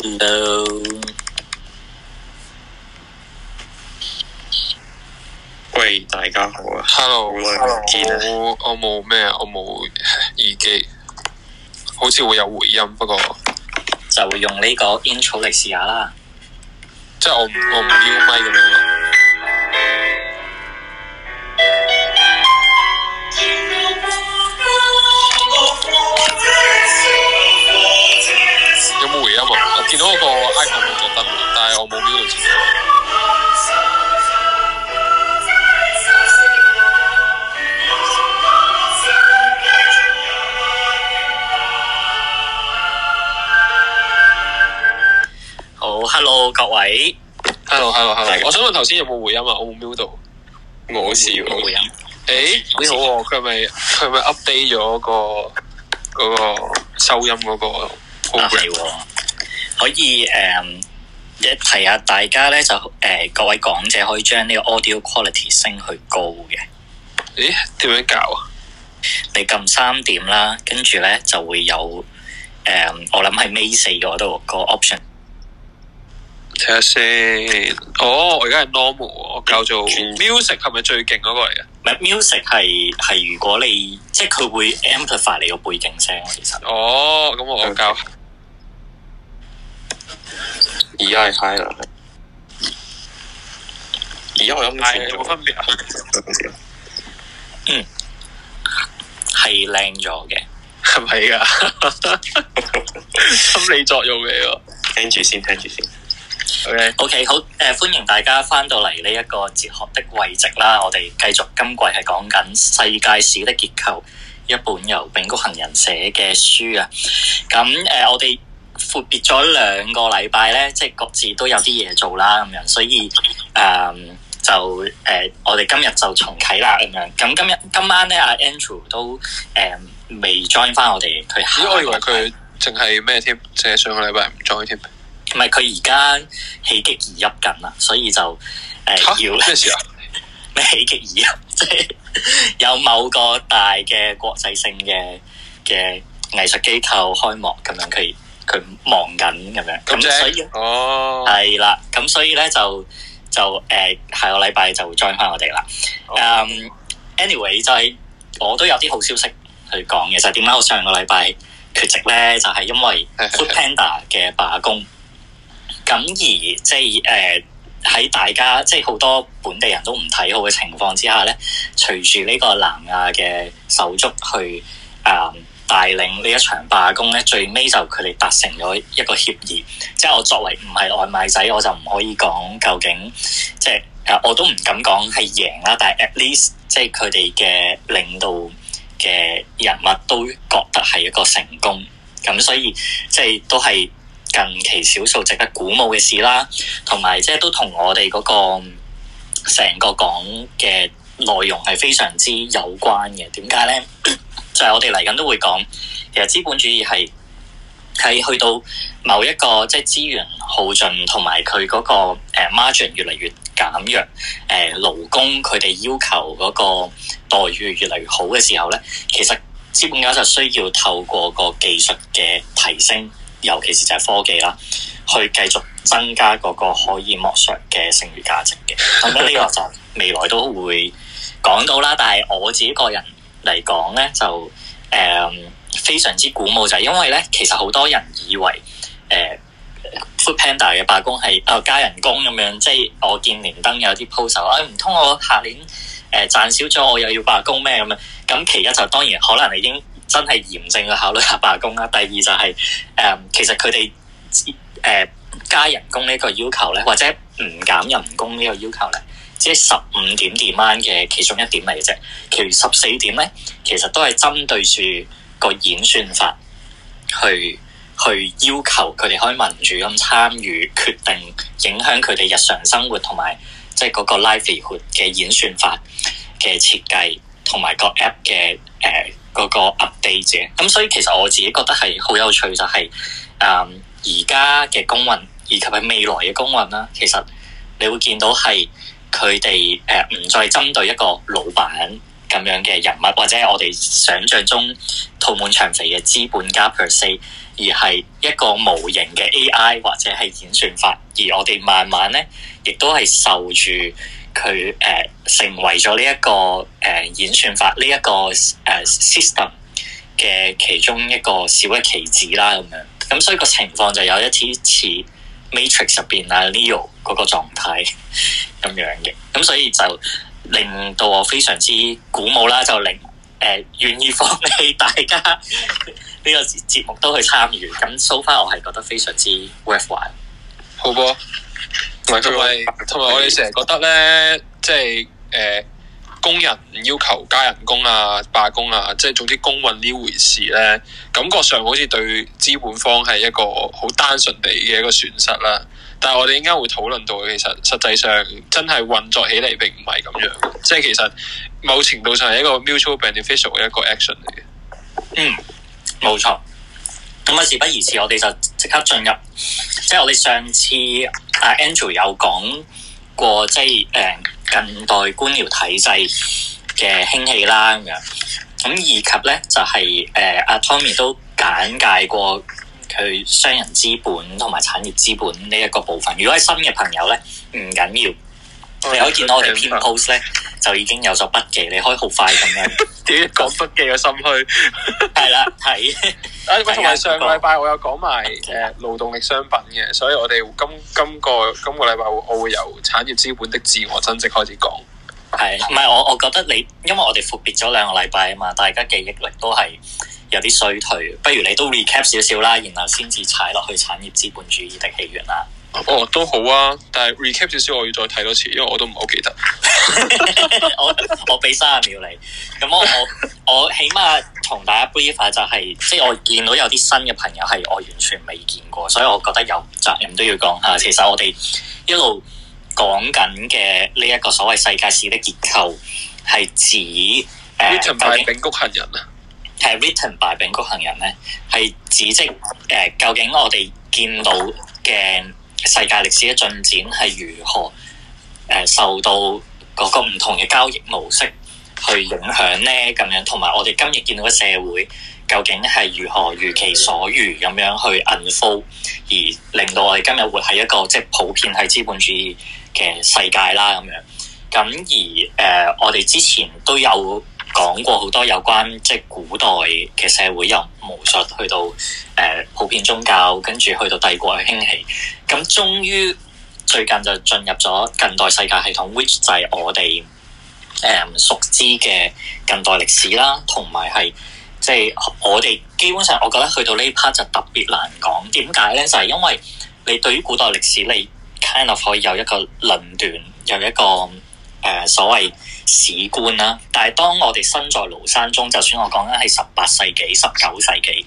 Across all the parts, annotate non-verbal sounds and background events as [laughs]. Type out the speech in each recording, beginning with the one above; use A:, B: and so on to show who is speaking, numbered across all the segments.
A: Hello，喂 Hello，大家好啊。Hello，我冇咩，我冇耳機，好似會有
B: 回音，不過就用呢個煙草嚟試下啦。即係我唔我唔要咪咁樣。
A: 見到嗰個 icon 冇咗燈，但係我冇瞄到自己。
B: 好，Hello 各位
A: ，Hello Hello Hello，我想問頭先有冇回音啊？我冇瞄到，我好似有回音。誒，好喎，佢係咪佢係咪 update 咗個嗰個收音
B: 嗰個 upgrade 喎。可以誒、嗯，一提下大家咧，就誒、呃、各位講者可以將呢個 audio quality 升去高嘅。咦？點樣搞點樣教啊？你撳三點啦，跟住咧就會有誒、嗯，我諗係尾四個度個 option。睇下先。哦，我而家係 normal，我教做 music 係咪、嗯、 [music] 最勁嗰、那個嚟啊？唔係 music 係，係如果你即係佢會 amplify 你個背景聲，其實。哦，咁
C: 我教。Okay. 我而家係嗨啦，而
B: 係有冇進步？有冇分別啊？嗯，係靚咗嘅，係咪噶？ [laughs] [laughs] 心理作用嚟咯。 [laughs] 聽住先，聽住先。O K，O K，好。誒、呃，歡迎大家翻到嚟呢一個哲學的遺跡啦。我哋繼續今季係講緊世界史的結構，一本由柄谷行人寫嘅書啊。咁誒、呃，我哋。闊別咗兩個禮拜咧，即係各自都有啲嘢做啦，咁樣，所以誒、呃、就誒、呃，我哋今日就重啟啦，咁樣。咁今日今晚咧，阿 Andrew 都誒、呃、未 join 翻我哋去。咦？我以為佢淨係咩添，淨係上個禮拜唔 join 添。唔係，佢而家喜極而泣緊啦，所以就誒、呃、哈要咩事候、啊，咩喜極而泣？即、就、係、是、有某個大嘅國際性嘅嘅藝術機構開幕咁樣，佢。佢忙緊咁樣，咁棒所以哦，係啦、oh.，咁所以咧就就誒、呃、下個禮拜就 join 翻我哋啦。誒 Okay.、um,，anyway 就係、是、我都有啲好消息去講嘅，就係點解我上個禮拜缺席咧，就係、是、因為 Food Panda 嘅罷工。咁 [laughs] 而即係誒喺大家即係好多本地人都唔睇好嘅情況之下咧，隨住呢個南亞嘅手足去誒、呃帶領呢一場罷工咧，最尾就佢哋達成咗一個協議。即係我作為唔係外賣仔，我就唔可以講究竟，即係我都唔敢講係贏啦。但係 at least，即係佢哋嘅領導嘅人物都覺得係一個成功。咁所以即係都係近期少數值得鼓舞嘅事啦。同埋即係都同我哋嗰個成個講嘅內容係非常之有關嘅。點解咧？就係我哋嚟緊都會講，其實資本主義係係去到某一個即係、就是、資源耗盡，同埋佢嗰個 margin 越嚟越減弱，誒、呃、勞工佢哋要求嗰個待遇越嚟越好嘅時候咧，其實資本家就需要透過個技術嘅提升，尤其是就係科技啦，去繼續增加嗰個可以剝削嘅剩餘價值嘅。咁呢 [laughs] 個就未來都會講到啦，但係我自己個人。嚟講咧，就誒、呃、非常之鼓舞，就係因為咧，其實好多人以為誒、呃、 [noise] Foodpanda 嘅罷工係誒加人工咁樣，即係我見連登有啲 post，誒唔通我下年誒賺、呃、少咗，我又要罷工咩咁啊？咁其一就當然可能已經真係嚴正嘅考慮下罷工啦。第二就係、是、誒、呃，其實佢哋誒加人工呢個要求咧，或者唔減人工呢個要求咧。即係十五點 demand 嘅其中一點嚟嘅啫，其餘十四點咧，其實都係針對住個演算法去去要求佢哋可以民主咁參與決定，影響佢哋日常生活同埋即係嗰個 livelihood 嘅演算法嘅設計，同埋個 app 嘅誒嗰個 update。咁所以其實我自己覺得係好有趣、就是，就係誒而家嘅公運，以及喺未來嘅公運啦。其實你會見到係。佢哋誒唔再針對一個老闆咁樣嘅人物，或者我哋想象中肚滿腸肥嘅資本家 per se 而係一個模型嘅 AI 或者係演算法，而我哋慢慢咧，亦都係受住佢誒成為咗呢一個誒、呃、演算法呢一、這個誒 system 嘅其中一個小嘅棋子啦咁樣。咁所以個情況就有一啲似。Matrix 入邊啊，Leo 嗰個狀態咁樣嘅，咁所以就令到我非常之鼓舞啦，就令誒、呃、願意放棄大家呢、呢個節目都去參與，咁 so far 我係覺得非常之 worthwhile，好噃，同埋
A: 同埋我哋成日覺得咧，即係誒。呃工人要求加人工啊、罷工啊，即係總之工運呢回事咧，感覺上好似對資本方係一個好單純地嘅一個損失啦。但係我哋應該會討論到，其實實際上真係運作起嚟並唔係咁樣，即係其實某程度上係一個
B: mutual beneficial 嘅一個 action 嚟
A: 嘅。嗯，
B: 冇錯。咁啊，事不宜遲，我哋就即刻進入。即係我哋上次阿 Angel 有講過，即係誒。Um, 近代官僚體制嘅興起啦，咁樣，咁以及咧就係誒阿 Tommy 都簡介過佢商人資本同埋產業資本呢一個部分。如果係新嘅朋友咧，唔緊要。有見到我哋篇 post 咧，就已經有咗筆記，你可以好快咁樣。點 [laughs] 講筆記嘅心虛？ [laughs] 係啦，係。同埋上個禮
A: 拜我有講埋誒勞動力商品嘅，所以我哋今今個今個禮拜會我會
B: 由產業資本的自我增值開始講。係，唔係我我覺得你，因為我哋闊別咗兩個禮拜啊嘛，大家記憶力都係有啲衰退，不如你都 recap 少少啦，然後先至踩落去產業資本主義的起源啦。
A: 哦，oh，都好啊，但係 recap 少少，我要再睇多次，因為我都唔係好記得。 [laughs]
B: [laughs] [laughs] 我我俾三十秒你，咁、嗯、我我起碼同大家 brief、啊、就係、是，即係我見到有啲新嘅朋友係我完全未見過，所以我覺得有責任都要講下。其實我哋一路講緊嘅呢一個所謂世界史的結構，係指誒，Written by 柄谷行人啊，係、uh, Written by 柄谷行人咧，係指即誒、呃，究竟我哋見到嘅。世界歷史嘅進展係如何，誒受到嗰個唔同嘅交易模式去影響咧，咁樣同埋我哋今日見到嘅社會，究竟係如何如其所如咁樣去 unfold，而令到我哋今日活喺一個即係、就是、普遍係資本主義嘅世界啦，咁樣。咁而誒、呃，我哋之前都有。講過好多有關即係古代嘅社會，由巫術去到誒、呃、普遍宗教，跟住去到帝國嘅興起，咁終於最近就進入咗近代世界系統，which 就係我哋誒、呃、熟知嘅近代歷史啦，同埋係即係我哋基本上，我覺得去到呢 part 就特別難講。點解咧？就係、是、因為你對於古代歷史，你 kind of 可以有一個論斷，有一個。誒、呃，所謂史觀啦，但係當我哋身在廬山中，就算我講緊係十八世紀、十九世紀，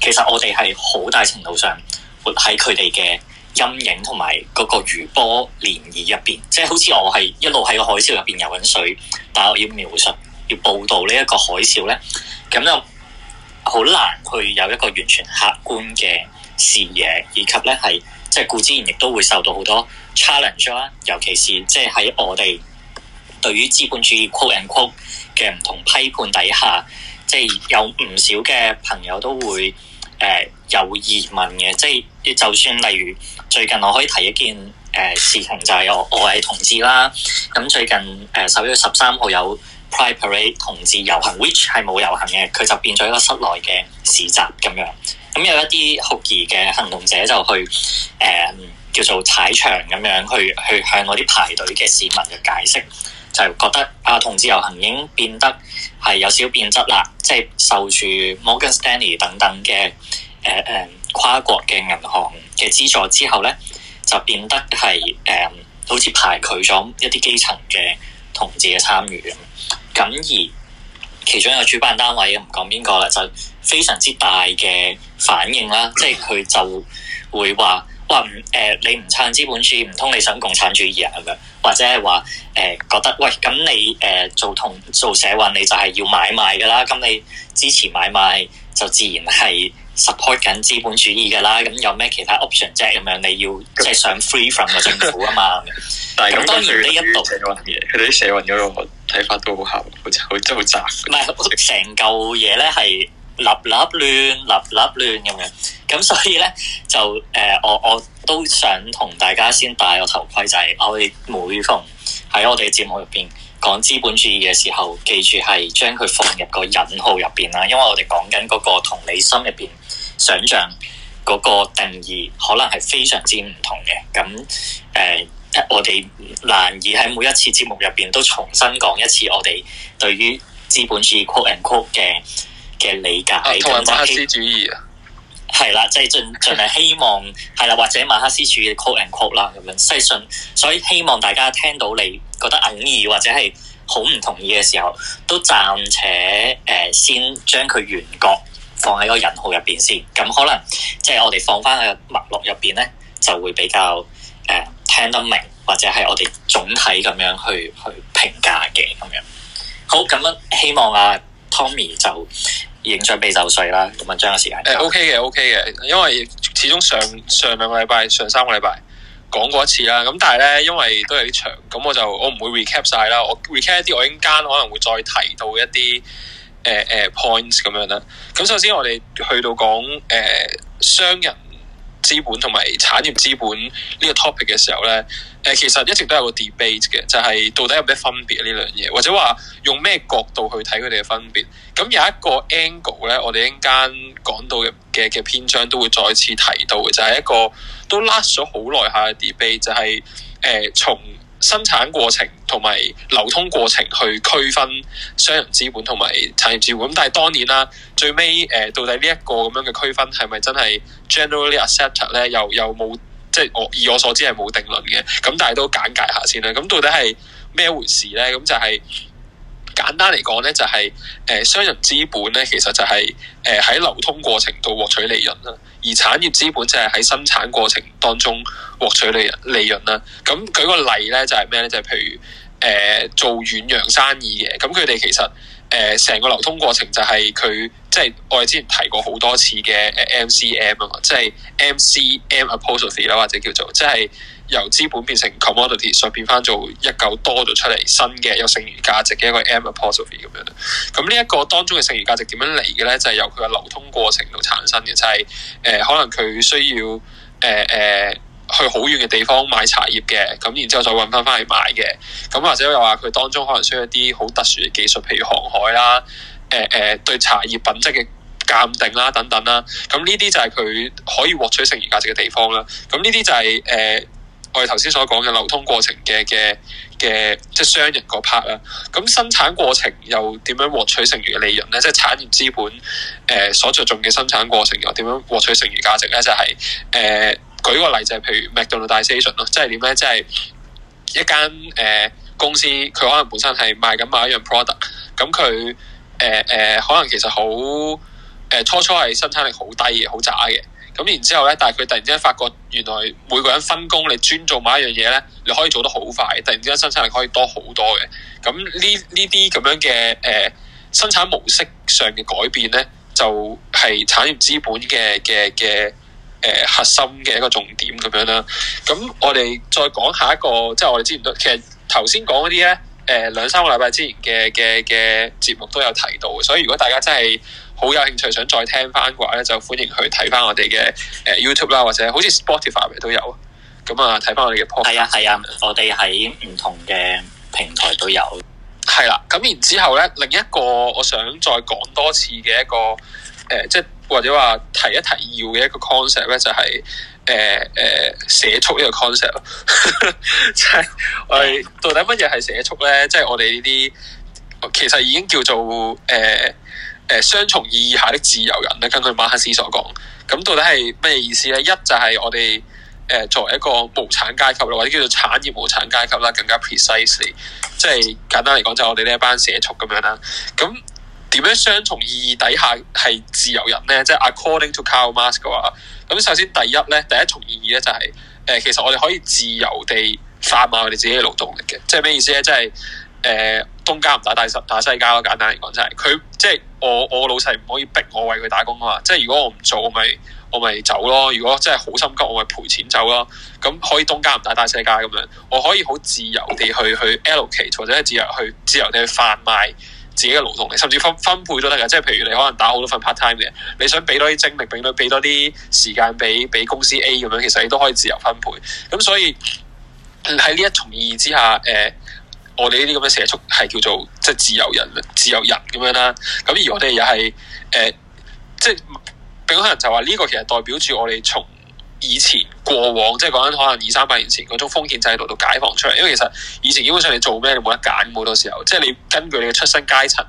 B: 其實我哋係好大程度上活喺佢哋嘅陰影同埋嗰個餘波漣漪入邊，即係好似我係一路喺個海嘯入邊游緊水，但係我要描述要報道呢一個海嘯咧，咁就好難去有一個完全客觀嘅視野。以及咧係即係顧之然亦都會受到好多 challenge 啦，尤其是即係喺我哋。對於資本主義 call and call 嘅唔同批判底下，即係有唔少嘅朋友都會誒、呃、有疑問嘅，即係就算例如最近我可以提一件誒、呃、事情就，就係我我係同志啦。咁、嗯、最近誒十一月十三號有 pride parade 同志遊行，which 係冇遊行嘅，佢就變咗一個室內嘅市集咁樣。咁、嗯、有一啲酷兒嘅行動者就去誒、呃、叫做踩場咁樣去去向嗰啲排隊嘅市民嘅解釋。就覺得啊，同志遊行已經變得係有少變質啦，即係受住 Morgan Stanley 等等嘅誒誒跨國嘅銀行嘅資助之後咧，就變得係誒、呃、好似排拒咗一啲基層嘅同志嘅參與啊。咁而其中一個主辦單位唔講邊個啦，就非常之大嘅反應啦，即係佢就會話。話唔、呃、你唔撐資本主義，唔通你想共產主義啊？咁樣或者係話誒，覺得喂咁你誒、呃、做同做社運，你就係要買賣㗎啦。咁你支持買賣，就自然係 support 緊資本主義㗎啦。咁有咩其他 option 啫？咁樣你要即係、就是、想 free from 個政府啊嘛。咁 [laughs] 是當然呢一度佢哋啲社運嗰個睇法都好巧，好周好雜。唔係是，成嚿嘢咧係。立立亂，立立亂咁樣，咁所以咧就誒、呃，我我都想同大家先戴個頭盔，就係、是、我哋每逢喺我哋嘅節目入邊講資本主義嘅時候，記住係將佢放入個引號入邊啦，因為我哋講緊嗰個同你心入邊想像嗰個定義，可能係非常之唔同嘅。咁誒、呃，我哋難以喺每一次節目入邊都重新講一次我哋對於資本主義 quote [laughs] and quote 嘅。嘅理解、啊、就同埋馬克思主義，啊，係啦，即係盡盡係希望係啦，或者馬克思主義 quote and quote 啦咁樣，所以想所以希望大家聽到你覺得唔意或者係好唔同意嘅時候，都暫且誒、呃、先將佢原角放喺個引號入邊先，咁可能即係、就是、我哋放翻喺脈絡入邊咧，就會比較誒、呃、聽得明，或者係我哋總體咁樣去去評價嘅咁樣。好，咁樣希望阿、啊。Tommy 就影相備就稅啦，咁、那、啊、個，將個時間誒，OK 嘅，OK 嘅，
A: 因為始終上上兩個禮拜、上三個禮拜講過一次啦，咁但係咧，因為都係啲長，咁我就我唔會 recap 晒啦，我 recap 一啲，我陣間可能會再提到一啲誒誒 points 咁樣啦。咁首先我哋去到講誒、呃、商人。資本同埋產業資本呢個 topic 嘅時候呢，誒其實一直都係個 debate 嘅，就係、是、到底有咩分別呢兩嘢？或者話用咩角度去睇佢哋嘅分別。咁有一個 angle 呢，我哋一陣間講到嘅嘅篇章都會再次提到嘅，就係、是、一個都 last 咗好耐下嘅 debate，就係、是、誒、呃、從。生產過程同埋流通過程去區分商人資本同埋產業資本，咁但係當然啦，最尾誒、呃、到底呢一個咁樣嘅區分係咪真係 generally accepted 咧？又又冇即係我以我所知係冇定論嘅，咁但係都簡介下先啦。咁到底係咩回事咧？咁就係、是。簡單嚟講咧，就係、是、誒商人資本咧，其實就係誒喺流通過程度獲取利潤啦；而產業資本就係喺生產過程當中獲取利利潤啦。咁舉個例咧，就係咩咧？就係譬如誒、呃、做遠洋生意嘅，咁佢哋其實誒成、呃、個流通過程就係佢，即、就、係、是、我哋之前提過好多次嘅 MCM 啊，即係 MCM apostrophe 啦，或者叫做即係。就是由資本變成 commodity，再變翻做一嚿多咗出嚟新嘅有剩餘價值嘅一個 M 嘅 possibility 咁樣。咁呢一個當中嘅剩餘價值點樣嚟嘅咧？就係、是、由佢嘅流通過程度產生嘅，就係、是、誒、呃、可能佢需要誒誒、呃呃、去好遠嘅地方買茶葉嘅，咁然之後再揾翻翻去買嘅。咁或者又話佢當中可能需要一啲好特殊嘅技術，譬如航海啦、誒、呃、誒、呃、對茶葉品質嘅鑑定啦等等啦。咁呢啲就係佢可以獲取剩餘價值嘅地方啦。咁呢啲就係、是、誒。呃我哋頭先所講嘅流通過程嘅嘅嘅，即係商人嗰 part 啦。咁生產過程又點樣獲取剩餘嘅利潤咧？即係產業資本誒、呃、所着重嘅生產過程又點樣獲取剩餘價值咧？就係、是、誒、呃、舉個例就係譬如 McDonaldization 咯，即係點咧？即係一間誒、呃、公司，佢可能本身係賣緊某一樣 product，咁佢誒誒可能其實好誒、呃、初初係生產力好低嘅，好渣嘅。咁然之後咧，但係佢突然之間發覺，原來每個人分工嚟專做某一樣嘢咧，你可以做得好快，突然之間生產力可以多好多嘅。咁呢呢啲咁樣嘅誒、呃、生產模式上嘅改變咧，就係、係、產業資本嘅嘅嘅誒核心嘅一個重點咁樣啦。咁我哋再講下一個，即係我哋、呃、之前都其實頭先講嗰啲咧，誒兩三個禮拜之前嘅嘅嘅節目都有提到，所以如果大家真係，好有興趣想再聽翻嘅話咧，就歡迎去睇翻我哋嘅誒 YouTube 啦，或者好似 Spotify 都有。咁啊，睇翻我哋嘅 pod。係啊，係啊，我哋喺唔同嘅平台都有。係啦，咁然之後咧，另一個我想再講多次嘅一個誒，即、呃、係、就係、或者話提一提要嘅一個 concept 咧，就係呃呃 con， [laughs] 就係誒誒寫速呢個 concept。即係我哋到底乜嘢係寫速咧？即係我哋呢啲其實已經叫做誒。呃誒、呃、雙重意義下的自由人咧，根據馬克思所講，咁到底係咩意思咧？一就係我哋誒、呃、作為一個無產階級啦，或者叫做產業無產階級啦，更加 precisely，即係簡單嚟講就係、是、我哋呢一班社畜咁樣啦。咁點樣雙重意義底下係自由人咧？即、就、係、是、according to Karl Marx 嘅話，咁首先第一咧，第一重意義咧就係、是、誒、呃、其實我哋可以自由地發賣我哋自己嘅勞動力嘅，即係咩意思咧？即、就、係、是。誒、呃、東家唔打大西打西家咯，簡單嚟講就係、是、佢即係我我老細唔可以逼我為佢打工啊嘛！即係如果我唔做，我咪我咪走咯。如果真係好心急，我咪賠錢走咯。咁可以東家唔打打西家咁樣，我可以好自由地去去 allocate 或者自由去自由地去販賣自己嘅勞動力，甚至分分配都得㗎。即係譬如你可能打好多份 part time 嘅，你想俾多啲精力，俾多俾多啲時間俾俾公司 A 咁樣，其實你都可以自由分配。咁所以喺呢一重意義之下，誒、呃。我哋呢啲咁嘅社畜係叫做即係自由人，自由人咁樣啦。咁而我哋又係誒，即係並可能就話呢個其實代表住我哋從以前過往，即係講緊可能二三百年前嗰種封建制度度解放出嚟。因為其實以前基本上你做咩你冇得揀，好多時候即係你根據你嘅出身階層。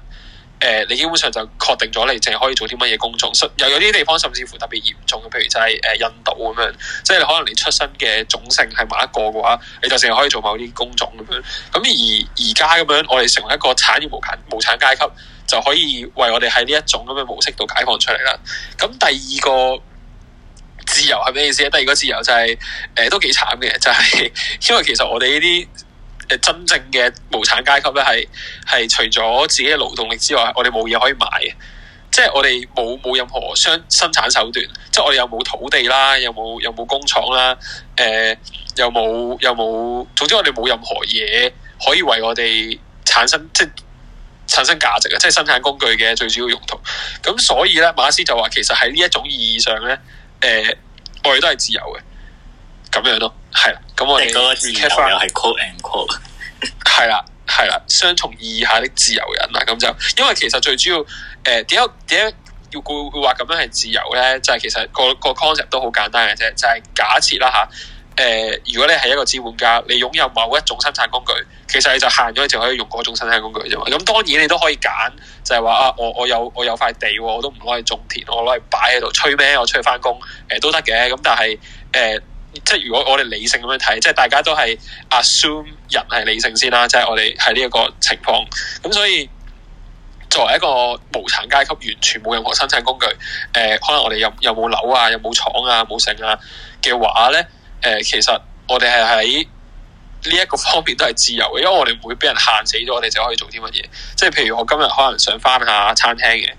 A: 誒、呃，你基本上就確定咗你淨係可以做啲乜嘢工作，又有啲地方甚至乎特別嚴重嘅，譬如就係、是呃、印度咁樣，即係你可能你出身嘅種姓係某一個嘅話，你就淨係可以做某啲工種咁樣。咁而而家咁樣，我哋成為一個產業無產無產階級，就可以為我哋喺呢一種咁嘅模式度解放出嚟啦。咁第二個自由係咩意思咧？第二個自由就係、是、誒、呃，都幾慘嘅，就係、是、因為其實我哋呢啲。真正嘅無產階級咧，係係除咗自己嘅勞動力之外，我哋冇嘢可以買嘅，即係我哋冇冇任何生生產手段，即係我哋又冇土地啦，又冇又冇工廠啦，誒、呃，又冇又冇，總之我哋冇任何嘢可以為我哋產生即產生價值啊，即係生產工具嘅最主要用途。咁所以咧，馬克思就話，其實喺呢一種意義上咧，誒、呃，我哋都係自由嘅，咁樣咯，係啦。咁、嗯、我哋嗰個自由係 quote and quote，e 係啦係啦，雙重意義下的自由人啦，咁就因為其實最主要誒，點解點解要話咁樣係自由咧？就係、是、其實個個 concept 都好簡單嘅啫，就係、是、假設啦吓，誒、啊呃，如果你係一個資本家，你擁有某一種生產工具，其實你就限咗你就可以用嗰種生產工具啫嘛。咁當然你都可以揀，就係、是、話啊，我我有我有塊地，我都唔攞嚟種田，我攞嚟擺喺度吹咩？我出去翻工誒都得嘅。咁但係誒。呃即係如果我哋理性咁樣睇，即係大家都係 assume 人係理性先啦，即係我哋係呢一個情況。咁所以，作為一個無產階級，完全冇任何生產工具，誒、呃，可能我哋又又冇樓啊，又冇廠啊，冇剩啊嘅話咧，誒、呃，其實我哋係喺呢一個方面都係自由嘅，因為我哋唔會俾人限死咗，我哋就可以做啲乜嘢。即係譬如我今日可能想翻下餐廳嘅。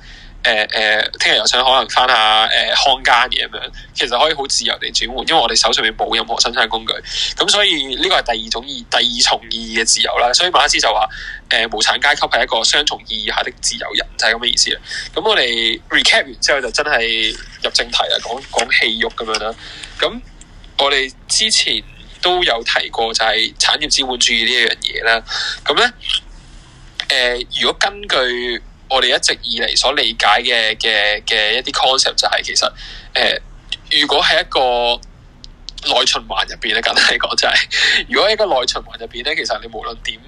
A: 誒誒，聽日，呃、又想可能翻下誒、呃、看家嘢咁樣，其實可以好自由地轉換，因為我哋手上面冇任何生產工具，咁所以呢個係第二種意第二重意義嘅自由啦。所以馬克思就話，誒、呃、無產階級係一個雙重意義下的自由人，就係咁嘅意思啦。咁我哋 recap 完之後就真係入正題啊，講講氣欲咁樣啦。咁我哋之前都有提過就係產業資本主義呢樣嘢啦。咁、呃、咧，誒如果根據。我哋一直以嚟所理解嘅嘅嘅一啲 concept 就係、是，其實誒、呃，如果喺一個內循環入邊咧，簡單嚟講就係、是，如果喺個內循環入邊咧，其實你無論點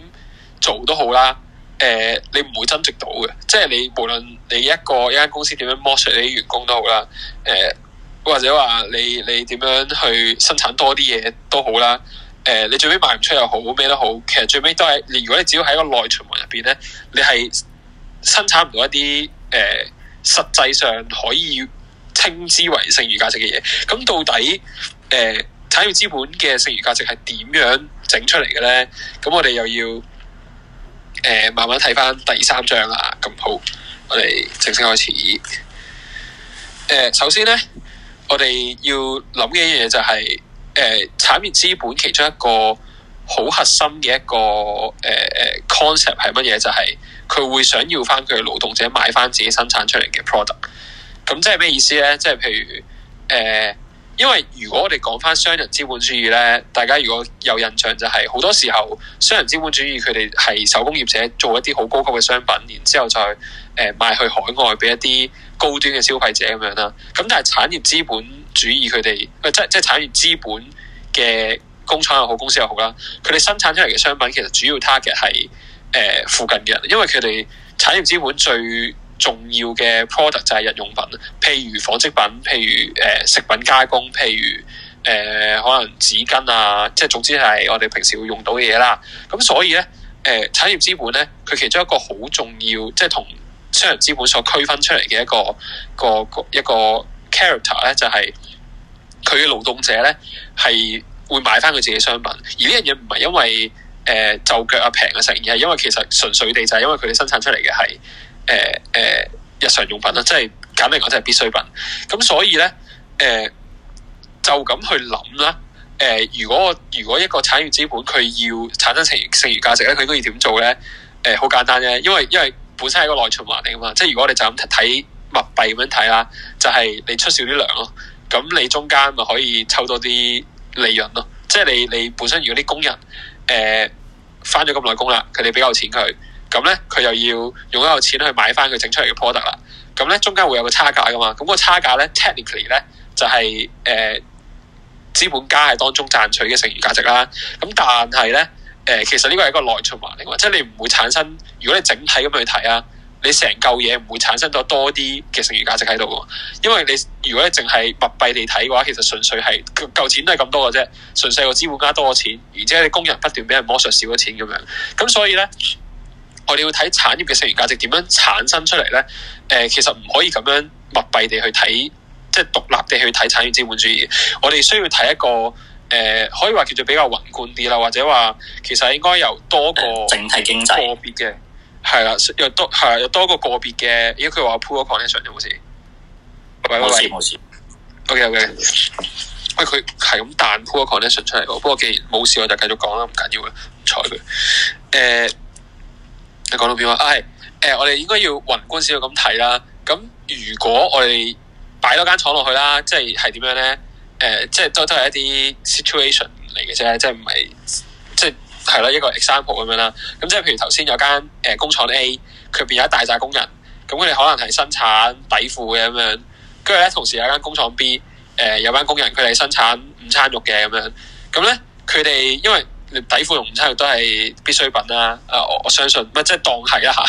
A: 做都好啦，誒、呃，你唔會增值到嘅，即係你無論你一個一間公司點樣剝削啲員工都好啦，誒、呃，或者話你你點樣去生產多啲嘢都好啦，誒、呃，你最尾賣唔出又好咩都好，其實最尾都係，你如果你只要喺個內循環入邊咧，你係。生產唔到一啲誒、呃，實際上可以稱之為剩餘價值嘅嘢，咁到底誒、呃、產業資本嘅剩餘價值係點樣整出嚟嘅咧？咁我哋又要誒、呃、慢慢睇翻第三章啦。咁好，我哋正式開始。誒、呃，首先咧，我哋要諗嘅一樣嘢就係、是、誒、呃、產業資本其中一個。好核心嘅一個誒誒、呃、concept 係乜嘢？就係、是、佢會想要翻佢嘅勞動者買翻自己生產出嚟嘅 product。咁即係咩意思咧？即係譬如誒、呃，因為如果我哋講翻商人資本主義咧，大家如果有印象就係、是、好多時候商人資本主義佢哋係手工業者做一啲好高級嘅商品，然之後再誒、呃、賣去海外俾一啲高端嘅消費者咁樣啦。咁但係產業資本主義佢哋唔係即係即係產業資本嘅。工廠又好，公司又好啦，佢哋生產出嚟嘅商品其實主要 target 係誒、呃、附近嘅人，因為佢哋產業資本最重要嘅 product 就係日用品，譬如紡織品，譬如誒、呃、食品加工，譬如誒、呃、可能紙巾啊，即係總之係我哋平時會用到嘅嘢啦。咁所以咧，誒、呃、產業資本咧，佢其中一個好重要，即係同商業資本所區分出嚟嘅一個個個一個，個 character 咧，就係佢嘅勞動者咧係，會買翻佢自己商品，而呢樣嘢唔係因為誒、呃、就腳啊平嘅成，而係因為其實純粹地就係因為佢哋生產出嚟嘅係誒誒日常用品咯，即係簡明講即係必需品。咁所以咧誒、呃、就咁去諗啦。誒、呃、如果如果一個產業資本佢要產生成剩餘，餘價值咧，佢應該要點做咧？誒、呃、好簡單啫，因為因為本身係個內循環嚟噶嘛。即係如果你就咁睇貨幣咁樣睇啦，就係、是、你出少啲糧咯，咁你中間咪可以抽多啲。利潤咯，即係你你本身如果啲工人，誒、呃，翻咗咁耐工啦，佢哋俾夠錢佢，咁咧佢又要用一嚿錢去買翻佢整出嚟嘅 product 啦，咁咧中間會有個差價噶嘛，咁個差價咧 technically 咧就係誒資本家系當中賺取嘅剩餘價值啦，咁但係咧誒其實呢個係一個內循環嚟，即係你唔會產生，如果你整體咁去睇啊。你成嚿嘢唔會產生到多啲嘅剩餘價值喺度喎，因為你如果淨係密閉地睇嘅話，其實純粹係嚿錢都係咁多嘅啫，純粹個資本家多咗錢，而且你工人不斷俾人剝削少咗錢咁樣，咁所以咧，我哋要睇產業嘅剩餘價值點樣產生出嚟咧？誒、呃，其實唔可以咁樣密閉地去睇，即係獨立地去睇產業資本主義。我哋需要睇一個誒、呃，可以話叫做比較宏觀啲啦，或者話其實應該由多個、嗯、整體經濟個別嘅。係啦，又多係又多個個別嘅，而家佢話 pull a connection 有冇事？冇事冇喂事，OK OK、哎。喂，佢係咁彈 pull a connection 出嚟嘅，不過既然冇事，我就繼續講啦，唔緊要嘅，睬佢。誒、欸，你講到邊話？係、啊、誒、呃，我哋應該要宏觀少少咁睇啦。咁如果我哋擺多間廠落去啦，即係係點樣咧？誒、呃，即係都都係一啲 situation 嚟嘅啫，即係唔係即係。係啦，一個 example 咁樣啦，咁即係譬如頭先有間誒工廠 A，佢邊有一大紮工人，咁佢哋可能係生產底褲嘅咁樣，跟住咧同時有間工廠 B，誒有班工人佢哋生產午餐肉嘅咁樣，咁咧佢哋因為底褲同午餐肉都係必需品啦，我相信，唔係即係當係啦吓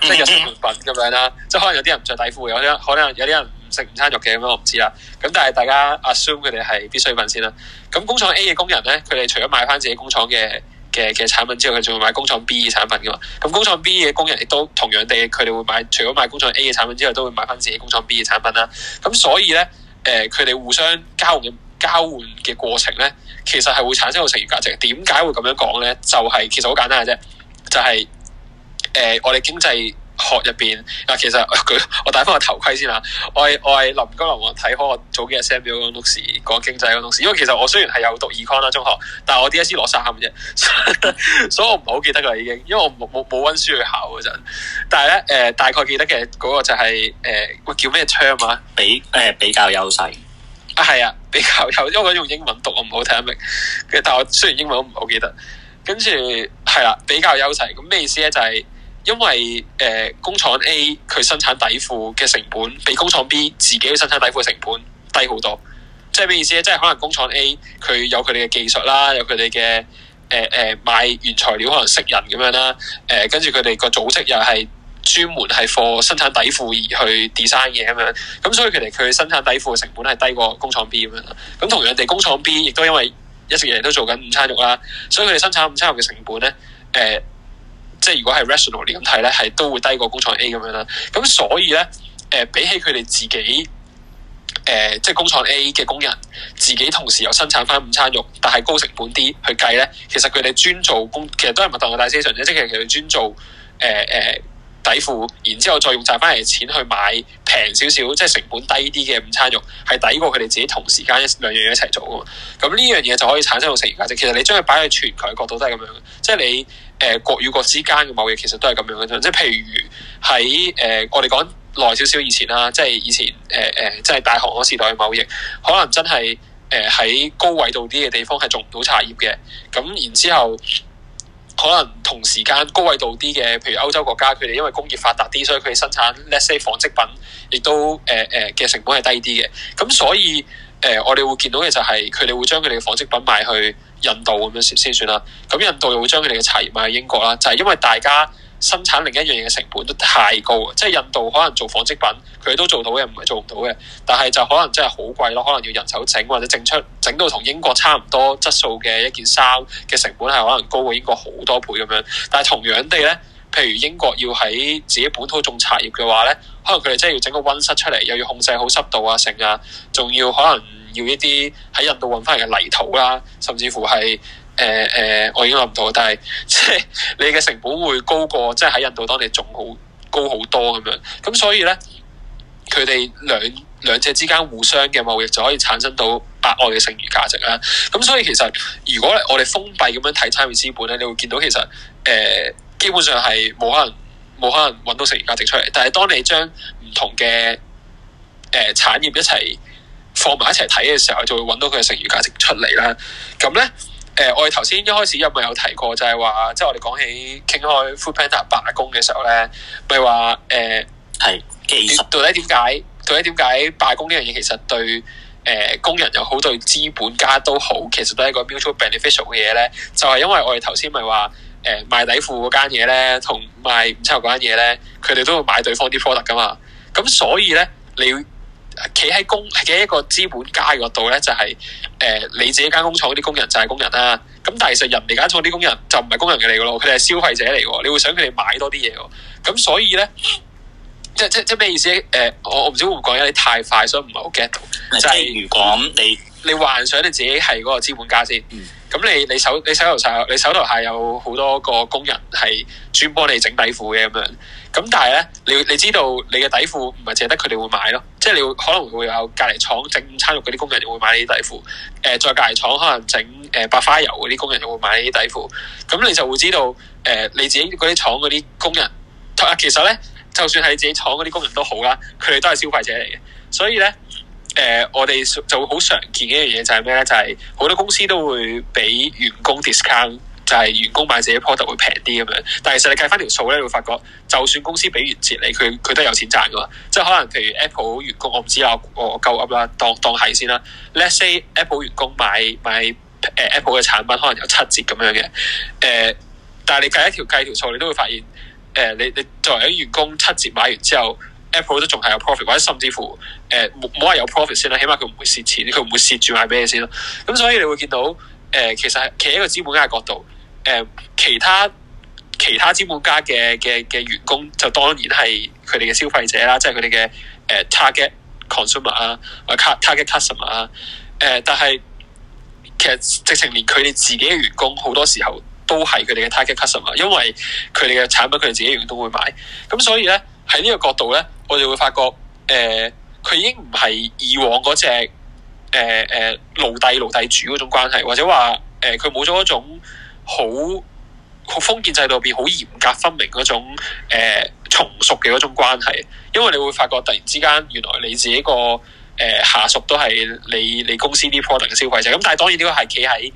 A: 即係日常用品咁樣啦，即係可能有啲人唔着底褲，有啲可能有啲人唔食午餐肉嘅咁樣，我唔知啦，咁但係大家 assume 佢哋係必需品先啦，咁工廠 A 嘅工人咧，佢哋除咗買翻自己工廠嘅嘅嘅產品之外，佢仲會買工廠 B 嘅產品㗎嘛？咁工廠 B 嘅工人亦都同樣地，佢哋會買除咗買工廠 A 嘅產品之外，都會買返自己工廠 B 嘅產品啦。咁所以咧，誒、呃，佢哋互相交換、交換嘅過程咧，其實係會產生到情誼價值。點解會咁樣講咧？就係、是、其實好簡單嘅啫，就係、是、誒、呃，我哋經濟。學入邊啊，其實佢我戴翻個頭盔先吓，我係我係林哥林王睇開我早幾日 send 俾我嗰個老師講經濟嗰個老師，因為其實我雖然係有讀 econ 啦，中學，但係我 DSE 攞三嘅啫，所以我唔好記得啦已經，因為我冇冇冇溫書去考嗰陣。但係咧誒，大概記得嘅嗰個就係、是、誒、呃，叫咩窗啊？比誒比較優勢啊，係啊，比較優，因為、啊、用英文讀我唔好聽得明。但係我雖然英文都唔好記得，跟住係啦，比較優勢咁咩意思咧？就係、是。因為誒、呃、工廠 A 佢生產底褲嘅成本比工廠 B 自己去生產底褲嘅成本低好多，即係咩意思咧？即係可能工廠 A 佢有佢哋嘅技術啦，有佢哋嘅誒誒買原材料可能識人咁樣啦，誒跟住佢哋個組織又係專門係 for 生產底褲而去 design 嘢，咁樣，咁所以佢哋佢生產底褲嘅成本係低過工廠 B 咁樣啦。咁同樣地，工廠 B 亦都因為一直以來都做緊午餐肉啦，所以佢哋生產午餐肉嘅成本咧，誒、呃。即係如果係 rational 嚟咁睇咧，係都會低過工廠 A 咁樣啦。咁所以咧，誒、呃、比起佢哋自己，誒、呃、即係工廠 A 嘅工人自己同時又生產翻午餐肉，但係高成本啲去計咧，其實佢哋專做工，其實都係物代代 station 即係其實佢專做誒誒、呃呃、底褲，然之後再用賺翻嚟錢去買平少少，即係成本低啲嘅午餐肉，係抵過佢哋自己同時間兩樣嘢一齊做㗎嘛。咁呢樣嘢就可以產生到剩餘價值。其實你將佢擺喺全球嘅角度都係咁樣嘅，即係你。誒國與國之間嘅貿易其實都係咁樣嘅啫，即係譬如喺誒、呃、我哋講耐少少以前啦，即係以前誒誒，即、呃、係大航海時代嘅貿易，可能真係誒喺高緯度啲嘅地方係做唔到茶葉嘅，咁然之後可能同時間高緯度啲嘅，譬如歐洲國家，佢哋因為工業發達啲，所以佢哋生產 let's say 紡織品，亦都誒誒嘅成本係低啲嘅，咁所以誒、呃、我哋會見到嘅就係佢哋會將佢哋嘅紡織品賣去。印度咁樣先算啦，咁印度又會將佢哋嘅茶葉賣喺英國啦，就係因為大家生產另一樣嘢嘅成本都太高，即係印度可能做紡織品，佢哋都做到嘅，唔係做唔到嘅。但係就可能真係好貴咯，可能要人手整或者整出整到同英國差唔多質素嘅一件衫嘅成本係可能高過英國好多倍咁樣。但係同樣地呢，譬如英國要喺自己本土種茶葉嘅話呢，可能佢哋真係要整個溫室出嚟，又要控制好濕度啊、盛啊，仲要可能。要一啲喺印度揾翻嚟嘅泥土啦，甚至乎係誒誒，我已經諗唔到，但係即係你嘅成本會高過即係喺印度當地仲好高好多咁樣。咁所以咧，佢哋兩兩者之間互相嘅貿易就可以產生到額外嘅剩餘價值啦。咁所以其實如果我哋封閉咁樣睇參與資本咧，你會見到其實誒、呃、基本上係冇可能冇可能揾到剩餘價值出嚟。但係當你將唔同嘅誒、呃、產業一齊，放埋一齊睇嘅時候，就會揾到佢嘅剩餘價值出嚟啦。咁咧，誒、呃，我哋頭先一開始有咪有提過就，就係、是、話，即係我哋講起傾開 Foodpanda 罷工嘅時候咧，咪話誒係，到底點解？到底點解罷工呢樣嘢其實對誒、呃、工人又好，對資本家都好，其實都係一個 mutual beneficial 嘅嘢咧？就係、是、因為我哋頭先咪話，誒、呃、賣底褲嗰間嘢咧，同賣午餐肉嗰間嘢咧，佢哋都會買對方啲 product 噶嘛。咁所以咧，你要。企喺工企喺一個資本家嗰度咧，就係、是、誒、呃、你自己間工廠啲工人就係工人啦、啊。咁但係其實人哋間廠啲工人就唔係工人嘅嚟嘅咯，佢哋係消費者嚟，你會想佢哋買多啲嘢、啊。咁所以咧、嗯，即係即係即係咩意思咧？誒、呃，我我唔知會唔會講你太快，所以唔係好 get 到。即係如果你。你幻想你自己係嗰個資本家先，咁、嗯、你你手你手頭上有你手頭下有好多個工人係專幫你整底褲嘅咁樣，咁但係咧，你你知道你嘅底褲唔係淨係得佢哋會買咯，即係你會可能會有隔離廠整午餐肉嗰啲工人會買呢啲底褲，誒、呃、再隔離廠可能整誒、呃、白花油嗰啲工人會買呢啲底褲，咁你就會知道誒、呃、你自己嗰啲廠嗰啲工人，啊其實咧就算係自己廠嗰啲工人好都好啦，佢哋都係消費者嚟嘅，所以咧。誒、呃，我哋就會好常見嘅一樣嘢就係咩咧？就係、是、好多公司都會俾員工 discount，就係員工買自己 product 會平啲咁樣。但係其實你計翻條數咧，你會發覺就算公司俾完折你，佢佢都有錢賺噶嘛。即係可能譬如 Apple 員工，我唔知啊，我我夠噏啦，當當係先啦。Let's say Apple 員工買買誒、呃、Apple 嘅產品，可能有七折咁樣嘅。誒、呃，但係你計一條計條數，你都會發現誒、呃，你你作為一員工，七折買完之後，Apple 都仲係有 profit，或者甚至乎誒冇冇話有 profit 先啦，起碼佢唔會蝕錢，佢唔會蝕住買咩先咯。咁、嗯、所以你會見到誒、呃，其實係企喺一個資本家嘅角度，誒、呃、其他其他資本家嘅嘅嘅員工就當然係佢哋嘅消費者啦，即係佢哋嘅誒、呃、target consumer 啊，或者 target customer 啊，誒但係其實直情連佢哋自己嘅員工好多時候都係佢哋嘅 target customer，因為佢哋嘅產品佢哋自己員工都會買，咁、嗯、所以咧。喺呢個角度咧，我哋會發覺，誒、呃，佢已經唔係以往嗰隻，誒、呃、誒、呃、奴隸奴隸主嗰種關係，或者話，誒佢冇咗一種好，好封建制度入邊好嚴格分明嗰種，誒從屬嘅嗰種關係。因為你會發覺突然之間，原來你自己個，誒、呃、下屬都係你你公司啲 product 嘅消費者。咁但係當然呢個係企喺。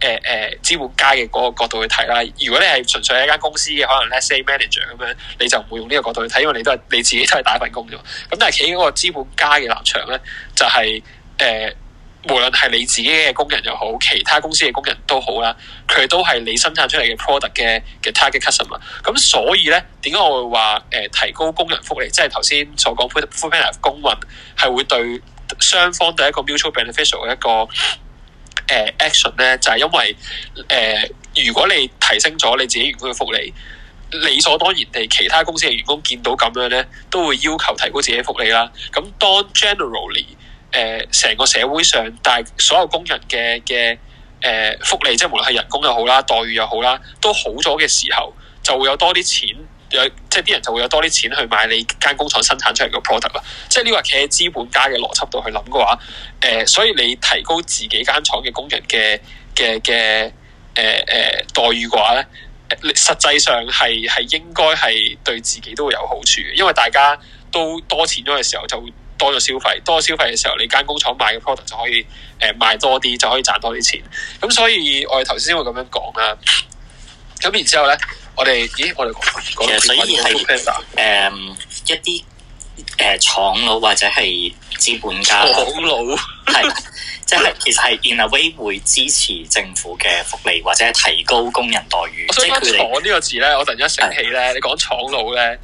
A: 誒誒資本家嘅嗰個角度去睇啦，如果你係純粹係一間公司嘅，可能 let’s say manager 咁樣，你就唔會用呢個角度去睇，因為你都係你自己都係打份工啫嘛。咁但係企喺個資本家嘅立場咧，就係誒，無論係你自己嘅工人又好，其他公司嘅工人都好啦，佢都係你生產出嚟嘅 product 嘅嘅 target customer。咁所以咧，點解我會話誒提高工人福利，即係頭先所講 put put better 工運，係會對雙方對一個 mutual beneficial 嘅一個。誒、呃、action 咧就係、是，因為誒、呃，如果你提升咗你自己員工嘅福利，理所當然地，其他公司嘅員工見到咁樣咧，都會要求提高自己福利啦。咁當 generally 誒、呃，成個社會上但係所有工人嘅嘅誒福利，即係無論係人工又好啦，待遇又好啦，都好咗嘅時候，就會有多啲錢。有即係啲人就會有多啲錢去買你間工廠生產出嚟嘅 product 啦，即係呢個企喺資本家嘅邏輯度去諗嘅話，誒、呃，所以你提高自己間廠嘅工人嘅嘅嘅誒誒待遇嘅話咧，實際上係係應該係對自己都會有好處嘅，因為大家都多錢咗嘅時候就多咗消費，多咗消費嘅時候你間工廠賣嘅 product 就可以誒、呃、賣多啲，就可以賺多啲錢。咁所以我哋頭先會咁樣講啦，
B: 咁然之後咧。我哋，咦，我哋講講到資本家，誒，一啲誒廠佬或者係資本家。廠佬係，即係其實係 in a way 會支持政府嘅福利或者提高工人待遇。我想講廠呢個字咧，我突然間醒起咧，你講廠佬咧，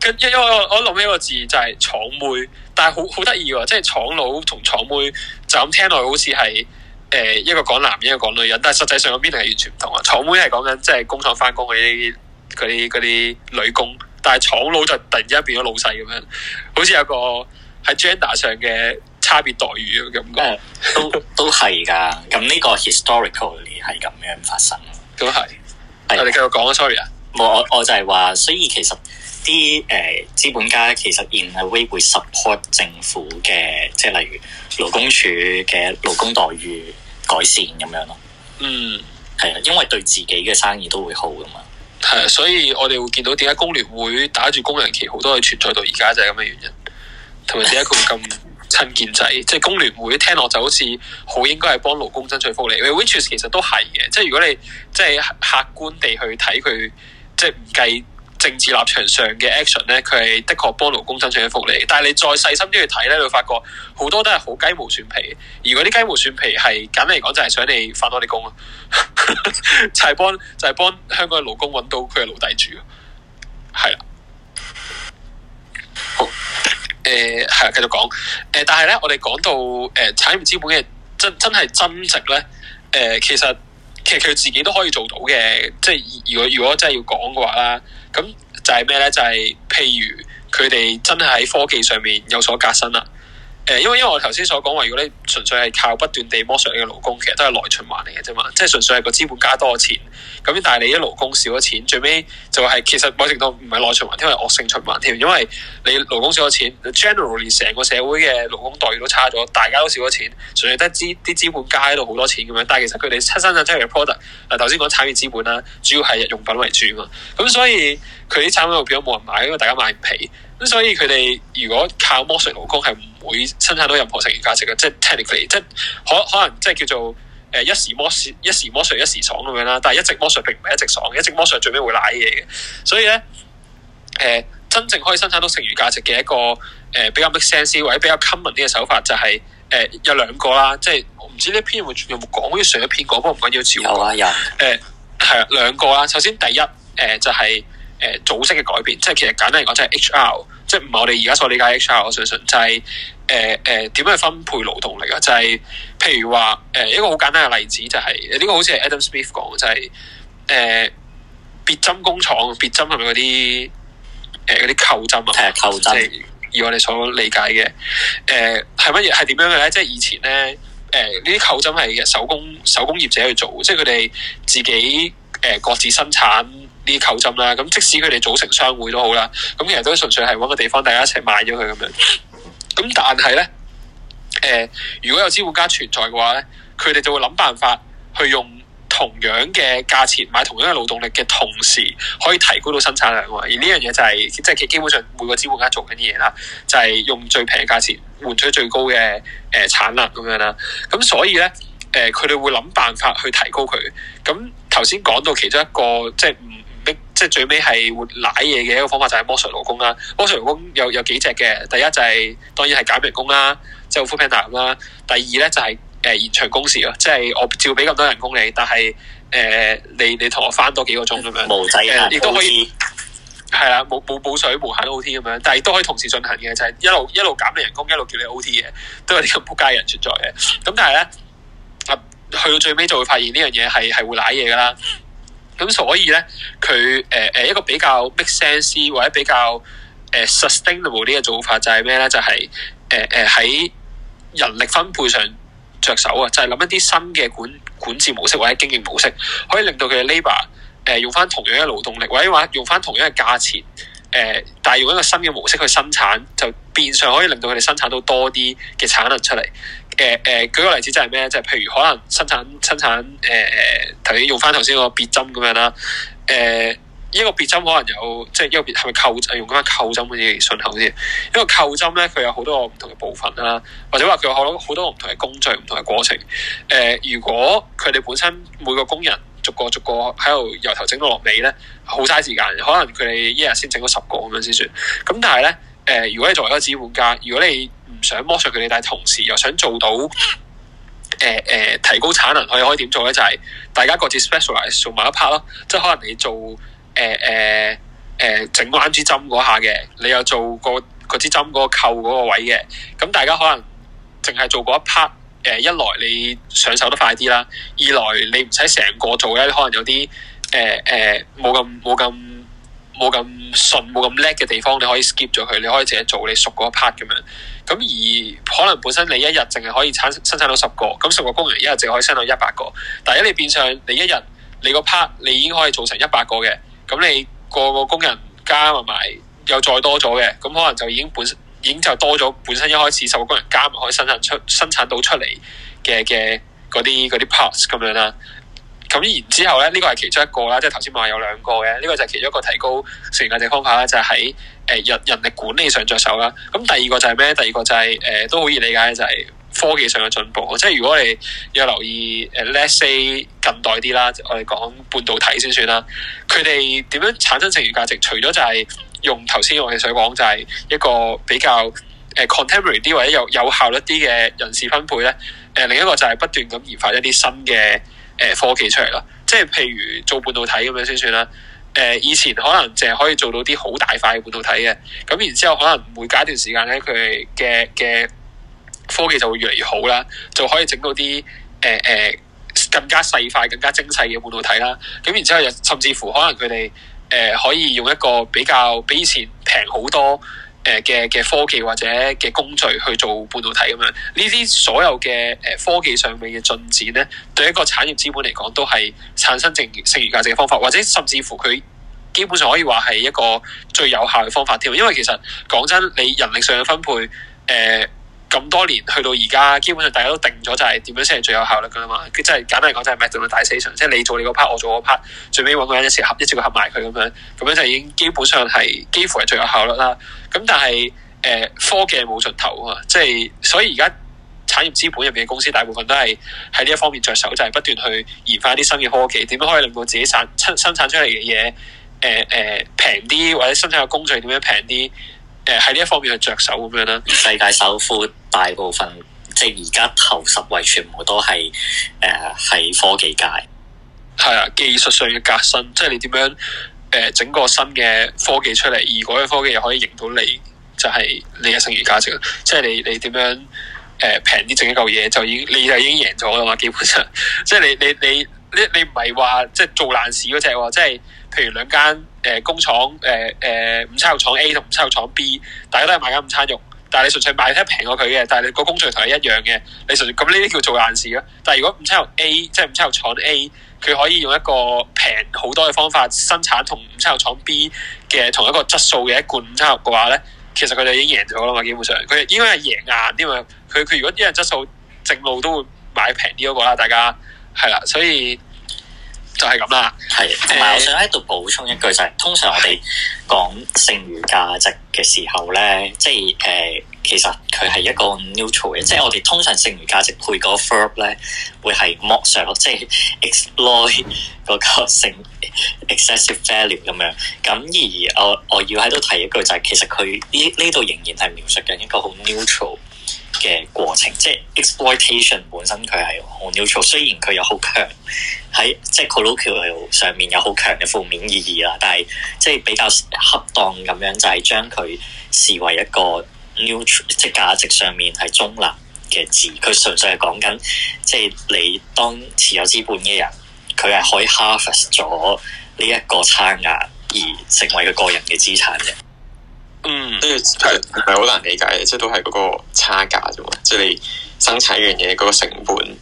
B: 跟因因為我我諗起
A: 一個字就係廠妹，但係好好得意喎，即係廠佬同廠妹就咁聽落去，好似係。誒，一個講男，一個講女人，但係實際上嗰邊係完全唔同啊。廠妹係講緊即係工廠翻工嗰啲啲啲女工，但係廠佬就突然之間變咗老細咁
B: 樣，好似有個喺 gender 上嘅差別待遇嘅感覺。都都係噶，咁呢個 historically 係咁樣發生。都係，我哋繼續講 sorry 啊。冇，我我就係話，所以其實啲誒資本家其實 in a way 會 support 政府嘅，即係例如勞工處嘅勞工待遇。改善咁樣咯，嗯，係啊，因為對自己嘅生意都會好噶嘛，係啊，所以我哋會見到點解工聯會打住工人旗號，好多都存在到而
A: 家，就係咁嘅原因。同埋點解佢會咁親建制？即係 [laughs] 工聯會聽落就好似好應該係幫勞工爭取福利，which is，其實都係嘅。即係如果你即係客觀地去睇佢，即係唔計。政治立場上嘅 action 咧，佢係的確幫勞工爭取咗福利。但係你再細心啲去睇咧，你會發覺好多都係好雞毛蒜皮。而嗰啲雞毛蒜皮係簡單嚟講， [laughs] 就係想你返多啲工啊，就係幫就係幫香港嘅勞工揾到佢嘅奴隸主。係啦，好，誒、呃，係啊，繼續講。誒、呃，但係咧，我哋講到誒、呃、產業資本嘅真真係增值咧，誒、呃，其實。其實佢自己都可以做到嘅，即係如果如果真係要講嘅話啦，咁就係咩咧？就係譬如佢哋真係喺科技上面有所革新啦。誒，因為因為我頭先所講話，如果你純粹係靠不斷地剝削你嘅勞工，其實都係內循環嚟嘅啫嘛，即係純粹係個資本加多咗錢。咁但係你啲勞工少咗錢，最尾就係其實某程度唔係內循環，因為惡性循環添。因為你勞工少咗錢，generally 成個社會嘅勞工待遇都差咗，大家都少咗錢，純粹得資啲資本家喺度好多錢咁樣。但係其實佢哋出生產出嚟嘅 product，啊頭先講產業資本啦，主要係日用品為主嘛。咁所以佢啲產品目標冇人買，因為大家買唔起。咁所以佢哋如果靠魔術勞工係唔會生產到任何剩餘價值嘅，就是、ically, 即係 technically 即係可可能即係叫做誒一,一時魔術一時魔術一時爽咁樣啦，但係一直魔術並唔係一直爽，一直魔術最尾會賴嘢嘅。所以咧誒、呃、真正可以生產到剩餘價值嘅一個誒、呃、比較 make sense 或者比較 common 啲嘅手法就係、是、誒、呃、有兩個啦，即係我唔知呢篇會有冇講，好似上一篇講過，唔緊要照講有啊有誒係啊兩、呃、個啦，首先第一誒、呃、就係、是。誒組織嘅改變，即係其實簡單嚟講，即係 H R，即係唔係我哋而家所理解 H R。我相信就係誒誒點樣去分配勞動力啊？就係、是、譬如話誒、呃、一個好簡單嘅例子，就是這個，就係呢個好似係 Adam Smith 講，就係誒別針工廠，別針係咪嗰啲誒嗰啲扣針啊？係、呃、扣針。而我哋所理解嘅誒係乜嘢？係、呃、點樣嘅咧？即係以前咧誒呢啲、呃、扣針係手工手工業者去做，即係佢哋自己誒、呃、各自生產。啲球針啦，咁即使佢哋組成商會都好啦，咁其實都純粹係揾個地方大家一齊買咗佢咁樣，咁但係咧，誒、呃、如果有資本家存在嘅話咧，佢哋就會諗辦法去用同樣嘅價錢買同樣嘅勞動力嘅同時，可以提高到生產量。而呢樣嘢就係即係基本上每個資本家做緊啲嘢啦，就係、是、用最平嘅價錢換取最高嘅誒、呃、產能咁樣啦。咁所以咧，誒佢哋會諗辦法去提高佢。咁頭先講到其中一個即係唔。就是即係最尾係會舐嘢嘅一個方法就係剝削勞工啦。剝削勞工有有幾隻嘅，第一就係、是、當然係減人工啦，即係 full 咁啦。第二咧就係誒延長工時咯，即係我照俾咁多人工、呃、你，但係誒你你同我翻多幾個鐘咁樣，亦、呃、都可以係啦，冇冇補水、無限 O T 咁樣，但係都可以同時進行嘅，就係、是、一路一路減你人工，一路叫你 O T 嘅，都有呢個撲街人存在嘅。咁但係咧、呃，去到最尾就會發現呢樣嘢係係會舐嘢噶啦。咁所以咧，佢誒誒一個比較 make sense 或者比較誒 sustainable 啲嘅做法就係咩咧？就係誒誒喺人力分配上着手啊，就係、是、諗一啲新嘅管管治模式或者經營模式，可以令到佢嘅 labor 誒用翻同樣嘅勞動力，或者話用翻同樣嘅價錢誒、呃，但用一個新嘅模式去生產，就變相可以令到佢哋生產到多啲嘅產能出嚟。誒誒、呃，舉個例子，即係咩咧？就係、譬如，可能生產生產誒誒，頭、呃、先用翻頭先個別針咁樣啦。誒、呃，呢個別針可能有，即係一別係咪扣？用嗰間扣針嗰啲順口先。因為扣針咧，佢有好多個唔同嘅部分啦，或者話佢有好多好多唔同嘅工序、唔同嘅過程。誒、呃，如果佢哋本身每個工人逐個逐個喺度由頭整到落尾咧，好嘥時間。可能佢哋一日先整咗十個咁樣先算。咁但係咧，誒、呃，如果你作為一個資本家，如果你想摸熟佢哋，但係同時又想做到，誒、呃、誒、呃、提高產能，可以可以點做咧？就係、是、大家各自 specialise 做埋一 part 咯，即係可能你做誒誒誒整嗰啲針嗰下嘅，你又做個支啲針個扣嗰個位嘅，咁、嗯、大家可能淨係做嗰一 part，誒、呃、一來你上手得快啲啦，二來你唔使成個做咧，可能有啲誒誒冇咁冇咁。呃呃冇咁順，冇咁叻嘅地方，你可以 skip 咗佢，你可以淨係做你熟嗰一 part 咁樣。咁而可能本身你一日淨係可以產生產到十個，咁十個工人一日淨可以生產到一百個。但係一你變相你一日你個 part 你已經可以做成一百個嘅，咁你個個工人加埋又再多咗嘅，咁可能就已經本身已經就多咗本身一開始十個工人加埋可以生產出生產到出嚟嘅嘅嗰啲嗰啲 parts 咁樣啦。咁然之後咧，呢個係其中一個啦，即係頭先話有兩個嘅，呢個就係其中一個提高剩餘價值方法啦，就係喺誒人人力管理上着手啦。咁第二個就係咩？第二個就係誒都好易理解，就係科技上嘅進步。即係如果你有留意誒，let's say 近代啲啦，我哋講半導體先算啦，佢哋點樣產生剩餘價值？除咗就係用頭先我哋想講，就係一個比較誒 contemporary 啲或者有有效率啲嘅人事分配咧。誒另一個就係不斷咁研發一啲新嘅。誒科技出嚟啦，即係譬如做半導體咁樣先算啦。誒、呃、以前可能淨係可以做到啲好大塊嘅半導體嘅，咁然之後可能每隔一段時間咧，佢嘅嘅科技就會越嚟越好啦，就可以整到啲誒誒更加細塊、更加精細嘅半導體啦。咁然之後又甚至乎可能佢哋誒可以用一個比較比以前平好多。誒嘅嘅科技或者嘅工序去做半導體咁樣，呢啲所有嘅誒科技上面嘅進展咧，對一個產業資本嚟講都係產生剩餘價值嘅方法，或者甚至乎佢基本上可以話係一個最有效嘅方法添。因為其實講真，你人力上嘅分配誒。呃咁多年去到而家，基本上大家都定咗就係點樣先係最有效率噶嘛？即真係簡單嚟講，就係 match 到大 session 即係你做你嗰 part，我做我 part，最尾揾個人一齊合，一齊個合埋佢咁樣，咁樣就已經基本上係幾乎係最有效率啦。咁但係誒、呃、科技冇盡頭啊，即係所以而家產業資本入邊嘅公司大部分都係喺呢一方面着手，就係、是、不斷去研發啲新嘅科技，點樣可以令到自己產生，生，生，生產出嚟嘅嘢誒誒平啲，或者生產嘅工序點樣平啲。誒，喺呢一方面
B: 去着手咁樣啦。世界首富大部分，即係而家頭十位全部都係誒，係科技界。係啊，技術上嘅革新，即係你
A: 點樣誒，整個新嘅科技出嚟，而嗰個科技又可以贏到你，就係你嘅剩餘價值。即係你你點樣誒，平啲整一嚿嘢，就已經你就已經贏咗啦嘛，基本上，即係你你你。你你你唔係話即係做爛事嗰隻，即係譬如兩間誒工廠誒誒午餐肉廠 A 同午餐肉廠 B，大家都係賣緊午餐肉，但係你純粹買得平過佢嘅，但係你個工序同佢一樣嘅，你純咁，呢啲叫做爛事咯。但係如果午餐肉 A 即係午餐肉廠 A，佢可以用一個平好多嘅方法生產同午餐肉廠 B 嘅同一個質素嘅一罐午餐肉嘅話咧，其實佢哋已經贏咗啦嘛。基本上佢應該係贏硬啲嘛，佢佢，如果一樣質素正路都會買
B: 平啲嗰個啦，大家。係啦，所以就係咁啦。係，同埋我想喺度補充一句就係、是，通常我哋講剩餘價值嘅時候咧，即係誒，其實佢係一個 neutral 嘅的，即係我哋通常剩餘價值配嗰個 verb 咧，會係剝削即係、就是、e x p l o i t 個構成 excessive value 咁樣。咁而我我要喺度提一句就係、是，其實佢呢呢度仍然係描述緊一個好 neutral。嘅過程，即係 exploitation 本身佢係好 neutral，雖然佢有好強喺即係 colloquial 上面有好強嘅負面意義啦，但係即係比較恰當咁樣就係、是，將佢視為一個 neutral，即係價值上面係中立嘅字。佢純粹係講緊即係你當持有資本嘅人，佢係可以 harvest 咗呢一個差額而成為佢個人嘅資產嘅。嗯，跟住係唔
C: 係好難理解嘅，即係都係嗰個差價啫嘛，即係你生產呢樣嘢嗰個成本，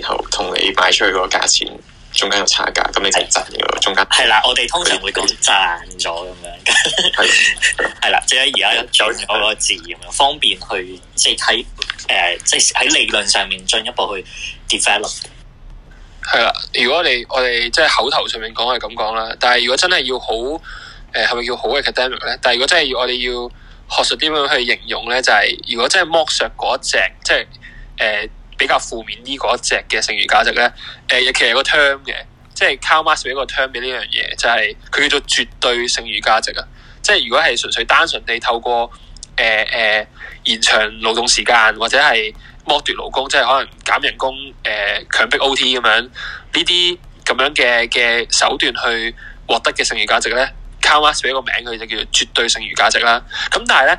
C: 然後同你賣出去個價錢中間有差價，咁你就賺嘅中間係啦，我
B: 哋通常會講賺咗咁樣，係係啦，即係而家有埋嗰個字咁樣，的方便去即係喺誒，即係喺理論上面進一步去 develop。係啦，如果你我哋即係口頭上面講係咁講啦，但
A: 係如果真係要好。誒係咪叫好嘅 ac academic 咧？但係如果真係要我哋要學術點樣去形容咧，就係、是、如果真係剝削嗰一隻，即係誒、呃、比較負面啲嗰一隻嘅剩餘價值咧。誒、呃，其實有個 term 嘅，即係 Karl Marx 俾個 term 俾呢樣嘢，就係、是、佢叫做絕對剩餘價值啊。即係如果係純粹單純地透過誒誒、呃呃、延長勞動時間，或者係剝奪勞工，即係可能減人工、誒、呃、強迫 OT 咁樣呢啲咁樣嘅嘅手段去獲得嘅剩餘價值咧。呢叫一個名佢就叫做絕對剩餘價值啦。咁但係咧，誒、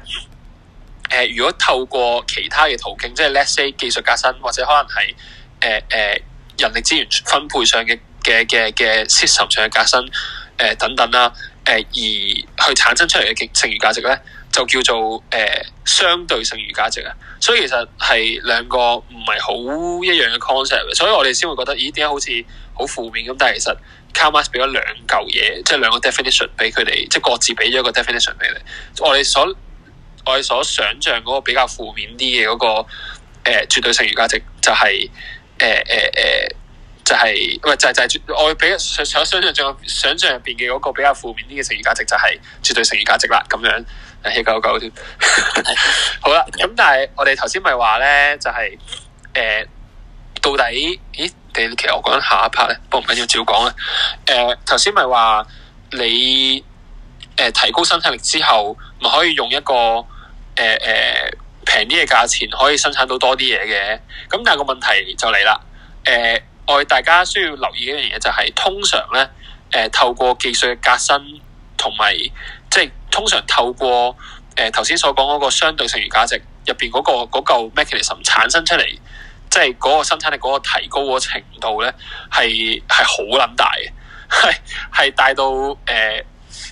A: 呃、如果透過其他嘅途徑，即係 let's say 技術革新或者可能係誒誒人力資源分配上嘅嘅嘅嘅 system 上嘅革新誒、呃、等等啦，誒、呃、而去產生出嚟嘅極剩餘價值咧，就叫做誒、呃、相對剩餘價值啊。所以其實係兩個唔係好一樣嘅 concept，所以我哋先會覺得咦點解好似好負面咁，但係其實。Karl Marx 俾咗兩嚿嘢，即係兩個 definition 俾佢哋，即、就、係、是就是、各自俾咗一個 definition 俾你。我哋所我哋所想象嗰個比較負面啲嘅嗰個誒、呃、絕對剩餘價值、就是呃呃，就係誒誒誒，就係唔係就係就係我比想想象中想象入邊嘅嗰個比較負面啲嘅剩餘價值，就係絕對剩餘價值啦。咁樣一九九添，啊、 [laughs] [laughs] 好啦。咁但係我哋頭先咪話咧，就係、是、誒、呃、到底咦？其實我講下一 part 咧，不過唔緊要，照講啦。誒、呃，頭先咪話你誒、呃、提高生產力之後，咪可以用一個誒誒平啲嘅價錢，可以生產到多啲嘢嘅。咁但係個問題就嚟啦。誒、呃，我哋大家需要留意一樣嘢就係，通常咧，誒、呃、透過技術嘅革新，同埋即係通常透過誒頭先所講嗰個相對剩餘價值入邊嗰個嗰嚿 mechanism 產生出嚟。即係嗰個生產力嗰個提高個程度呢、 [laughs] 呃這個程度咧，係係好撚大嘅，係係大到誒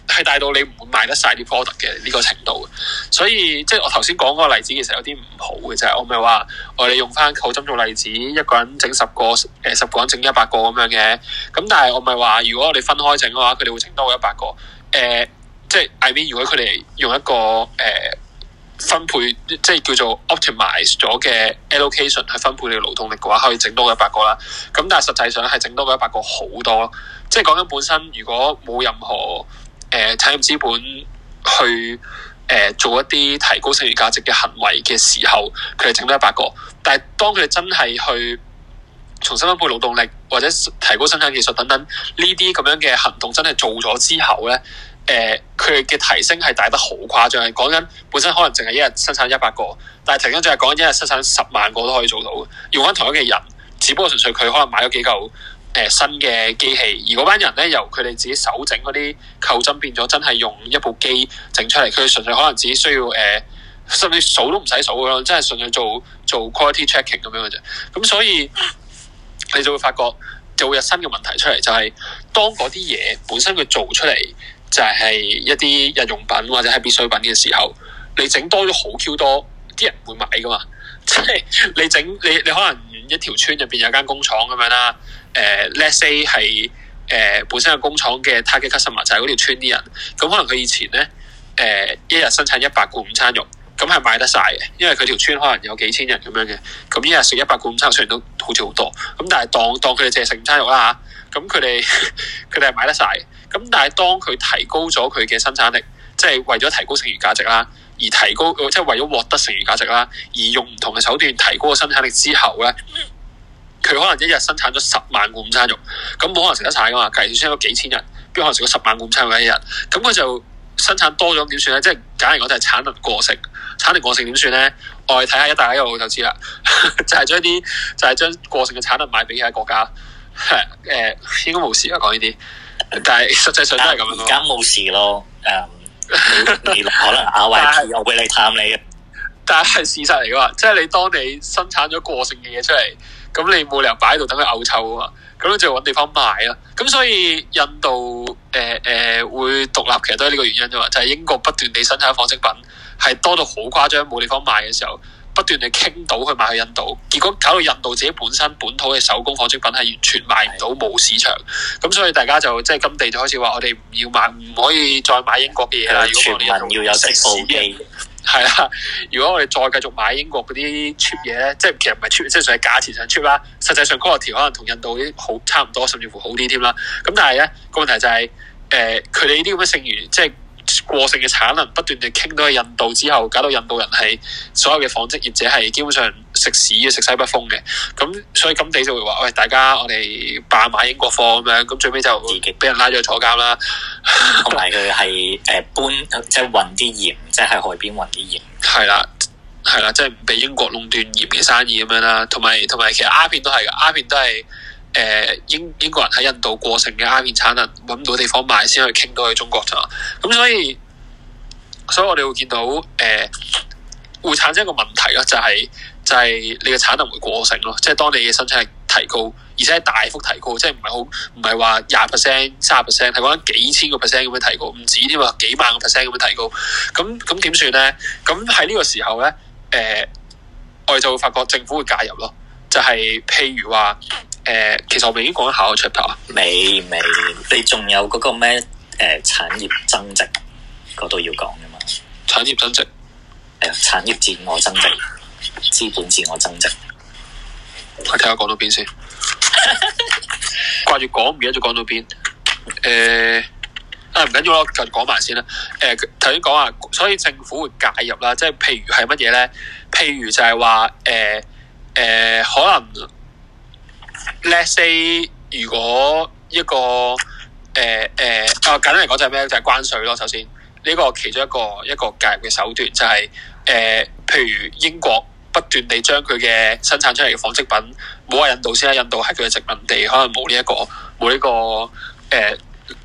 A: 係大到你唔會賣得晒啲 product 嘅呢個程度。所以即係我頭先講嗰個例子其實有啲唔好嘅啫、就係。我咪係話我哋用翻扣針做例子，一個人整十個誒、呃、十個人整一百個咁樣嘅。咁但係我咪係話，如果我哋分開整嘅話，佢哋會整多一百個誒、呃。即係 I mean，如果佢哋用一個誒。呃分配即係叫做 optimize 咗嘅 allocation 去分配你嘅勞動力嘅話，可以整多咗一百個啦。咁但係實際上係整多咗一百個好多，即係講緊本身如果冇任何誒產業資本去誒、呃、做一啲提高剩餘價值嘅行為嘅時候，佢係整多一百個。但係當佢哋真係去重新分配勞動力或者提高生產技術等等呢啲咁樣嘅行動真係做咗之後咧。誒，佢嘅、呃、提升係大得好誇張，係講緊本身可能淨係一日生產一百個，但係突然間就係講一日生產十萬個都可以做到，用翻同一嘅人，只不過純粹佢可能買咗幾嚿誒、呃、新嘅機器，而嗰班人咧由佢哋自己手整嗰啲扣針變咗，真係用一部機整出嚟，佢純粹可能只需要誒、呃，甚至數都唔使數㗎喇，真係純粹做做 quality checking 咁樣嘅啫。咁所以、嗯、你就會發覺就會有新嘅問題出嚟、就是，就係當嗰啲嘢本身佢做出嚟。就係一啲日用品或者係必需品嘅時候，你整多咗好 Q 多，啲人會買噶嘛？即 [laughs] 係你整你你可能一條村入邊有間工廠咁樣啦，誒 let's say 係、呃、本身嘅工廠嘅 target customer 就係嗰條村啲人，咁、嗯、可能佢以前呢，誒、呃，一日生產一百罐午餐肉，咁係買得晒嘅，因為佢條村可能有幾千人咁樣嘅，咁一日食一百罐午餐肉，雖然都好似好多，咁、嗯、但係當當佢哋淨係食午餐肉啦吓，咁佢哋佢哋係買得晒。咁但係當佢提高咗佢嘅生產力，即係為咗提高剩餘價值啦，而提高即係為咗獲得剩餘價值啦，而用唔同嘅手段提高生產力之後咧，佢可能一日生產咗十萬罐午餐肉，咁冇可能食得晒噶嘛？佢只出咗幾千人，邊可能食咗十萬罐午餐肉一日？咁佢就生產多咗點算咧？即係假如我就係產能過剩，產能過剩點算咧？我哋睇下一帶一路就知啦， [laughs] 就係將啲就係將過剩嘅產能賣俾其他國家，誒， [laughs] 應該冇事啊，講呢啲。但係實際上都係咁咯，而家冇事咯，誒、 [laughs] 嗯，你，你可能阿 Y T，我會嚟探你嘅。 [laughs] 但係事實嚟噶嘛，即係你當你生產咗過剩嘅嘢出嚟，咁你冇理由擺喺度等佢漚臭啊嘛，咁你就揾地方賣啊。咁所以印度誒誒、呃呃、會獨立，其實都係呢個原因啫嘛，就係、是、英國不斷地生產紡織品，係多到好誇張，冇地方賣嘅時候。不斷去傾到去買去印度，結果搞到印度自己本身本土嘅手工紡織品係完全賣唔到冇是的 市場，咁所以大家就即係甘地就開始話：我哋唔要買，唔可以再買英國嘅嘢啦。要有識啦。如果我哋事、哦、 [laughs] 再繼續買英國嗰啲 cheap 嘢咧，即係其實唔係 cheap，即係喺價錢上 cheap 啦。實際上 quality 可能同印度啲好差唔多，甚至乎好啲添啦。咁但係咧個問題就係、是，誒佢哋呢啲咁嘅剩餘即係。過剩嘅產能不斷地傾到去印度之後，搞到印度人係所有嘅紡織業者係基本上食屎要食西北風嘅，咁所以甘地就會話：喂，大家我哋罷買英國貨咁樣，咁最尾就自俾人拉咗坐監啦。同埋佢係誒搬即係搵啲鹽，即係海邊搵啲鹽。係啦係啦，即係唔俾英國壟斷鹽嘅生意咁樣啦。同埋同埋，其實鴉片都係嘅，鴉片都係。誒、呃、英英國人喺印度過剩嘅鴉片產能揾唔到地方買先去傾到去中國咋，咁、嗯、所以所以我哋會見到誒、呃、會產生一個問題咯，就係、是、就係、是、你嘅產能會過剩咯，即係當你嘅生產係提高，而且係大幅提高，即係唔係好唔係話廿 percent、三十 percent，係講緊幾千個 percent 咁樣提高，唔止添啊，幾萬個 percent 咁樣提高，咁咁點算咧？咁喺呢個時候咧，誒、呃、我哋就會發覺政府會介入咯，就係、是、譬如話。
B: 誒、呃，其實我未依講一下 output 啊，未未，你仲有嗰個咩誒產業增值嗰度要講噶嘛？產業增值，誒、那個呃，產業自我增值，資本自我增值。看看我睇下講到邊
A: 先，掛住講唔記得咗講到邊。誒、呃，啊唔緊要咯，繼續講埋先啦。誒、呃，頭先講啊，所以政府會介入啦，即係譬如係乜嘢咧？譬如就係話，誒、呃、誒、呃，可能。Let's say 如果一個誒誒、呃呃，啊簡單嚟講就係咩就係、是、關稅咯。首先呢、這個其中一個一個介入嘅手段就係、是、誒、呃，譬如英國不斷地將佢嘅生產出嚟嘅紡織品，冇話印度先啦，印度係佢嘅殖民地，可能冇呢一個冇呢、這個誒、呃、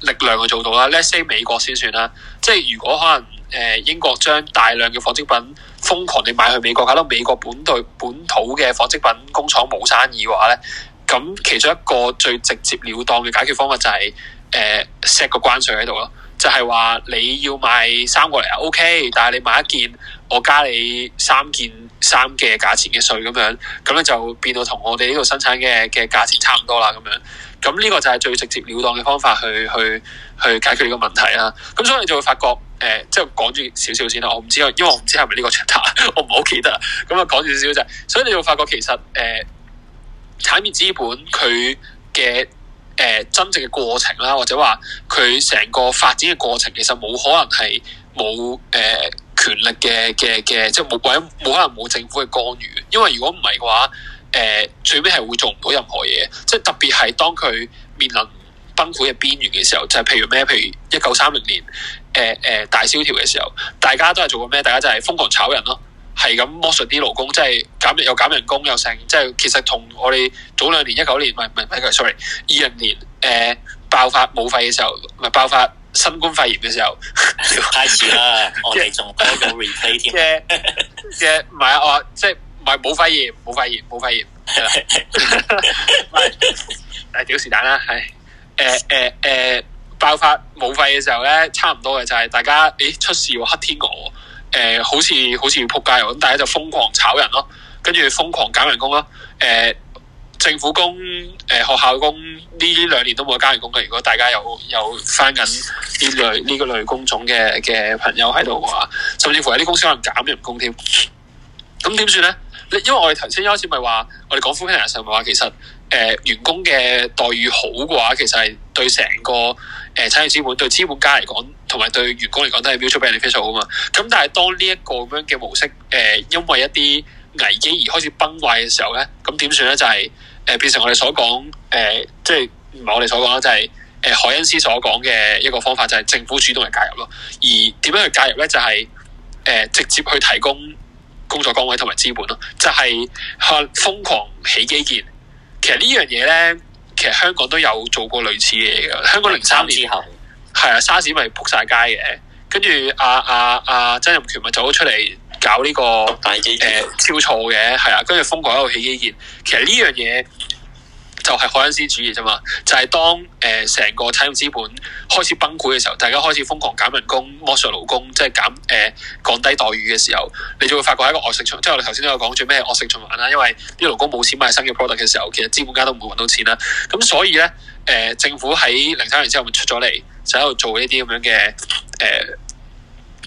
A: 力量去做到啦。Let's say 美國先算啦，即係如果可能誒英國將大量嘅紡織品瘋狂地買去美國，搞到美國本地本土嘅紡織品工廠冇生意嘅話咧。咁其中一個最直接了當嘅解決方法就係誒 set 個關稅喺度咯，就係話你要買三個嚟啊 OK，但係你買一件我加你三件衫嘅價錢嘅稅咁樣，咁咧就變到同我哋呢度生產嘅嘅價錢差唔多啦咁樣。咁呢個就係最直接了當嘅方法去去去解決呢個問題啦。咁所以你就會發覺誒、呃，即係講住少少先啦。我唔知，因為我唔知係咪呢個 chapter 我唔好記得。咁啊講住少少就，所以你就發覺其實誒。呃產業資本佢嘅誒，真正嘅過程啦，或者話佢成個發展嘅過程，其實冇可能係冇誒權力嘅嘅嘅，即係冇或冇可能冇政府嘅干預。因為如果唔係嘅話，誒、呃、最尾係會做唔到任何嘢。即係特別係當佢面臨崩潰嘅邊緣嘅時候，就係、是、譬如咩，譬如一九三零年誒誒、呃呃、大蕭條嘅時候，大家都係做過咩？大家就係瘋狂炒人咯。係咁剝削啲勞工，即係減又減人工又成，即係其實同我哋早兩年一九年，唔係唔係 sorry 二零年誒、 [laughs] 呃呃、爆發冇肺嘅時候，唔係爆發新冠肺炎嘅時候，太遲啦，我哋仲多緊 repeat 添，即係即係唔係我即係唔係冇肺炎，冇肺炎，冇肺炎，係啊，係屌時彈啦，係誒誒誒爆發冇肺嘅時候咧，差唔多嘅就係、是、大家誒出事喎黑天鵝。誒，好似好似仆街咁，大家就瘋狂炒人咯，跟住瘋狂減人工咯。誒，政府工、誒學校工呢兩年都冇加人工嘅。如果大家有有返緊呢類呢個類工種嘅嘅朋友喺度嘅話，甚至乎有啲公司可能減人工添。咁點算咧？你因為我哋頭先一開始咪話，我哋講 full pension 嘅時候咪話，其實誒員工嘅待遇好嘅話，其實係對成個誒產業資本對資本家嚟講。同埋對員工嚟講都係 mutual benefit effect 啊嘛，咁但係當呢一個咁樣嘅模式，誒、呃、因為一啲危機而開始崩壞嘅時候咧，咁點算咧？就係、是、誒、呃、變成我哋所講，誒即係唔係我哋所講啦，就係誒海恩斯所講嘅一個方法，就係、是、政府主動嚟介入咯。而點樣去介入咧？就係、是、誒、呃、直接去提供工作崗位同埋資本咯。就係去瘋狂起基建。其實呢樣嘢咧，其實香港都有做過類似嘅嘢嘅。香港零三年之後。係啊，沙士咪撲晒街嘅，跟住阿阿阿曾蔭權咪走咗出嚟搞呢個誒超錯嘅，係啊，跟住瘋狂喺度起基建。其實呢樣嘢就係凱恩斯主義啫嘛，就係、是、當誒成、呃、個產業資本開始崩潰嘅時候，大家開始瘋狂減人工、剝削勞工，即係減誒降低待遇嘅時候，你就會發覺一個惡性循，即係我哋頭先都有講最咩係惡性循環啦。因為啲勞工冇錢買新嘅 product 嘅時候，其實資本家都唔會搵到錢啦。咁所以咧，誒、呃、政府喺零三年之後咪出咗嚟。就喺度做呢啲咁樣嘅誒、呃、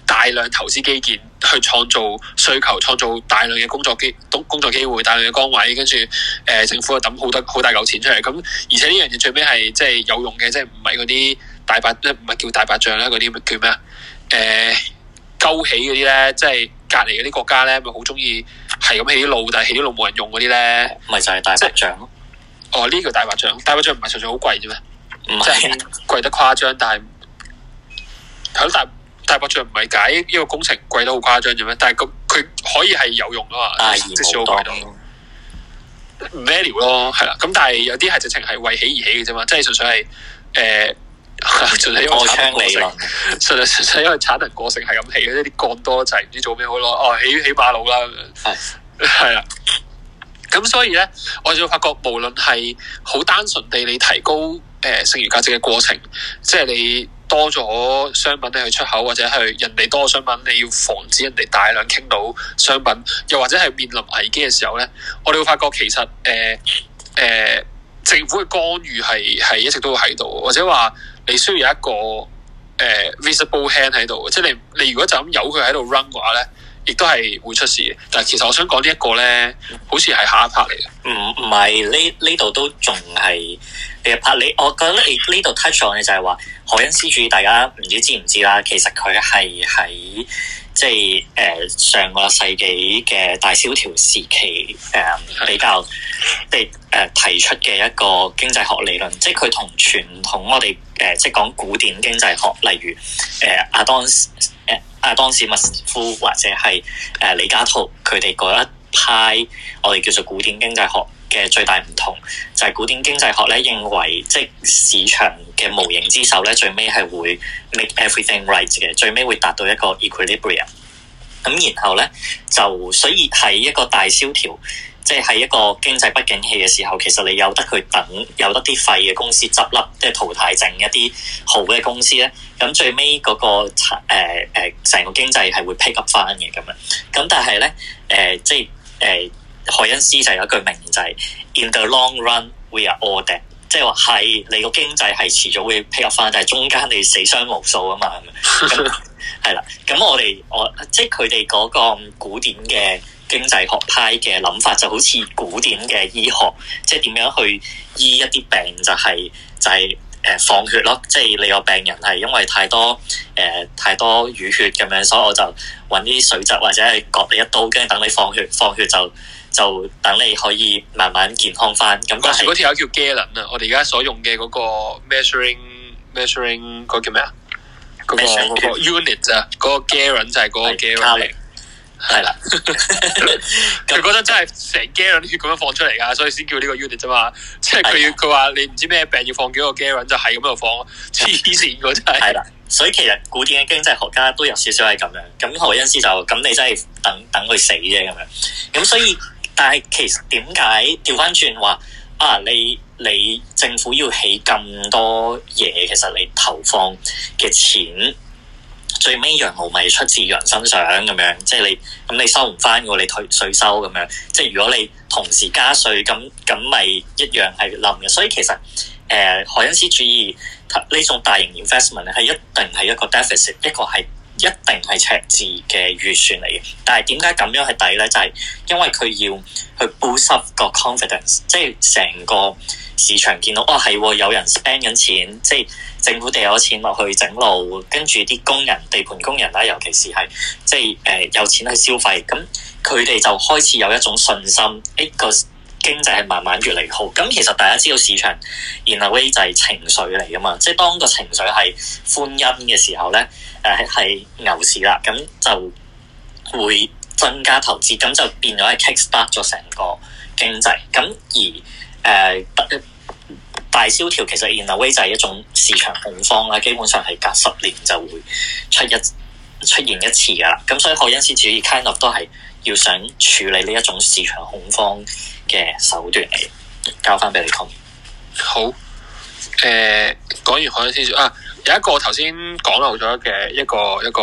A: 大量投資基建，去創造需求，創造大量嘅工作機、工作機會、大量嘅崗位，跟住誒政府就抌好多好大嚿錢出嚟。咁而且呢樣嘢最尾係即係有用嘅，即係唔係嗰啲大白，即係唔係叫大白象咧？嗰啲叫咩啊？誒、呃、勾起嗰啲咧，即係隔離嗰啲國家咧，咪好中意係咁起啲路，但係起啲路冇人用嗰啲咧，唔係就係大白象咯。哦，呢、這、叫、個、大白象，大白象唔係純粹好貴啫咩？即係，貴得誇張，但係響大大 project 唔係解呢個工程貴得好誇張嘅咩？但係佢佢可以係有用啊嘛，即係好貴多 value 咯，係啦。咁、啊、但係有啲係直情係為起而起嘅啫嘛，即係純粹係誒，純、呃、 [laughs] 粹因為產能過剩，純、啊、粹純粹因為產能過剩係咁起，一啲降多咗就唔知做咩好咯。哦、啊，起起馬路啦，係係啦。咁 [laughs] [laughs] 所以咧，我就發覺無論係好單純地你提高。誒、呃，剩餘價值嘅過程，即係你多咗商品咧去出口，或者係人哋多咗商品，你要防止人哋大量傾到商品，又或者係面臨危機嘅時候咧，我哋會發覺其實誒誒、呃呃，政府嘅干預係係一直都會喺度，或者話你需要有一個誒、呃、visible hand 喺度，即係你你如果就咁由佢喺度 run 嘅話咧，亦都係會
B: 出事。但係其實我想講呢一個咧，好似係下一 part 嚟嘅，唔唔係呢呢度都仲係。你拍你，我覺得你呢度 touch on 就係話凱恩斯主義，大家唔知知唔知啦？其實佢係喺即係誒上個世紀嘅大蕭條時期誒比較，即係誒提出嘅一個經濟學理論。即係佢同傳統我哋誒即係講古典經濟學，例如誒阿當斯、誒阿當史密夫或者係誒李嘉圖，佢哋嗰一派，我哋叫做古典經濟學。嘅最大唔同就係、是、古典經濟學咧，認為即係、就是、市場嘅無形之手咧，最尾係會 make everything right 嘅，最尾會達到一個 equilibrium。咁然後咧就所以係一個大蕭條，即係喺一個經濟不景氣嘅時候，其實你有得佢等，有得啲廢嘅公司執笠即係淘汰剩一啲好嘅公司咧。咁最尾嗰、那個誒誒成個經濟係會 pick up 翻嘅咁樣，咁但係咧誒即係誒。呃海恩斯就有一句名言就係、是、in the long run we are all dead 即係話，係你個經濟係遲早會披入翻，但係中間你死傷無數啊嘛。係啦， [laughs] 咁我哋我即係佢哋嗰個古典嘅經濟學派嘅諗法，就好似古典嘅醫學，即係點樣去醫一啲病就係、是、就係、是、誒、呃、放血咯。即係你個病人係因為太多誒、呃、太多淤血咁樣，所以我就揾啲水蛭或者係割你一刀，跟住等你放血，放血就。就等你可以慢慢健康翻。咁
A: 嗰條友叫 Gallon 啊，我哋而家所用嘅嗰個 measuring measuring 叫咩啊？嗰個 unit 啊，嗰 as 個，個 Gallon 就係嗰個 Gallon 嚟。係啦，佢覺得真係成 Gallon 血咁樣放出嚟噶，所以先叫呢個 unit 啫嘛。
B: 即係佢要，佢話的你唔知咩病要放幾個 Gallon 就係咁度放。黐線，嗰真係。係啦，所以其實古典嘅經濟學家都有少少係咁樣。咁凱恩斯就咁，你真係等等佢死啫咁樣。咁所以。 [laughs] 但係其實點解調翻轉話啊？你你政府要起咁多嘢，其實你投放嘅錢最尾羊毛咪出自羊身上咁樣，即係你咁你收唔翻㗎你退稅收咁樣，即係如果你同時加稅，咁咁咪一樣係冧嘅。所以其實誒凱恩斯主義呢種大型 investment 咧，係一定係一個 deficit，一個係。一定係赤字嘅預算嚟嘅，但係點解咁樣係抵咧？就係因為佢要去 boost up 個 confidence，即係成個市場見到哦，係有人 spend 緊錢，即係政府掟咗錢落去整路，跟住啲工人地盤工人咧，尤其是係即係誒、呃、有錢去消費，咁佢哋就開始有一種信心，呢個。經濟係慢慢越嚟越好咁，其實大家知道市場，in a way 就係情緒嚟噶嘛。即係當個情緒係歡欣嘅時候咧，誒、呃、係牛市啦，咁就會增加投資，咁就變咗係 kick start 咗成個經濟。咁而誒大、呃、大蕭條其實 in a way 就係一種市場恐慌啦，基本上係隔十年就會出一出現一次噶啦。咁所以凱恩斯主義 kind of 都係要想處理呢一種市場恐慌。嘅手段嚟，交翻俾你講。好，誒、呃，講完海倫先啊，有一個頭先
A: 講漏咗嘅一個一個，一個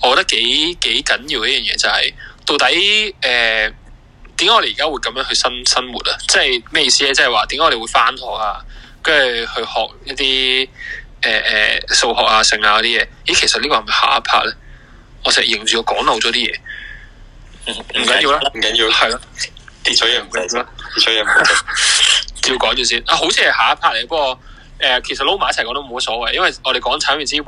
A: 我覺得幾幾緊要嘅一樣嘢就係、是，到底誒，點、呃、解我哋而家會咁樣去生生活啊？即係咩意思咧？即係話點解我哋會翻學啊？跟住去學一啲誒誒數學啊、剩啊嗰啲嘢？咦，其實個是是呢個係咪下一 part 咧？我成日搖住我講漏咗啲嘢，唔緊要啦，唔緊要，係咯。跌取嘢唔平啫， [laughs] [laughs] 要講住先，啊，好似係下一 part 嚟，不過誒，其實撈埋一齊講都冇乜所謂，因為我哋講產業資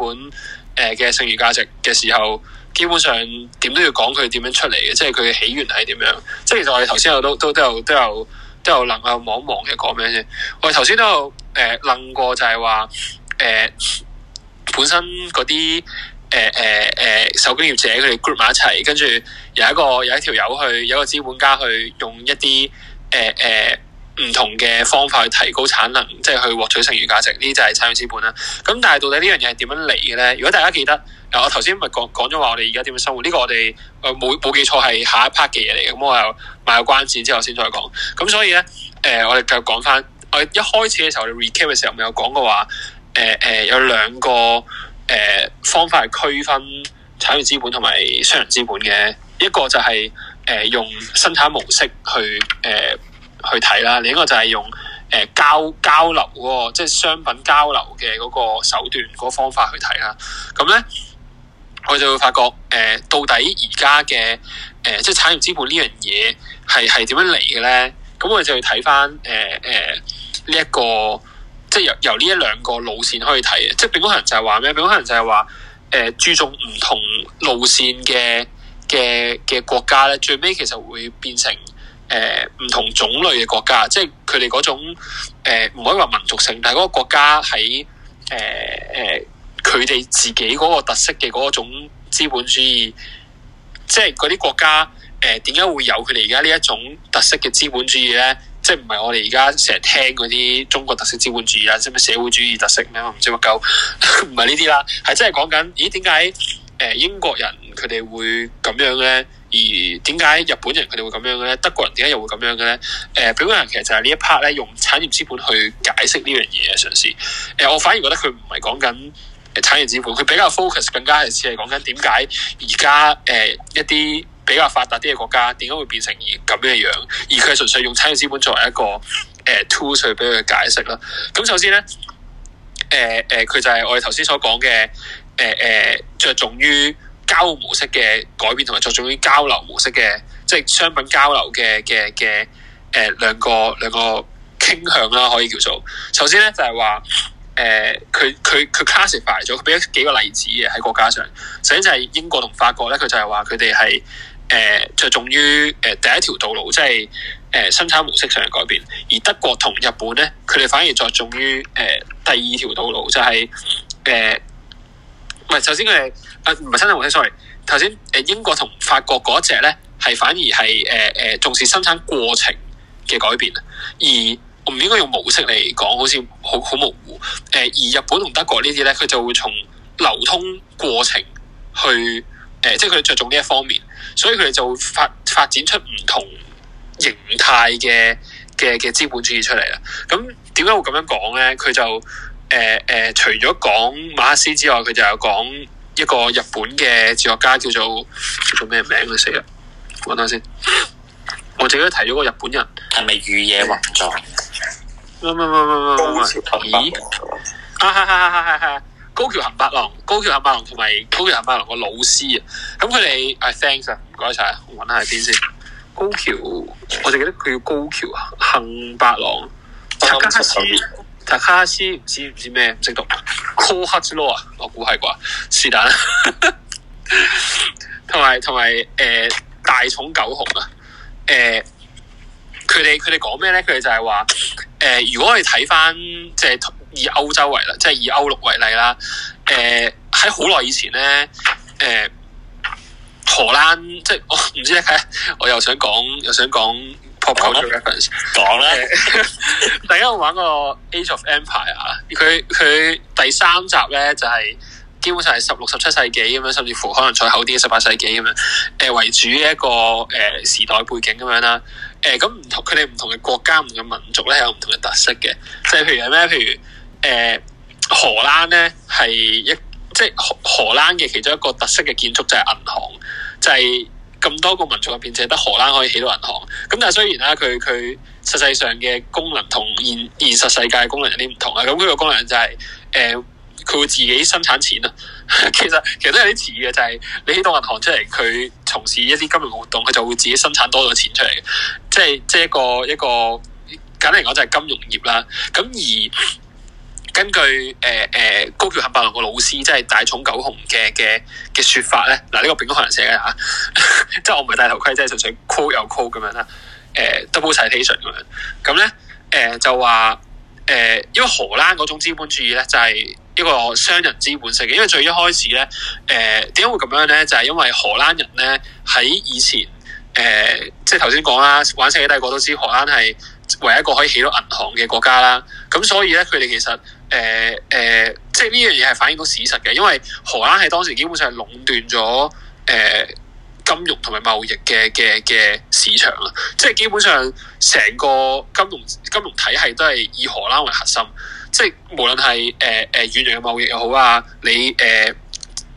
A: 本誒嘅剩餘價值嘅時候，基本上點都要講佢點樣出嚟嘅，即係佢嘅起源係點樣。即係其實我哋頭先我都都都有都有都有諗啊，望一望嘅。講咩先？我哋頭先都有誒諗、呃、過就，就係話誒本身嗰啲。誒誒誒，手工業者佢哋 group 埋一齊，跟住有一個有一條友去，有一個資本家去用一啲誒誒唔同嘅方法去提高產能，即係去獲取剩餘價值。呢啲就係產業資本啦。咁但係到底呢樣嘢係點樣嚟嘅咧？如果大家記得，我頭先咪講講咗話，我哋而家點樣生活？呢個我哋我冇冇記錯係下一 part 嘅嘢嚟嘅。咁我又賣個關子之後先再講。咁所以咧，誒、呃、我哋繼續講翻。我一開始嘅時候，我哋 recall 嘅時候咪有講過話，誒、呃、誒、呃呃、有兩個。誒，方法係區分產業資本同埋商人資本嘅一個就係誒用生產模式去誒、呃、去睇啦，另一個就係用誒交交流嗰個即係商品交流嘅嗰個手段嗰個方法去睇啦。咁咧，我就會發覺誒、呃，到底而家嘅誒即係產業資本樣，呢樣嘢係係點樣嚟嘅咧？咁我就會睇翻誒誒呢一個。即係由呢一兩個路線可以睇嘅，即係表哥可能就係話咩？表哥可能就係話，誒、呃、注重唔同路線嘅嘅嘅國家咧，最尾其實會變成誒唔、呃、同種類嘅國家，即係佢哋嗰種誒唔可以話民族性，但係嗰個國家喺誒誒佢哋自己嗰個特色嘅嗰種資本主義，即係嗰啲國家誒點解會有佢哋而家呢一種特色嘅資本主義咧？即係唔係我哋而家成日聽嗰啲中國特色資本主義啊，即係社會主義特色咩，我唔知乜鳩，唔係呢啲啦，係真係講緊，咦？點解誒英國人佢哋會咁樣咧？而點解日本人佢哋會咁樣咧？德國人點解又會咁樣嘅咧？誒、呃，日本人其實就係呢一 part 咧，用產業資本去解釋呢樣嘢嘅嘗試。誒、呃，我反而覺得佢唔係講緊誒、呃、產業資本，佢比較 focus 更加係似係講緊點解而家誒一啲。比較發達啲嘅國家，點解會變成而咁嘅樣，樣？而佢係純粹用產業資本作為一個誒 tool，呃，去俾佢解釋啦。咁首先咧，誒，呃，誒，佢，呃，就係我哋頭先所講嘅，誒，呃，誒，着重於交換模式嘅改變，同埋着重於交流模式嘅，即係商品交流嘅嘅嘅，誒，兩，呃，個兩個傾向啦，可以叫做。首先咧就係，是，話，誒，呃，佢佢佢 classify 咗，佢俾咗幾個例子嘅喺國家上。首先就係英國同法國咧，佢就係話佢哋係。誒，着、呃、重於誒、呃、第一條道路，即係誒、呃、生產模式上嘅改變。而德國同日本咧，佢哋反而着重於誒、呃、第二條道路，就係、是、誒、唔、呃、係，首先佢哋啊，唔係生產模式，sorry。頭先誒，英國同法國嗰隻咧，係反而係誒誒重視生產過程嘅改變。而我唔應該用模式嚟講，好似好好模糊。誒、呃，而日本同德國呢啲咧，佢就會從流通過程去。誒、呃，即係佢着重呢一方面，所以佢哋就會發發展出唔同形態嘅嘅嘅資本主義出嚟啦。咁點解會咁樣講咧？佢就誒誒、呃呃，除咗講馬克思之外，佢就有講一個日本嘅哲學家叫做叫做咩名，佢死啦！揾下先，我自己都提咗個日本人，係咪羽野宏藏？唔唔唔唔唔唔，咦、啊？啊啊啊啊啊高橋恆八郎、高橋恆八郎同埋高橋恆八郎個老師啊，咁佢哋，thanks 啊，唔該晒啊，我揾下先。高橋，我仲記得佢叫高橋啊，恆八郎、塔加斯、塔加斯，唔知唔知咩，唔識讀。Hot Law 啊，我估係啩，是但。同埋同埋誒，大寵狗熊啊，誒、呃，佢哋佢哋講咩咧？佢哋就係話，誒、呃，如果你睇翻，翻即係。以歐洲為例，即係以歐陸為例啦。誒、呃，喺好耐以前咧，誒、呃，荷蘭即係我唔知咧、啊，我又想講，又想講 pop culture reference 講啦。大家我玩個 Age of Empire 啊，佢佢第三集咧就係、是、基本上係十六、十七世紀咁樣，甚至乎可能再後啲十八世紀咁樣誒為主一個誒、呃、時代背景咁樣啦。誒咁唔同，佢哋唔同嘅國家、唔同嘅民族咧有唔同嘅特色嘅，即係譬如咩？譬如。譬如譬如譬如誒、呃，荷蘭咧係一即係荷荷蘭嘅其中一個特色嘅建築就係銀行，就係、是、咁多個民族入邊，淨係得荷蘭可以起到銀行。咁但係雖然啦，佢佢實際上嘅功能同現現實世界嘅功能有啲唔同啦。咁佢個功能就係、是、誒，佢、呃、會自己生產錢啊。 [laughs] 其實其實都有啲似嘅，就係、是、你起到銀行出嚟，佢從事一啲金融活動，佢就會自己生產多咗錢出嚟嘅。即係即係一個一個簡單嚟講就係金融業啦。咁而根據誒誒、呃、高橋幸八郎個老師，即係大重久雄嘅嘅嘅說法咧，嗱、這、呢個並唔可能寫嘅啊！ [laughs] 即係我唔係戴頭盔，即係純粹 call 又 call 咁樣啦。誒 double citation 咁樣，咁咧誒就話誒、嗯，因為荷蘭嗰種資本主義咧，就係一個商人資本世界。因為最一開始咧，誒點解會咁樣咧？就係、是、因為荷蘭人咧喺以前誒、嗯，即係頭先講啦，玩世界大國都知荷蘭係唯一一個可以起到銀行嘅國家啦。咁、嗯、所以咧，佢哋其實～誒誒、呃呃，即係呢樣嘢係反映到事實嘅，因為荷蘭係當時基本上係壟斷咗誒、呃、金融同埋貿易嘅嘅嘅市場啊！即係基本上成個金融金融體系都係以荷蘭為核心，即係無論係誒誒遠洋嘅貿易又好啊，你誒、呃、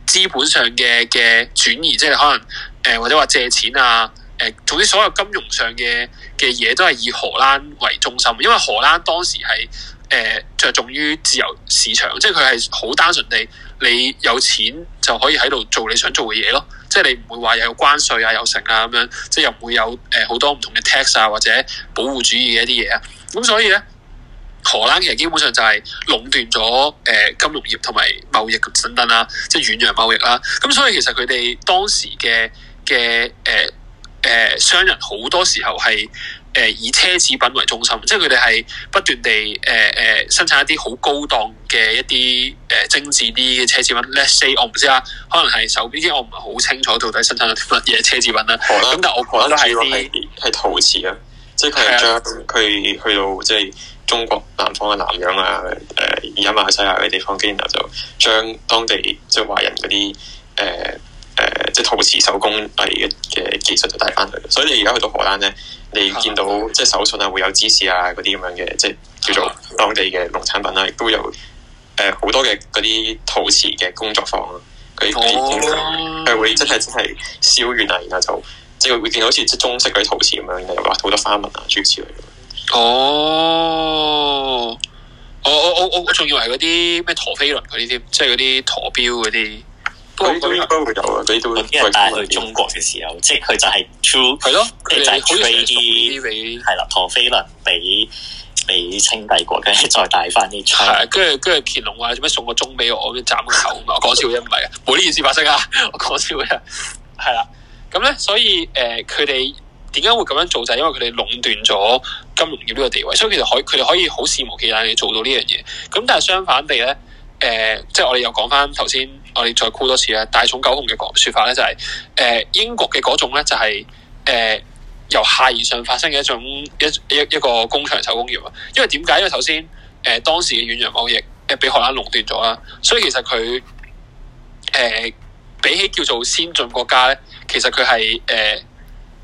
A: 資本上嘅嘅轉移，即係可能誒、呃、或者話借錢啊，誒、呃、總之所有金融上嘅嘅嘢都係以荷蘭為中心，因為荷蘭當時係。誒著重於自由市場，即係佢係好單純地，你有錢就可以喺度做你想做嘅嘢咯。即係你唔會話有關稅啊、有成啊咁樣，即係又唔會有誒好多唔同嘅 tax 啊或者保護主義嘅一啲嘢啊。咁所以咧，荷蘭其實基本上就係壟斷咗誒金融業同埋貿易嘅身份啦，即係遠洋貿易啦。咁、嗯、所以其實佢哋當時嘅嘅誒誒商人好多時候係。誒以奢侈品為中心，即係佢哋係不斷地誒誒、呃呃、生產一啲好高檔嘅一啲誒、呃、精緻啲嘅奢侈品。Let’s say 我唔知啊，可能係手錶呢，我唔係好清楚到底生產咗啲乜嘢奢侈品啦。咁能但係我覺得係啲
C: 係陶瓷是是啊，即係佢將佢去到即係中國南方嘅南洋啊，誒而家咪去西亞嘅地方，跟住然後就將當地即係華人嗰啲誒。呃誒、呃，即係陶瓷手工藝嘅技術就帶翻去，所以你而家去到荷蘭咧，你見到的即係手信啊，會有芝士啊嗰啲咁樣嘅，即係叫做當地嘅農產品啦、啊，亦都有誒，好、呃、多嘅嗰啲陶瓷嘅工作坊咯，嗰啲係會真係真係燒完啊，然後就即係會見到好似
A: 即係中式嗰啲陶瓷咁樣，然後畫好多花紋啊、珠子類哦。哦，我我我我仲以為嗰啲咩陀飛輪嗰啲添，即係嗰啲陀錶嗰啲。
B: 佢都幫佢走啊！佢啲人帶去中國嘅時候，即係佢就係 true，即係就吹啲俾係啦，陀飛輪俾俾清帝
A: 國，嘅，再帶翻啲出。跟住跟住乾隆話：做咩 [laughs] 送個鐘俾我？我咪斬佢頭啊！講笑啫，唔係啊！冇呢件事發生啊！ [laughs] 我講笑啫，係啦。咁咧， [laughs] 所以誒，佢哋點解會咁樣做？就係、是、因為佢哋壟斷咗金融嘅呢個地位，所以其實可佢哋可以好肆無忌憚地做到呢樣嘢。咁但係相反地咧，誒、呃，即、呃、係、就是、我哋又講翻頭先。我哋再箍多次咧，大眾大塚久雄嘅講説法咧就係、是，誒、呃、英國嘅嗰種咧就係、是，誒、呃、由下而上發生嘅一種一一一,一個工場手工業啊，因為點解？因為首先，誒、呃、當時嘅遠洋貿易誒俾荷蘭壟斷咗啦，所以其實佢誒、呃、比起叫做先進國家咧，其實佢係誒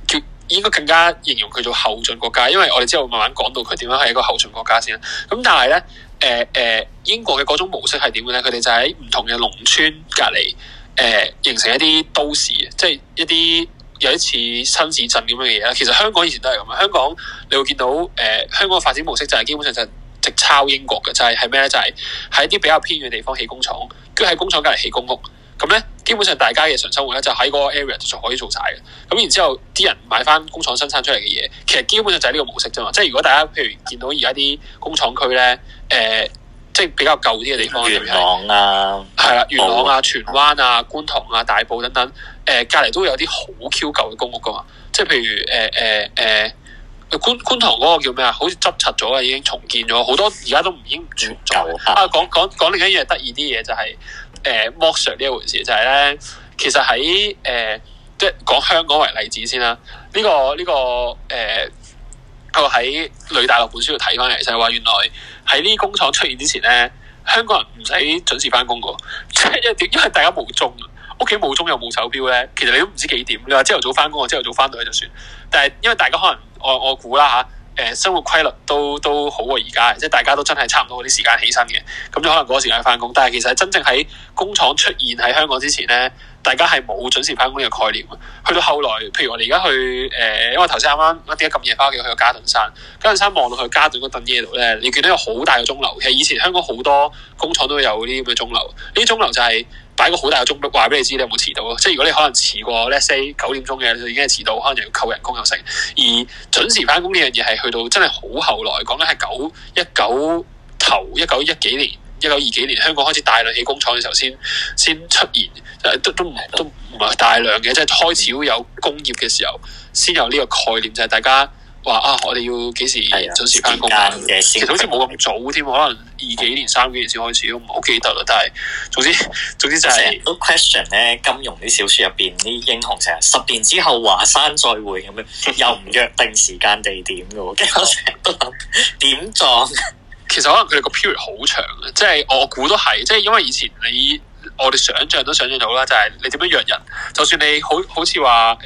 A: 叫應該更加形容佢做後進國家，因為我哋之後慢慢講到佢點樣係一個後進國家先，咁但係咧。誒誒、呃，英國嘅嗰種模式係點嘅咧？佢哋就喺唔同嘅農村隔籬，誒、呃，形成一啲都市，即、就、係、是、一啲有啲似新市鎮咁樣嘅嘢啦。其實香港以前都係咁嘅。香港你會見到，誒、呃，香港嘅發展模式就係基本上就係直抄英國嘅，就係係咩咧？就係、是、喺一啲比較偏遠嘅地方起工廠，跟住喺工廠隔籬起公屋。咁咧，基本上大家日常生活咧就喺嗰個 area 就可以做晒嘅。咁然之後，啲人買翻工廠生產出嚟嘅嘢，其實基本上就係呢個模式啫嘛。即係如果大家譬如見到而家啲工廠區咧，誒、呃，即係比較舊啲嘅地方，元朗啊，係啦，元朗啊、荃灣啊、觀塘啊、大埔等等，誒、呃，隔離都有啲好 Q 舊嘅公屋噶嘛。即係譬如誒誒誒，觀、呃、觀、呃呃呃呃、塘嗰個叫咩啊？好似執拆咗啊，已經重建咗好多，而家都唔已經唔存在啊，啊。講講講另一樣嘢得意啲嘢就係、是。誒，剝削呢一回事就係咧，其實喺誒即係講香港為例子先啦。呢個呢個誒，我喺女大陸本書度睇翻嚟，就係話原來喺呢啲工廠出現之前咧，香港人唔使準時翻工嘅，即係因為因為大家冇鐘啊，屋企冇鐘又冇手錶咧，其實你都唔知幾點。你話朝頭早翻工，我朝頭早翻到去就算。但係因為大家可能我我估啦嚇。誒、呃、生活規律都都好過而家即係大家都真係差唔多嗰啲時間起身嘅，咁就可能嗰個時間去翻工。但係其實真正喺工廠出現喺香港之前咧，大家係冇準時翻工嘅概念。去到後來，譬如我哋而家去誒、呃，因為頭先啱啱點解咁夜翻屋企去個嘉頓山，嘉頓山望到去嘉頓嗰棟嘢度咧，你見到有好大嘅鐘樓，其實以前香港好多工廠都有嗰啲咁嘅鐘樓。呢啲鐘樓就係、是。擺個好大嘅鐘都話俾你知你有冇遲到咯，即係如果你可能遲過 let's say 九點鐘嘅，你就已經係遲到，可能又要扣人工又成。而準時返工呢樣嘢係去到真係好後來講緊係九一九頭一九一幾年一九二幾年香港開始大量起工廠嘅時候先先出現，都都唔都唔係大量嘅，即係開始有工業嘅時候先有呢個概念，就係大家。話啊，我哋要幾時準時翻工啊？其實好似冇咁
B: 早添，可能二幾年、三幾年先開始都唔好記得啦。但係總之，嗯、總之就係、是，都、no、question 咧，金庸啲小說入邊啲英雄成日十年之後華山再會咁樣，又唔約定時間地點嘅，點撞？
A: 其實可能佢哋個 period 好長啊，即、就、係、是、我估都係，即、就、係、是、因為以前你。我哋想象都想象到啦，就係、是、你點樣約人，就算你好好似話誒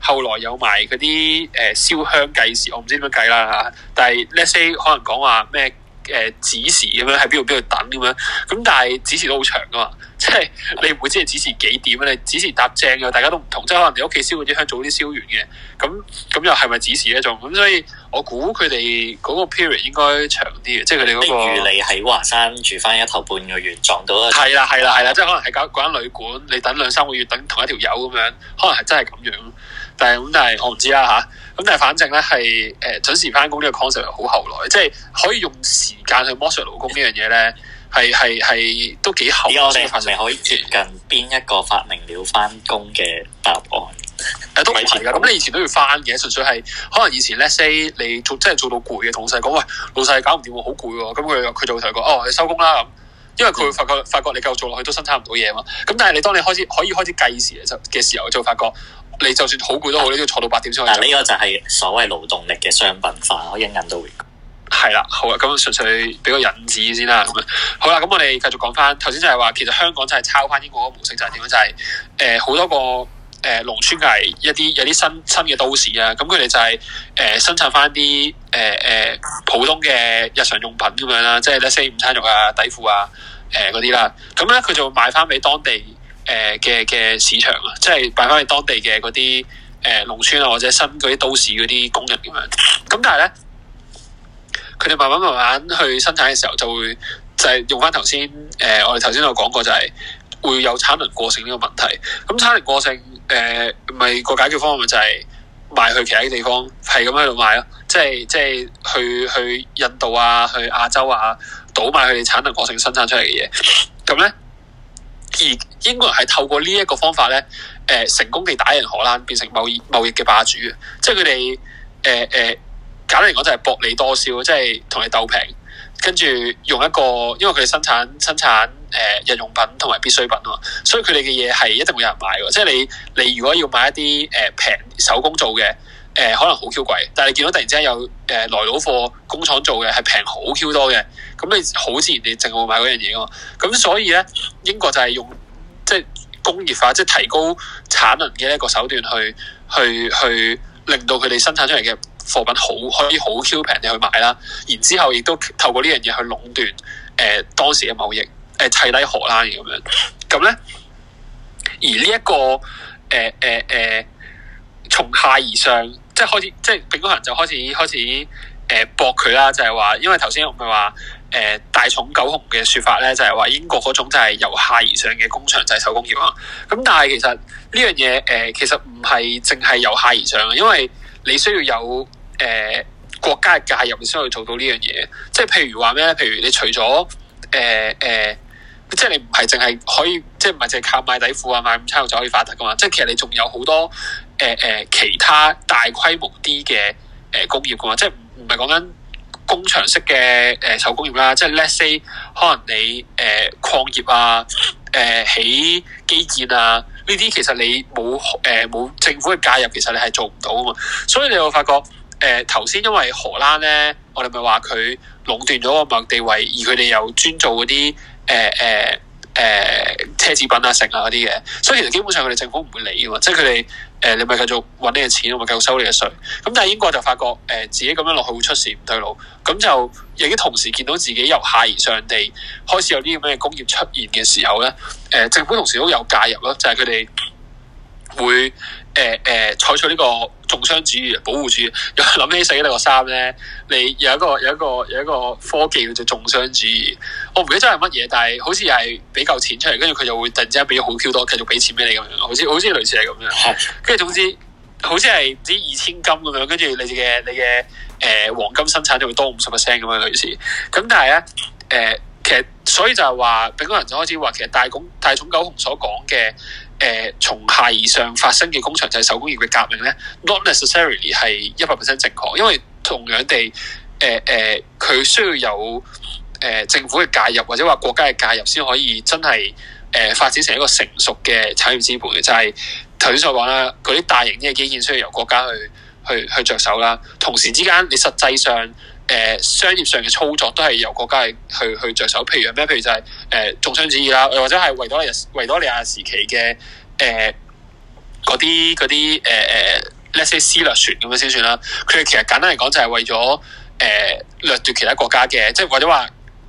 A: 後來有埋嗰啲誒燒香計時，我唔知點樣計啦吓，但係 let's say 可能講話咩誒指示咁樣喺邊度邊度等咁樣，咁、啊、但係指示都好長㗎嘛。即係你唔會知係指示幾點啊？你指示搭正嘅，大家都唔同。即係可能你屋企燒嗰啲香早啲燒完嘅，咁咁又係咪指示一種？咁所以我估佢哋嗰個 period 應該長啲嘅，即係佢哋嗰個。不如你喺華
B: 山住翻一頭半個月，撞到啦。係啦，
A: 係啦，係啦，即係可能喺嗰間旅館，你等兩三個月等同一條友咁樣，可能係真係咁樣。但係咁，但係我唔知啦吓。咁、啊、但係反正咧，係誒、呃、準時翻工呢個 concept 好後來，即係可以用時間去剝削勞工呢樣嘢咧。係係係都幾厚嘅份糧可以接近邊一個發明了翻工嘅答案？誒、嗯，都唔係噶，咁你以前都要翻嘅，純粹係可能以前 let's say 你做真係做到攰嘅，同老細講喂，老細搞唔掂好攰喎，咁佢佢就會提過哦，你收工啦咁。因為佢會發覺、嗯、發覺你繼續做落去都生產唔到嘢嘛。咁但係你當你開始可以開始計時嘅時候，就會發覺你就算好攰都好，你都要坐到八點先、啊。嗱，呢個就係所謂勞動力嘅商品化，我人人都會。係啦，好啊，咁純粹俾個引子先啦，咁、嗯、啊，好啦，咁我哋繼續講翻頭先就係話，其實香港就係抄翻英國嘅模式，就係點樣？就係、是、誒，好、呃、多個誒農、呃、村界一啲有啲新新嘅都市啊，咁佢哋就係、是、誒、呃、生產翻啲誒誒普通嘅日常用品咁樣啦，即係咧四五餐肉啊、底褲啊誒嗰啲啦，咁咧佢就賣翻俾當地誒嘅嘅市場買、呃、啊，即係賣翻俾當地嘅嗰啲誒農村啊或者新嗰啲都市嗰啲工人咁樣，咁但係咧。佢哋慢慢慢慢去生產嘅時候，就會就係用翻頭先，誒、呃，我哋頭先有講過，就係會有產能過剩呢個問題。咁、嗯、產能過剩，誒、呃，咪個解決方法咪就係、是、賣去其他地方，係咁喺度賣咯。即係即係去去印度啊，去亞洲啊，倒賣佢哋產能過剩生，生產出嚟嘅嘢。咁咧，而英國人係透過呢一個方法咧，誒、呃，成功地打贏荷蘭，變成貿易貿易嘅霸主嘅。即係佢哋，誒、呃、誒。呃簡單嚟講就係薄利多銷，即係同你鬥平，跟住用一個，因為佢哋生產生產誒、呃、日用品同埋必需品啊嘛，所以佢哋嘅嘢係一定會有人買嘅。即係你你如果要買一啲誒平手工做嘅，誒、呃，可能好 Q 貴，但係你見到突然之間有誒、呃、來路貨工廠做嘅係平好 Q 多嘅，咁你好自然你淨會買嗰樣嘢啊嘛。咁所以咧，英國就係用即係工業化，即係提高產能嘅一個手段去去去，去令到佢哋生產出嚟嘅。貨品好可以好超平你去買啦，然之後亦都透過呢樣嘢去壟斷誒、呃、當時嘅貿易，誒、呃、砌低荷蘭咁樣，咁咧而呢、這、一個誒誒誒從下而上，即係開始，即係餅乾人就開始開始誒駁佢啦，就係、是、話，因為頭先我咪話誒大重九熊嘅説法咧，就係、是、話英國嗰種就係由下而上嘅工場制手工業啊，咁但係其實呢樣嘢誒，其實唔係淨係由下而上啊，因為你需要有。誒、呃、國家嘅介入先可以做到呢樣嘢，即係譬如話咩？譬如你除咗誒誒，即係你唔係淨係可以，即係唔係淨係靠賣底褲啊、賣午餐肉就可以發達噶嘛？即係其實你仲有好多誒誒、呃、其他大規模啲嘅誒工業噶嘛？即係唔唔係講緊工場式嘅誒、呃、手工業啦？即係 let's say 可能你誒、呃、礦業啊、誒、呃、起基建啊呢啲，其實你冇誒冇政府嘅介入，其實你係做唔到噶嘛？所以你會發覺。誒頭先因為荷蘭咧，我哋咪話佢壟斷咗個貿地位，而佢哋又專做嗰啲誒誒誒奢侈品啊、成啊嗰啲嘢，所以其實基本上佢哋政府唔會理嘅嘛。即係佢哋誒你咪繼續揾你嘅錢，我咪繼續收你嘅稅。咁但係英國就發覺誒、呃、自己咁樣落去會出事唔對路，咁就已經同時見到自己由下而上地開始有啲咁嘅工業出現嘅時候咧，誒、呃、政府同時都有介入咯，就係佢哋會。誒誒、呃，採取呢個重商主義、保護主義，又 [laughs] 諗起死你個三咧，你有一個有一個有一個科技叫做重商主義，我唔記得係乜嘢，但係好似係俾夠錢出嚟，跟住佢就會突然之間俾好 Q 多，繼續俾錢俾你咁樣，好似好似類似係咁樣。跟住、嗯、總之好似係唔知二千金咁樣，跟住你嘅你嘅誒、呃、黃金生產就會多五十 percent 咁樣類似。咁但係咧，誒、呃、其實所以就係話，餅人就開始話其實大公大眾狗熊所講嘅。誒、呃、從下而上發生嘅工場制手工業嘅革命咧，not necessarily 係一百 percent 正確，因為同樣地，誒誒佢需要有誒、呃、政府嘅介入或者話國家嘅介入先可以真係誒、呃、發展成一個成熟嘅產業資本嘅，就係頭先所講啦，嗰啲大型嘅基建需要由國家去去去着手啦，同時之間你實際上。誒、呃、商業上嘅操作都係由國家去去著手，譬如咩？譬如就係誒重商主義啦，或者係維多利維多利亞時期嘅誒嗰啲嗰啲誒誒，那些私掠船咁樣先算啦。佢哋其實簡單嚟講，就係為咗誒掠奪其他國家嘅，即係或者話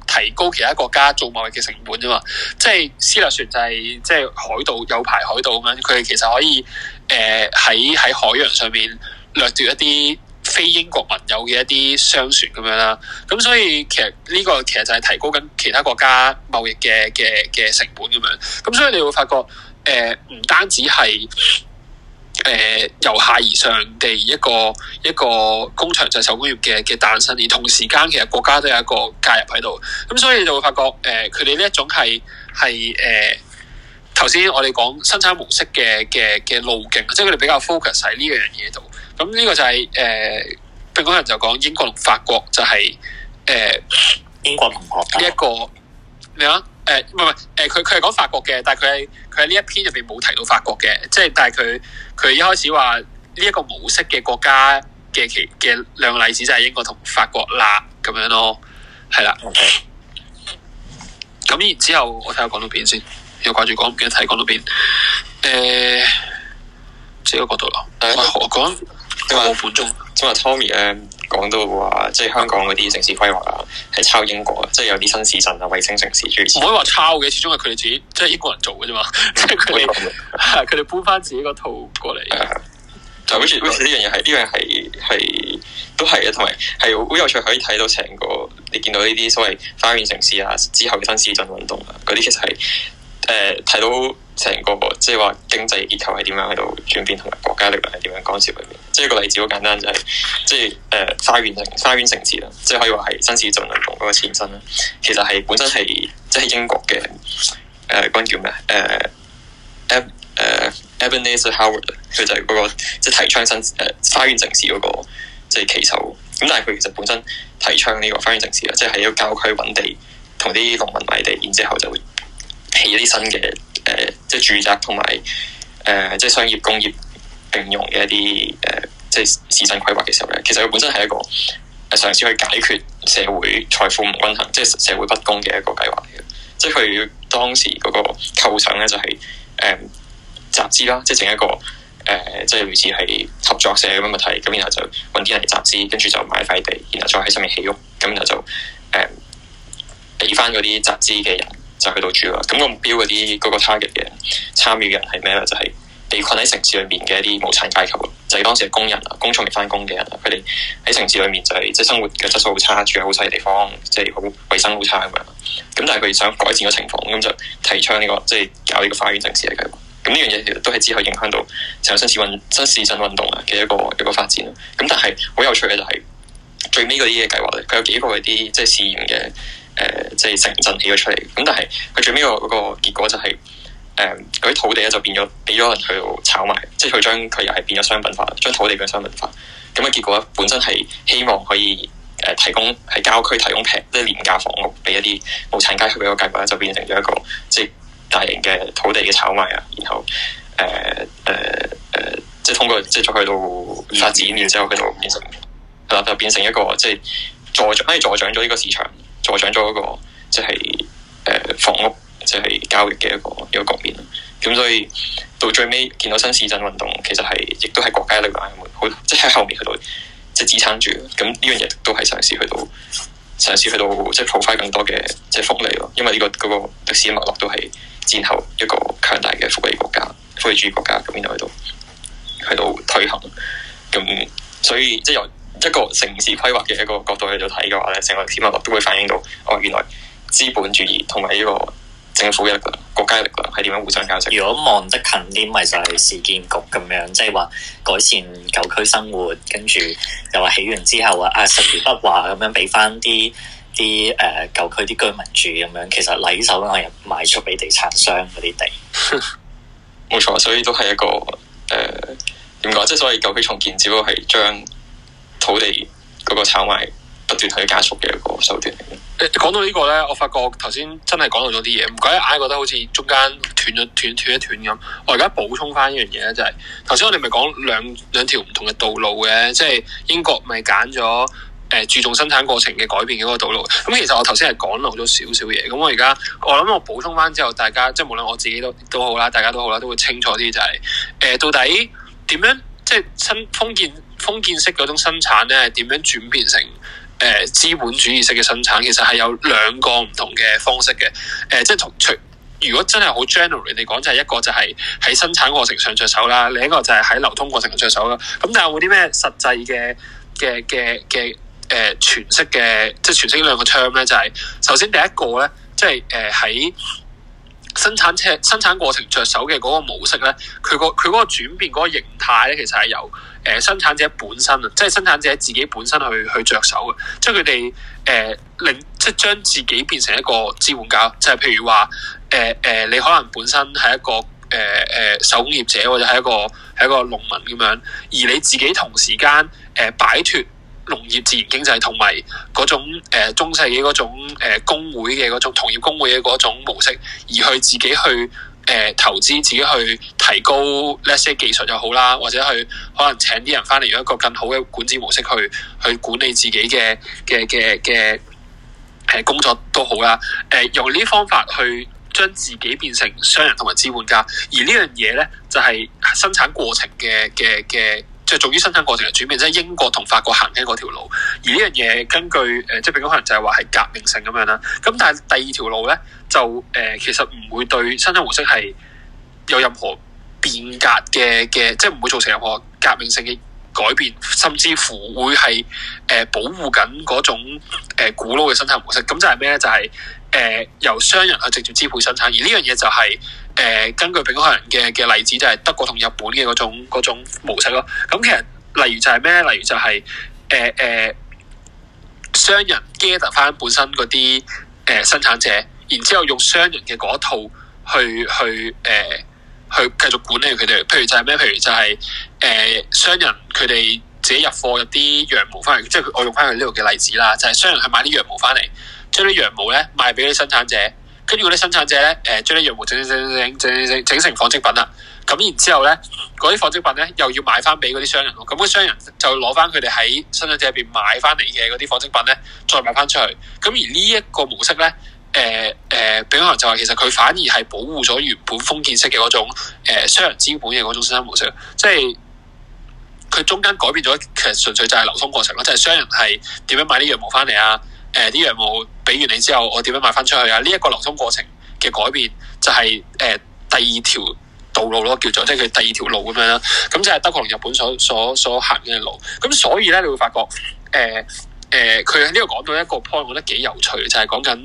A: 提高其他國家做貿易嘅成本啫嘛。即係私掠船就係、是、即係海盜有排海盜咁樣，佢哋其實可以誒喺喺海洋上面掠奪一啲。非英國民有嘅一啲商船咁樣啦，咁所以其實呢個其實就係提高緊其他國家貿易嘅嘅嘅成本咁樣，咁所以你會發覺誒唔、呃、單止係誒、呃、由下而上地一個一個工場制手工業嘅嘅誕生，而同時間其實國家都有一個介入喺度，咁所以你就會發覺誒佢哋呢一種係係誒頭先我哋講生產模式嘅嘅嘅路徑，即係佢哋比較 focus 喺呢樣嘢度。咁呢個就係、是、誒，呃、英國人就講英國同法國就係、是、誒，呃、英國同法國呢一個咩啊？誒，唔係唔係，誒，佢佢係講法國嘅，但係佢係佢喺呢一篇入邊冇提到法國嘅，即係但係佢佢一開始話呢一個模式嘅國家嘅其嘅兩個例子就係英國同法國啦咁、呃、樣咯，係啦。咁 Okay. 然之後我睇下講到邊先，又掛住講，唔記得睇講到邊。誒、呃，即係嗰度咯。我講。 [noise] [noise] 即
C: 係本宗。即係 Tommy 咧講到話，即係香港嗰啲城市規劃啊，係抄英國啊，即係有啲新市鎮啊、衛星城市。唔可以話抄嘅，始終係佢哋自己，即係英國人做嘅啫嘛。即係
A: 佢哋，佢哋搬翻自己嗰套
C: 過嚟。就好似呢樣嘢係呢樣係係都係啊，同埋係好有趣，可以睇到成個你見到呢啲所謂花園城市啊，之後嘅新市鎮運動啊，嗰啲其實係。誒，睇、呃、到成個即係話經濟結構係點樣喺度轉變，同埋國家力量係點樣干涉裏面。即、就、係、是、個例子好簡單、就是，就係即係誒，花園城、花園城市啦，即、就、係、是、可以話係新市鎮運動嗰個前身啦。其實係本身係即係英國嘅誒，嗰、呃呃呃那個叫咩誒，E 誒，Ebenezer Howard，佢就係嗰個即係提倡新誒、呃、花園城市嗰、那個即係旗手。咁、就是、但係佢其實本身提倡呢個花園城市啦，即係喺個郊區搵地，同啲農民買地，然之後就會。起一啲新嘅誒、呃，即係住宅同埋誒，即係商業工業並用嘅一啲誒、呃，即係市鎮規劃嘅時候咧，其實佢本身係一個嘅嘗試去解決社會財富唔均衡，即係社會不公嘅一個計劃嚟嘅。即係佢當時嗰個構想咧、就是，就係誒集資啦，即係整一個誒，即係類似係合作社咁嘅題，咁然後就揾啲人集資，跟住就買塊地，然後再喺上面起屋，咁然後就誒俾翻嗰啲集資嘅人，就去到住啦，咁個目標嗰啲嗰個 target 嘅參與人係咩咧？就係、是、被困喺城市裏面嘅一啲無產階級就係、是、當時係工人啊，工廠未翻工嘅人，佢哋喺城市裏面就係即係生活嘅質素好差，住喺好細嘅地方，即係好衞生好差咁樣。咁但係佢想改善個情況，咁就提倡呢、這個即係、就是、搞呢個花園城市嘅計劃。咁呢樣嘢其實都係只可以影響到成個新市運新市鎮運動嘅一個一個發展。咁但係好有趣嘅就係、是、最尾嗰啲嘅計劃，佢有幾個啲即係試驗嘅。誒、呃，即係城鎮起咗出嚟，咁但係佢最尾個嗰個結果就係、是，誒嗰啲土地咧就變咗俾咗人去度炒賣，即係佢將佢又係變咗商品化，將土地嘅商品化，咁、那、嘅、個、結果咧，本身係希望可以誒提供喺郊區提供平即係廉價房屋俾一啲無產階級嘅計劃咧，就變成咗一個即係大型嘅土地嘅炒賣啊，然後誒誒誒，即係通過即係再去到發展，然之後佢就變成係啦，就、嗯嗯、變成一個即係助長，反而助長咗呢個市場。助長咗一個即係誒、呃、房屋即係交易嘅一個一個局面，咁所以到最尾見到新市鎮運動，其實係亦都係國家力量好，即係喺後面去到，即係支撐住，咁呢樣嘢都係嘗試去到嘗試去到即係 provide 更多嘅即係福利咯，因為呢、這個嗰、那個歷史脈絡都係戰後一個強大嘅福利國家、福利主義國家咁樣喺度喺度推行，咁所以即係由，一個城市規劃嘅一個角度去度睇嘅話咧，成個市民都會反映到，
B: 哦，原來資本主義同埋呢個政府嘅一個國家嘅力量係點樣互相交織。如果望得近啲，咪就係市建局咁樣，即係話改善舊區生活，跟住又話起完之後啊，實而不華咁樣俾翻啲啲誒舊區啲居民住咁樣。其實，喺手度又賣出俾地產商嗰啲地，冇錯。 [laughs] 所以都係一個誒，點、呃、講？即係所謂舊區重建，只不過係
C: 將。
A: 土地嗰個炒賣不斷去加速嘅一個手段嚟嘅。誒，講到呢個咧，我發覺頭先真係講漏咗啲嘢，唔怪得一眼覺得好似中間斷咗斷斷一斷咁。我而家補充翻呢樣嘢咧，就係頭先我哋咪講兩兩條唔同嘅道路嘅，即係英國咪揀咗誒注重生產過程嘅改變嘅嗰個道路。咁其實我頭先係講漏咗少少嘢，咁我而家我諗我補充翻之後，大家即係無論我自己都都好啦，大家都好啦，都會清楚啲就係誒到底點樣即係新封建封建式嗰種生產咧，點樣轉變成誒資本主義式嘅生產？其實係有兩個唔同嘅方式嘅。誒、呃，即係同除，如果真係好 generally 嚟講，就係一個就係喺生產過程上着手啦，另一個就係喺流通過程上着手啦。咁、嗯、但係有冇啲咩實際嘅嘅嘅嘅誒詮釋嘅，即係詮釋呢兩個 term 咧，就係、是、首先第一個咧，即係誒喺生產車生產過程着手嘅嗰個模式咧，佢、嗰個佢嗰個轉變嗰、嗰個形態咧，其實係有。誒、呃、生產者本身啊，即係生產者自己本身去去着手嘅，即係佢哋誒令即係將自己變成一個資本家，即、就、係、是、譬如話誒誒，你可能本身係一個誒誒手工業者，或者係一個係一個農民咁樣，而你自己同時間誒、呃、擺脫農業自然經濟同埋嗰種、呃、中世紀嘅嗰種誒、呃、工會嘅嗰種同業工會嘅嗰種模式，而去自己去。誒、呃，投資自己去提高呢啲技術又好啦，或者去可能請啲人返嚟用一個更好嘅管治模式去去管理自己嘅嘅嘅嘅誒工作都好啦。誒、呃，用呢啲方法去將自己變成商人同埋資本家，而呢樣嘢咧就係、是、生產過程嘅嘅嘅。就屬於生產過程嘅轉變，即係英國同法國行緊嗰條路。而呢樣嘢根據誒、呃，即係比較可能就係話係革命性咁樣啦。咁但係第二條路咧，就誒、呃、其實唔會對生產模式係有任何變革嘅嘅，即係唔會造成任何革命性嘅改變，甚至乎會係誒、呃、保護緊嗰種、呃、古老嘅生產模式。咁就係咩咧？就係、是、誒、呃、由商人去直接支配生產。而呢樣嘢就係、是。誒，根據俾我人嘅嘅例子，就係德國同日本嘅嗰種，嗰種模式咯。咁其實例如就係咩？例如就係誒誒，商人 get 翻本身嗰啲誒生產者，然之後用商人嘅嗰一套去去誒、呃、去繼續管理佢哋。譬如就係咩？譬如就係、是、誒、呃、商人佢哋自己入貨入啲羊毛翻嚟，即、就、係、是、我用翻佢呢度嘅例子啦。就係、是、商人佢買啲羊毛翻嚟，將啲羊毛咧賣俾啲生產者。跟住嗰啲生產者咧，誒將啲藥物整整整整整整成紡織品啦。咁然之後咧，嗰啲紡織品咧又要買翻俾嗰啲商人咯。咁啲商人就攞翻佢哋喺生產者入邊買翻嚟嘅嗰啲紡織品咧，再賣翻出去。咁而呢一個模式咧，誒、呃、誒，炳、呃、強就話、是、其實佢反而係保護咗原本封建式嘅嗰種、呃、商人資本嘅嗰種生產模式，即係佢中間改變咗，其實純粹就係流通過程咯，即係商人係點樣買啲藥物翻嚟啊？誒，啲羊毛俾完你之後，我點樣賣翻出去啊？呢、這、一個流通過程嘅改變、就是，就係誒第二條道路咯，叫做即係佢第二條路咁樣啦。咁就係德國同日本所所所行嘅路。咁所以咧，你會發覺，誒、呃、誒，佢喺呢度講到一個 point，我覺得幾有趣，就係講緊誒，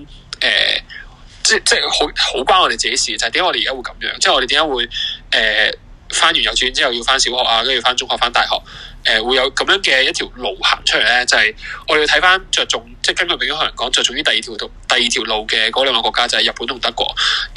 A: 即即係好好關我哋自己事，就係點解我哋而家會咁樣，即係我哋點解會誒。呃翻完幼稚園之後要翻小學啊，跟住翻中學翻大學，誒、呃、會有咁樣嘅一條路行出嚟咧，就係、是、我哋要睇翻着重，即係根據美英可能講，着重於第二條第二條路嘅嗰兩個國家就係、是、日本同德國，誒、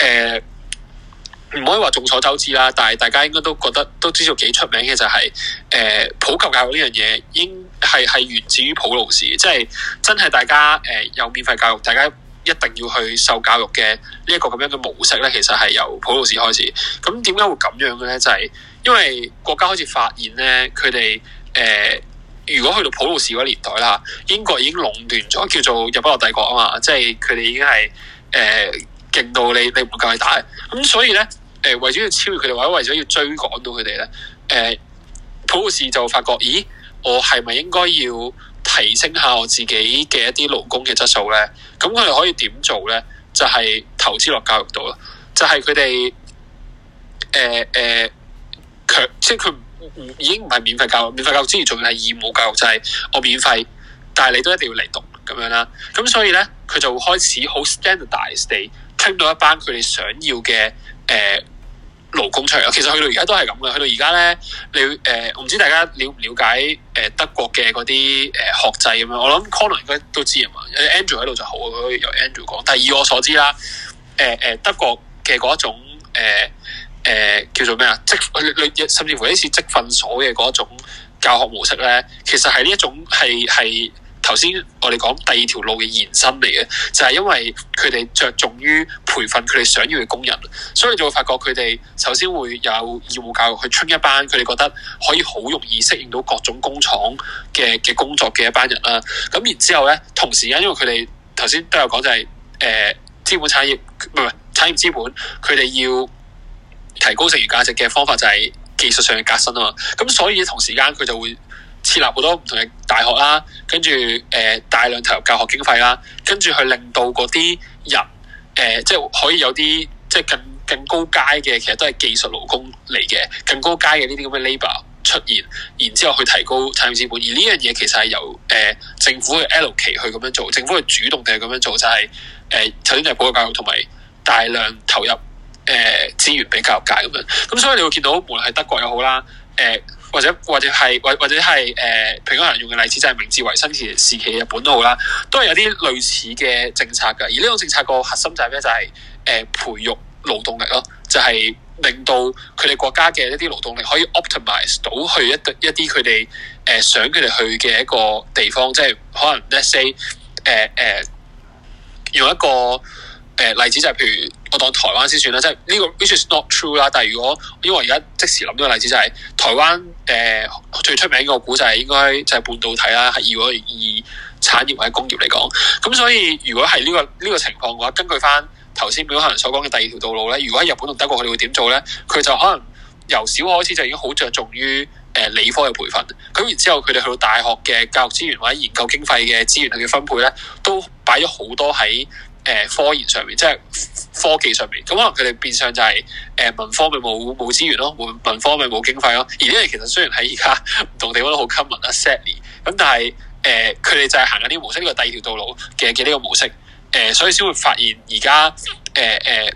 A: 呃、唔可以話眾所周知啦，但係大家應該都覺得都知道幾出名嘅就係、是，誒、呃、普及教育呢樣嘢，應係系源自於普魯士，即、就、係、是、真係大家誒、呃、有免費教育，大家。一定要去受教育嘅呢一個咁樣嘅模式咧，其實係由普魯士開始。咁點解會咁樣嘅咧？就係、是、因為國家開始發現咧，佢哋誒，如果去到普魯士嗰個年代啦，英國已經壟斷咗，叫做日不落帝國啊嘛，即係佢哋已經係誒、呃、勁到你，你唔夠佢打嘅。咁所以咧，誒、呃，為咗要超越佢哋，或者為咗要追趕到佢哋咧，誒、呃，普魯士就發覺，咦，我係咪應該要提升下我自己嘅一啲勞工嘅質素咧？咁佢哋可以點做咧？就係、是、投資落教育度咯，就係佢哋誒誒，強、呃呃、即係佢唔唔已經唔係免費教育，免費教育之前仲係義務教育，就係、是、我免費，但係你都一定要嚟讀咁樣啦。咁所以咧，佢就會開始好 standardize 地 pick 到一班佢哋想要嘅誒。呃勞工出嚟啊！其實去到而家都係咁嘅，去到而家咧，你誒，我、呃、唔知大家了唔了解誒德國嘅嗰啲誒學制咁樣。我諗 Colin 應該都知啊嘛，有 Andrew 喺度就好，可以由 Andrew 講。但係以我所知啦，誒、呃、誒德國嘅嗰一種誒誒、呃呃、叫做咩啊？積甚至乎一次職訓所嘅嗰一種教學模式咧，其實係呢一種係係。頭先我哋講第二條路嘅延伸嚟嘅，就係因為佢哋着重於培訓佢哋想要嘅工人，所以就會發覺佢哋首先會有義務教育去 train 一班佢哋覺得可以好容易適應到各種工廠嘅嘅工作嘅一班人啦。咁然之後咧，同時間因為佢哋頭先都有講就係誒、呃，資本產業唔係產業資本，佢哋要提高剩餘價值嘅方法就係技術上嘅革新啊嘛。咁所以同時間佢就會。設立好多唔同嘅大學啦，跟住誒大量投入教學經費啦，跟住去令到嗰啲人誒、呃、即係可以有啲即係更更高階嘅，其實都係技術勞工嚟嘅，更高階嘅呢啲咁嘅 labour 出現，然之後去提高產業資本。而呢樣嘢其實係由誒、呃、政府嘅 allocate 去咁樣做，政府去主動地去咁樣做就係誒首先就係普及教育，同埋大量投入誒資、呃、源俾教育界咁樣。咁、嗯、所以你會見到無論係德國又好啦，誒、呃。呃或者或者係或或者係，誒、呃，平安人用嘅例子就係、是、明治維新時時期日本都好啦，都係有啲類似嘅政策嘅。而呢種政策個核心就係咩？就係、是、誒、呃、培育勞動力咯，就係、是、令到佢哋國家嘅一啲勞動力可以 optimize 到去一一啲佢哋誒想佢哋去嘅一個地方，即、就、係、是、可能 let’s say 誒、呃、誒、呃、用一個。誒例子就係譬如我當台灣先算啦，即係呢個 which is not true 啦。但係如果因為我而家即時諗呢個例子就係、是、台灣誒、呃、最出名嘅個股就係應該就係半導體啦。係如果以產業或者工業嚟講，咁所以如果係呢、這個呢、這個情況嘅話，根據翻頭先佢可能所講嘅第二條道路咧，如果喺日本同德國佢哋會點做咧？佢就可能由小開始就已經好着重於誒理科嘅培訓。咁然之後佢哋去到大學嘅教育資源或者研究經費嘅資源去嘅分配咧，都擺咗好多喺。誒，科研上面即係科技上面，咁可能佢哋變相就係、是、誒、呃，文科咪冇冇資源咯，文科咪冇經費咯。而呢啲其實雖然喺而家唔同地方都好 common 啦，sadly，咁但係誒，佢、呃、哋就係行緊啲模式，呢個第二條道路嘅嘅呢個模式，誒、這個呃，所以先會發現而家誒誒，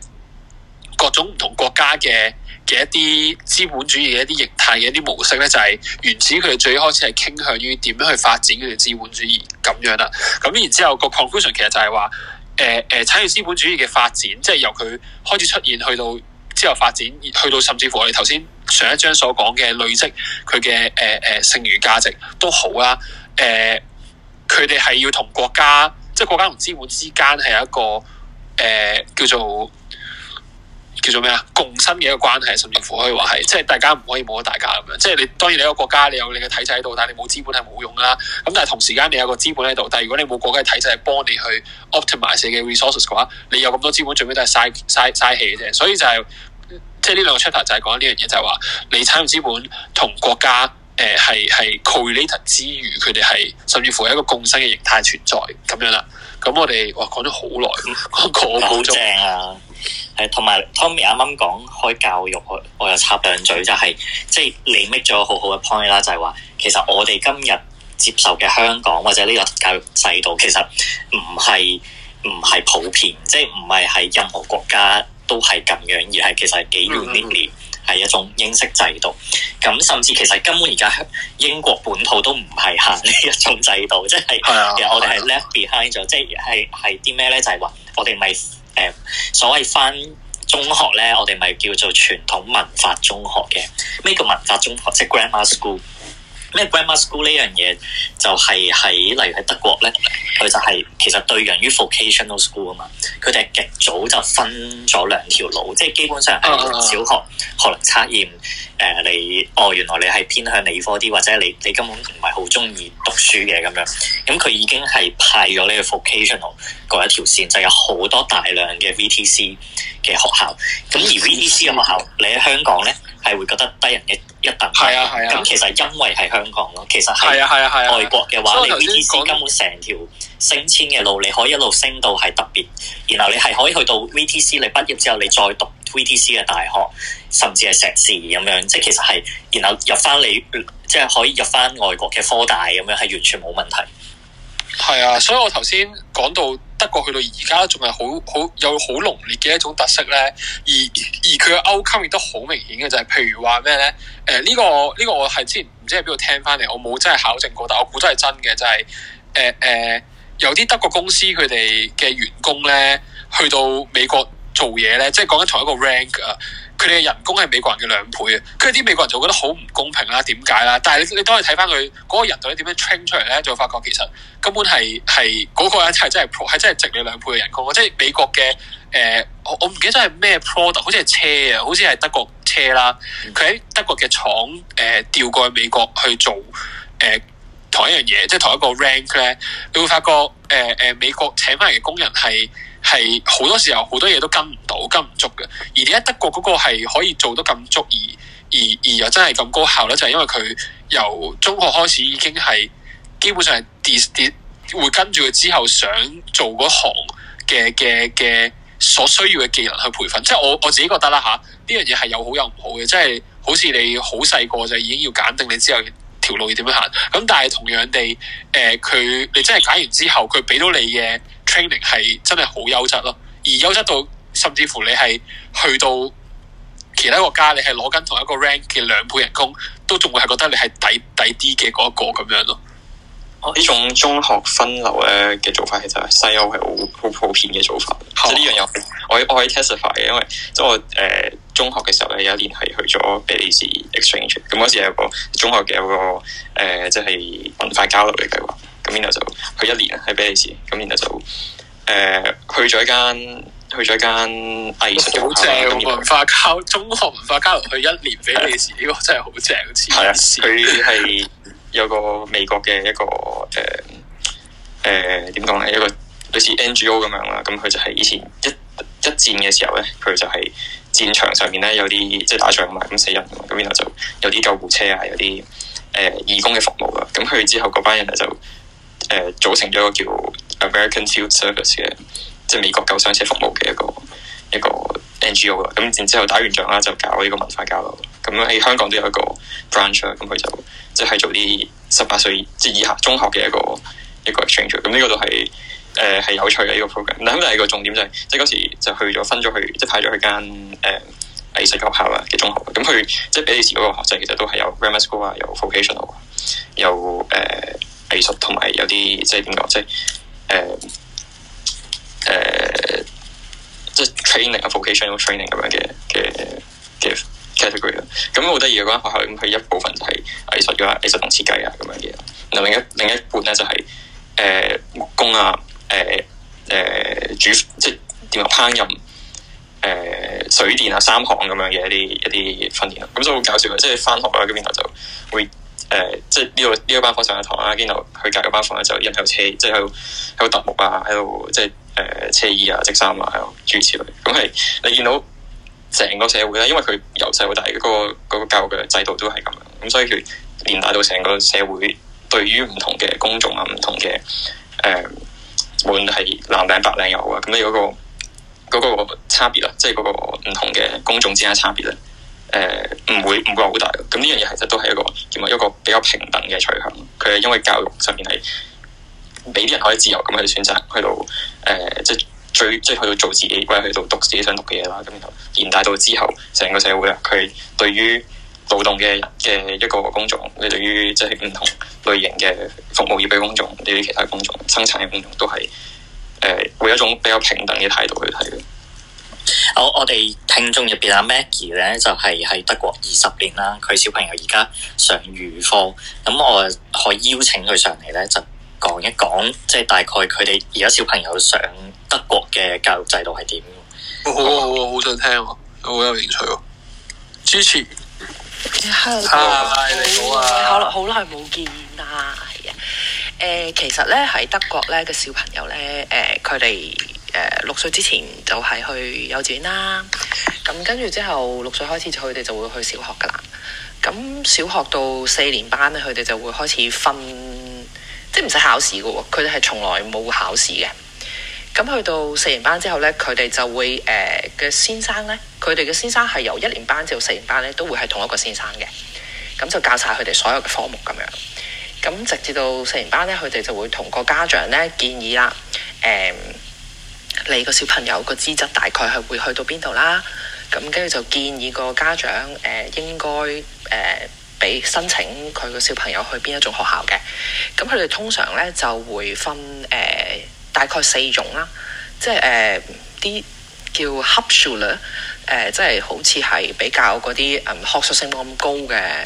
A: 各種唔同國家嘅嘅一啲資本主義嘅一啲形態嘅一啲模式咧，就係原始佢哋最開始係傾向於點樣去發展佢哋資本主義咁樣啦。咁然之後個 conclusion 其實就係話。誒誒、呃，產業資本主義嘅發展，即係由佢開始出現，去到之後發展，去到甚至乎我哋頭先上一章所講嘅累積佢嘅誒誒剩餘價值都好啦。誒、呃，佢哋係要同國家，即係國家同資本之間係有一個誒、呃、叫做。叫做咩啊？共生嘅一個關係，甚至乎可以話係，即係大家唔可以冇咗大家咁樣。即係你當然你一個國家，你有你嘅體制喺度，但係你冇資本係冇用㗎啦。咁但係同時間你有個資本喺度，但係如果你冇國家嘅體制去幫你去 optimize 嘅 resources 嘅話，你有咁多資本最屘都係嘥嘥嘥氣嘅啫。所以就係、是、即係呢兩個出發就係講呢樣嘢，就係話你產業資本同國家。誒係係 collaborate 之餘，佢哋係甚至乎係一個共生嘅形態存在咁樣啦。咁我哋哇 [music] 講咗好
B: 耐，講好正啊，係同埋 Tommy 啱啱講開教育，我又插兩嘴就係、是，即係你 make 咗好好嘅 point 啦，就係話其實我哋今日接受嘅香港或者呢個教育制度，其實唔係唔係普遍，即係唔係係任何國家都係咁樣，而係其實係幾 unique 係一種英式制度，咁甚至其實根本而家英國本土都唔係行呢一種制度，即係 [laughs] 其實我哋係 left behind 咗， [laughs] 即係係啲咩咧？就係話我哋咪誒所謂翻中學咧，我哋咪叫做傳統文化中學嘅，咩叫文化中學，即係 grammar school。咩 grammar school 呢樣嘢就係喺例如喺德國咧，佢就係、是、其實對應於 vocational school 啊嘛，佢哋係極早就分咗兩條路，即係基本上係小學學能測驗誒、呃、你哦，原來你係偏向理科啲，或者你你根本唔係好中意讀書嘅咁樣，咁、嗯、佢已經係派咗呢個 vocational 嗰一條線，就是、有好多大量嘅 VTC 嘅學校，咁而 VTC 嘅學校你喺香港咧？係會覺得低人嘅一等，係啊係啊。咁、啊、其實因為係香港咯，其實係，係啊係啊係啊，外國嘅話，你 VTC 根本成條升遷嘅路，你可以一路升到係特別，然後你係可以去到 VTC，你畢業之後你再讀 VTC 嘅大學，甚至係碩士咁樣，即係其實係，然後入返你即係可以入返外國嘅科大咁樣，係完全冇問題。係啊，所以我頭先講到德國去到而家
A: 仲係好好有好濃烈嘅一種特色咧，而而佢嘅歐襟亦都好明顯嘅就係、是，譬如話咩咧？誒、呃、呢、這個呢、這個我係之前唔知喺邊度聽翻嚟，我冇真係考證過，但我估真係真嘅就係、是，誒、呃、誒、呃、有啲德國公司佢哋嘅員工咧，去到美國做嘢咧，即係講緊同一個 rank 啊。佢哋嘅人工係美國人嘅兩倍啊！跟住啲美國人就覺得好唔公平啦，點解啦？但係你你當你睇翻佢嗰個人到底點樣 train 出嚟咧，就會發覺其實根本係係嗰個人真係真係 pro，係真係值你兩倍嘅人工。即係美國嘅誒、呃，我唔記得係咩 product，好似係車啊，好似係德國車啦。佢喺德國嘅廠誒、呃、調過去美國去做誒、呃、同一樣嘢，即係同一個 rank 咧，你會發覺誒誒、呃、美國請翻嚟嘅工人係。係好多時候好多嘢都跟唔到，跟唔足嘅。而點解德國嗰個係可以做得咁足，而而而又真係咁高效咧，就係、是、因為佢由中學開始已經係基本上係 d 會跟住佢之後想做嗰行嘅嘅嘅所需要嘅技能去培訓。即係我我自己覺得啦吓，呢、啊、樣嘢係有好有唔好嘅。即係好似你好細個就已經要揀定你之後條路要點樣行。咁但係同樣地，誒、呃、佢你真係揀完之後，佢俾到你嘅。training 係真係好優質咯，而優質到甚至乎你係去到其他國家，你係攞緊同一個 rank 嘅兩倍人工，都仲會係覺得你係抵抵啲嘅嗰一個咁樣咯。呢種中學分流咧嘅做，做法，其實係西歐係好好普遍嘅
C: 做法。呢樣有我我可以 testify 嘅，因為即係我誒、呃、中學嘅時候咧，一 exchange，那那候有一年係去咗比利時 exchange，咁嗰時有個中學嘅有個誒即係文化交流嘅計劃。咁然後就去一年啊，去比利時。咁然後就誒、呃、去咗一間去咗間藝術好正文化交中學文化交流去一年比利時，呢 [laughs] 個真係好正，好似，係啊，佢係有個美國嘅一個誒誒點講咧，一個類似 NGO 咁樣啦。咁佢就係以前一一戰嘅時候咧，佢就係戰場上面咧，有啲即係打仗啊嘛，咁死人嘛。咁然後就有啲救護車啊，有啲誒、呃、義工嘅服務啊。咁去之後，嗰班人就～誒、呃，組成咗一個叫 American Field Service 嘅，即係美國救傷車服務嘅一個一個 NGO 啦。咁然之後打完仗啦，就搞呢個文化交流。咁、嗯、喺香港都有一個 branch 啦。咁、嗯、佢就即係、就是、做啲十八歲即係以下中學嘅一個一個 exchange、嗯。咁、這、呢個都係誒係有趣嘅一、這個 program。咁但係個重點就係、是，即係嗰時就去咗分咗去，即係派咗去間誒藝術學校啊嘅中學。咁、嗯、佢即係俾你試嗰個學制，其實都係有 grammar school 啊，有 vocational，有誒。藝術同埋有啲即係點講，即係誒誒，即係 training 啊，vocational training 咁樣嘅嘅嘅 category 咯。咁好得意嘅嗰間學校，咁佢一部分係藝術嘅，藝術同設計啊咁樣嘅。嗱，另一另一半咧就係誒木工啊，誒誒煮即係點啊烹飪，誒、呃、水電啊三行咁樣嘅一啲一啲訓練咯。咁所以好搞笑嘅，即係翻學啊，嗰邊頭就會。誒，uh, 即係呢個呢個班房上嘅堂啦，跟住又佢隔嘅班房咧就人喺度車，即係喺度喺度揼木啊，喺度即係誒車衣啊、織衫啊，喺度，諸如此類。咁係你見到成個社會咧，因為佢由細到大嗰、嗰個、嗰個教育嘅制度都係咁樣，咁所以佢連帶到成個社會對於
B: 唔同嘅公眾啊、唔同嘅誒，無論係藍領白領又好啊，咁咧
C: 有一個嗰、嗰個差別啦，即係嗰個唔同嘅公眾之間差別啦。誒唔、呃、會唔會話好大嘅，咁呢樣嘢其實都係一個叫一個比較平等嘅取向。佢係因為教育上面係俾啲人可以自由咁去選擇，去到誒即係最即係去到做自己，或者去到讀自己想讀嘅嘢啦。咁然後延大到之後，成個社會啦，佢對於勞動嘅嘅一個工種，佢對於即係唔同類型嘅服務業嘅工種，啲其他工種、生產嘅工種，都係誒、呃、會有一種比較平
B: 等嘅態度去睇嘅。我我哋聽眾入邊阿 Maggie 咧，就係喺德國二十年啦，佢小朋友而家上預科，咁我可以邀請佢上嚟咧，就講一講，即係大概佢哋而家小朋友上德國嘅教育制度係點。好好啊，好想聽，好有興趣。支
D: 持。hi，你好啊。好耐好耐冇見啊，係啊。誒，其實咧喺德國咧嘅小朋友咧，誒，佢哋。誒、呃、六歲之前就係去幼稚園啦，咁跟住之後六歲開始，佢哋就會去小學噶啦。咁小學到四年班咧，佢哋就會開始分，即係唔使考試嘅喎。佢哋係從來冇考試嘅。咁去到四年班之後咧，佢哋就會誒嘅、呃、先生咧，佢哋嘅先生係由一年班至到四年班咧，都會係同一個先生嘅，咁就教晒佢哋所有嘅科目咁樣。咁直至到四年班咧，佢哋就會同個家長咧建議啦，誒、呃。你個小朋友個資質大概係會去到邊度啦？咁跟住就建議個家長誒、呃、應該誒俾、呃、申請佢個小朋友去邊一種學校嘅？咁佢哋通常咧就會分誒、呃、大概四種啦，即係誒啲叫 Hauptschule 咧，誒、呃、即係好似係比較嗰啲嗯學術性冇咁高嘅誒誒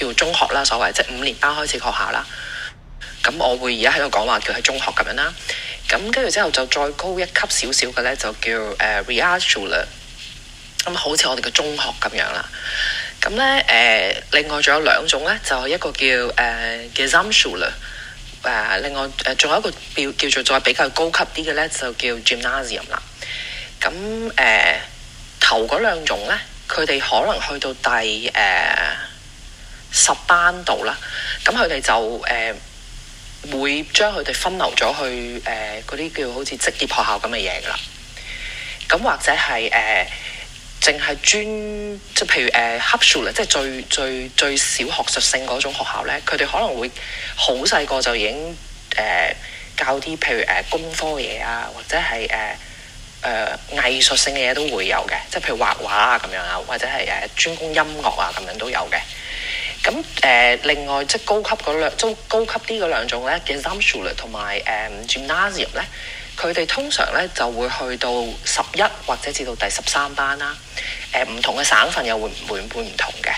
D: 叫中學啦，所謂即係五年班開始學校啦。咁我會而家喺度講話叫喺中學咁樣啦，咁跟住之後就再高一級少少嘅咧，就叫誒 Realschule 啦，咁、呃、好似我哋嘅中學咁樣啦。咁咧誒，另外仲有兩種咧，就一個叫誒 Gesamtschule 啦，誒、呃呃、另外誒仲、呃、有一個叫做再比較高級啲嘅咧，就叫 Gymnasium 啦。咁誒、呃、頭嗰兩種咧，佢哋可能去到第誒、呃、十班度啦，咁佢哋就誒。呃會將佢哋分流咗去誒嗰啲叫好似職業學校咁嘅嘢㗎啦，咁或者係誒淨係專即係譬如誒黑、呃、書啦，即係最最最少學術性嗰種學校咧，佢哋可能會好細個就已經誒、呃、教啲譬如誒工科嘢啊，或者係誒。呃誒、呃、藝術性嘅嘢都會有嘅，即係譬如畫畫啊咁樣啊，或者係誒專攻音樂啊咁樣都有嘅。咁誒、呃、另外即係高級嗰兩，高級啲嗰兩種咧，嘅 Realschule 同埋誒 Gymnasium 咧，佢、呃、哋通常咧就會去到十一或者至到第十三班啦。誒、呃、唔同嘅省份又會唔會會唔同嘅？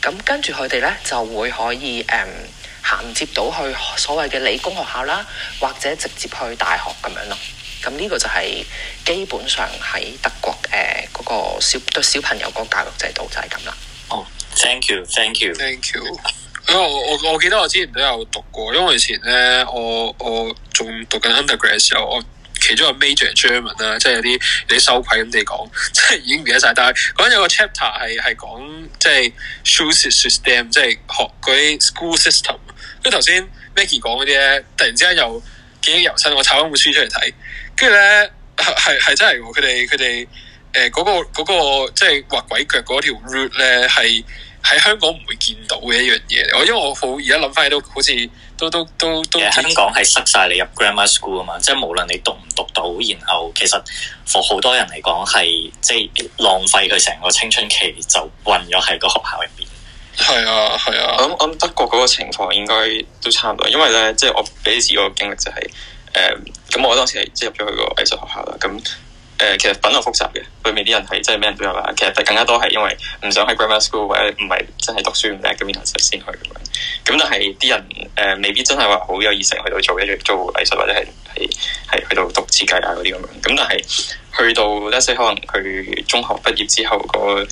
D: 咁跟住佢哋咧就會可以誒銜、呃、接到去所謂嘅理工學校啦，或者直接去大學咁樣咯。咁呢個就係基本上喺德國誒嗰、呃那個小對小，小朋友個教育制度就係咁啦。哦、
A: oh，thank you，thank you，thank you, thank you. Thank you. 啊。因為我我記得我之前都有讀過，因為以前咧我我仲讀緊 undergrad 嘅時候，我，我，我其中有 major German 啦，即係有啲有啲羞愧咁地 [laughs] 講，即係已經唔記得晒，但係嗰陣有個 chapter 係係講即係 school system，即係學嗰啲 school system。跟頭先 Maggie 講嗰啲咧，突然之間又記憶猶新，我查返本書出嚟睇。跟住咧，係係真係喎！佢哋佢哋，誒嗰、呃嗰個嗰、嗰個即係畫鬼腳嗰條 route 咧，係喺香港唔會見到嘅一樣嘢。我因為我好而家諗翻起都
B: 好似都都都都。都都都都香港係塞晒你入 grammar school 啊嘛，即係無論你讀唔讀到，然後其實好多人嚟講係即係浪費佢成個青春期就混咗喺個學校入邊。係啊係啊，咁咁、啊、德國嗰個情況應該
C: 都差唔多，因為咧即係我俾自己個經歷就係、是。誒咁，呃、我當時係即係入咗去個藝術學校啦。咁誒、呃，其實品流複雜嘅，裏面啲人係真係咩人都有啦。其實更加多係因為唔想喺 grammar school 或者唔係真係讀書唔叻，咁然後先去咁樣。咁但係啲人誒、呃，未必真係話好有熱誠去到做一做藝術或者係係係去到讀設計啊嗰啲咁樣。咁但係去到即係可能佢中學畢業之後、嗰個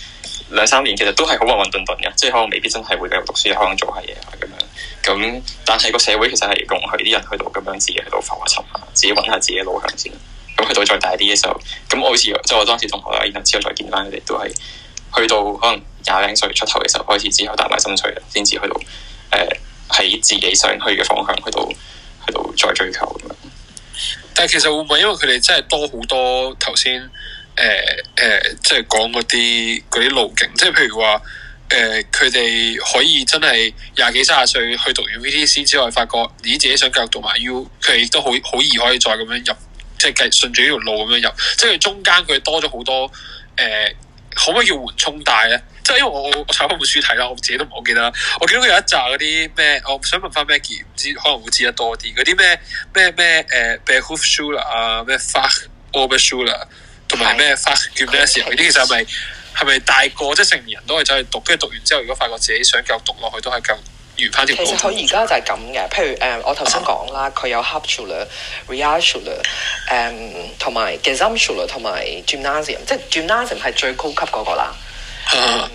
C: 兩三年其實都係好混混沌沌嘅，即係可能未必真係會繼續讀書，可能做下嘢啊咁樣。咁但係個社會其實係容許啲人去到咁樣自己喺度浮沉下，自己揾下自己嘅路向先。咁去到再大啲嘅時候，咁我好似即係我當時同學啦，然後之後再見翻佢哋，都係去到可能廿零歲出頭嘅時候開始之後打埋心水，先至去到誒喺、呃、自
A: 己想去嘅方向去到去到再追求咁樣。但係其實會唔會因為佢哋真係多好多頭先？誒誒、呃呃，即係講嗰啲啲路徑，即係譬如話，誒、呃，佢哋可以真係廿幾卅歲去讀完 VTC 之外，發覺咦，自己想繼續讀埋 U，佢亦都好好易可以再咁樣入，即係繼順住呢條路咁樣入，即係中間佢多咗好多誒、呃，可唔可以叫緩衝帶咧？即係因為我我我查本書睇啦，我自己都唔好記得啦，我見到佢有一集嗰啲咩，我想問翻 Maggie，唔知可能會知得多啲嗰啲咩咩咩誒 Berufsschule 啊，咩 Fachoberschule。同埋咩花叫咩時候？呢啲其實係咪係咪大個即係成年人都係走去讀？跟住讀完之後，如果發覺自己想繼續讀落去，都係咁。如攀條其實佢而家
D: 就係咁嘅。譬如誒、嗯，我頭先講啦，佢、啊、有 Hauptschule、Realschule 誒，同埋 Gesamtschule 同埋 gymnasium，即係 gymnasium 係最高級嗰、那個啦。
A: 嚇！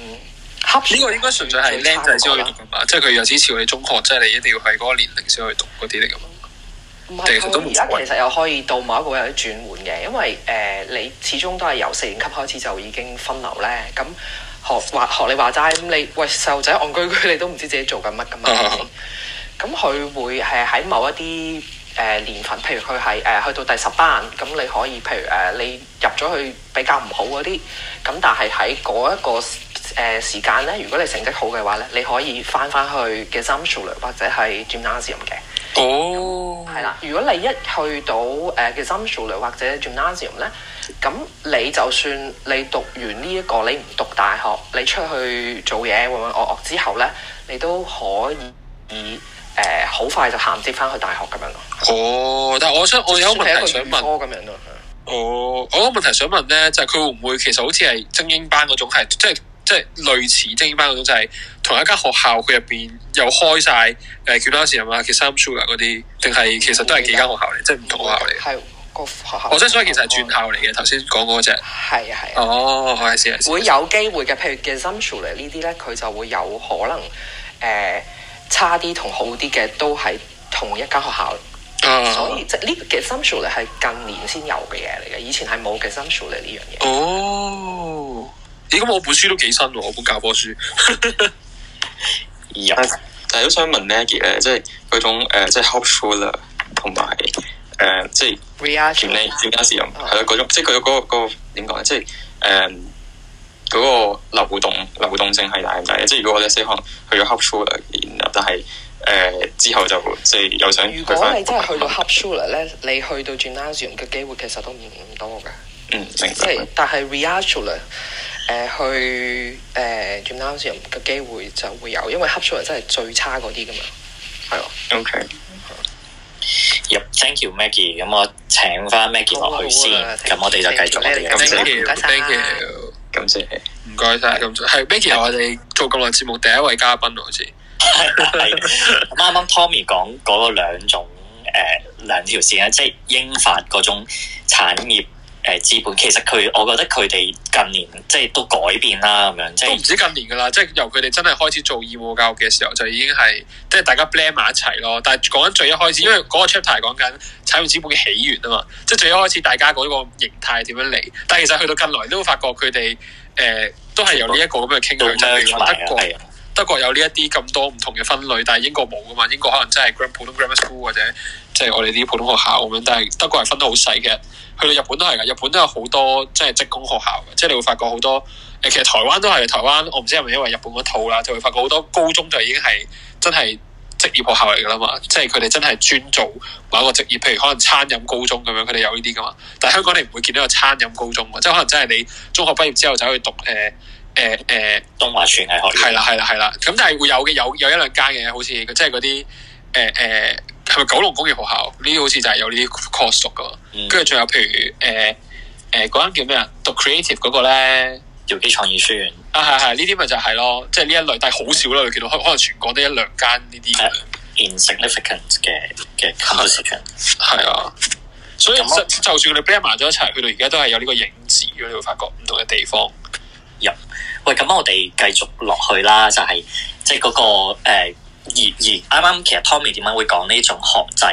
A: 呢個應該純粹係僆仔先可以讀㗎嘛，即係佢有支持我哋中學，即、就、係、是、你一定要係嗰個年齡先可以讀嗰啲嚟㗎嘛。嗯嗯唔係佢而家其實又
D: 可以到某一個位轉換嘅，因為誒、呃、你始終都係由四年級開始就已經分流咧，咁學話學你話齋咁你，喂細路仔戇居居，你都唔知自己做緊乜㗎嘛，咁佢、啊、會係喺某一啲誒、呃、年份，譬如佢係誒去到第十班，咁你可以譬如誒、呃、你入咗去比較唔好嗰啲，咁但係喺嗰一個。誒、呃、時間咧，如果你成績好嘅話咧，你可以翻翻去嘅 Gesamtschule 或者係 Gymnasium 嘅、oh. 嗯。哦，係啦。如果你一去到誒嘅 Gesamtschule 或者 Gymnasium 咧，咁你就算你讀完呢、這、一個，你唔讀大學，你出去做嘢混混噩噩之後咧，你都可以誒好、呃、快就銜接翻去大學咁樣咯。
A: 哦、oh. 的，但係我想就算 我有問題想問咁樣咯。哦，oh. 我個問題想問咧，就係、是、佢會唔會其實好似係精英班嗰種係即？就是就是就是即係類似精英班嗰種，就係同一間學校佢入邊又開晒誒，全班試驗啊，get some sugar 嗰啲，定係其實都係幾間學校嚟，即係唔同學
D: 校嚟。係、那個學校，校。哦，
A: 即係所以其實係轉校嚟嘅。頭先講嗰隻。係啊係啊。哦，係
D: 會有機會嘅，譬如 get some sugar 呢啲咧，佢就會有可能誒、呃、差啲同好啲嘅都係同一間學校。啊、所以、啊啊、即係呢、這個 get some sugar 係近年先有嘅嘢嚟嘅，以前係冇嘅。get some sugar 呢樣嘢。
A: 哦。哦咦咁我本書都幾新喎，我本教科書。 [laughs] [laughs] 入入啊、但係都想問咧嘅，即係
C: 嗰種誒、呃，即係 Hauptschule，同埋誒、呃，即係 Realschule 咧 Gymnasium 係咯，contar. 種即係佢嗰個個點講咧，即係誒嗰個流動流動性係大唔大咧？即係如果我哋先可能去咗 Hauptschule，然後但係誒、呃、之後就即係又想，如果你
D: 真係去, [laughs] 去到 Hauptschule 咧，你去到 Gymnasium 嘅機會其實都唔多噶。 [laughs] 嗯，明正白。
C: 即係
D: 但係 Realschule 咧。You 誒、呃、去誒點啦？好似個機會就會有，因為黑出嚟真係最差嗰啲噶嘛。係啊，OK。入、
B: yeah,，Thank you Maggie。咁我請翻 Maggie 落、啊、去先。咁、啊、我哋就繼續我感謝 thank you, thank you, 感 thank you 感感感。咁
A: 先，
B: 唔該晒。咁
A: 先，係 Maggie 係我哋做咁耐節目第一位嘉賓，好似係
B: 係。啱啱 Tommy 講嗰兩種誒兩條線啊，即係英法嗰種產業，業。誒資本其實佢，我覺得佢哋近年即係都改變啦咁樣，即
A: 都唔止近年噶啦，即係由佢哋真係開始做義務教育嘅時候就已經係即係大家 blame 埋一齊咯。但係講緊最一開始，因為嗰個 chapter 係講緊產業資本嘅起源啊嘛，即係最一開始大家嗰個形態點樣嚟。但係其實去到近來，你都會發覺佢哋誒都係由呢一個咁嘅傾向嚟嘅。就德國的德國有呢一啲咁多唔同嘅分類，但係英國冇噶嘛？英國可能真係 grammar school 或者。即係我哋啲普通學校咁樣，但係德國係分得好細嘅。去到日本都係噶，日本都有好多即係職工學校嘅，即係你會發覺好多誒。其實台灣都係，台灣我唔知係咪因為日本嗰套啦，就會發覺好多高中就已經係真係職業學校嚟噶啦嘛。即係佢哋真係專做某個職業，譬如可能餐飲高中咁樣，佢哋有呢啲噶嘛。但係香港你唔會見到有餐飲高中，即係可能真係你中學畢業之後走去讀誒誒誒動畫專業。係啦係啦係啦，咁但係會有嘅有有，有一兩間嘅，好似即係嗰啲誒誒。係咪九龍工業學校呢啲好似就係有呢啲 course 讀噶，跟住仲有譬如誒誒嗰間叫咩啊？讀 creative 嗰個咧，遙機創意書院啊，係係呢啲咪就係咯，即係呢一類，但係好少咯，你見、嗯、到可可能全國得一兩間呢啲 insignificant 嘅嘅係啊，啊 [laughs] 所以那我 就算佢哋 blend
B: 埋咗一齊，去到而家都係有呢個影子咯，你會發覺唔同嘅地方、嗯。入喂，咁我哋繼續落去啦，就係即係嗰個誒。呃呃而而啱啱其實 Tommy 點解會講呢種學制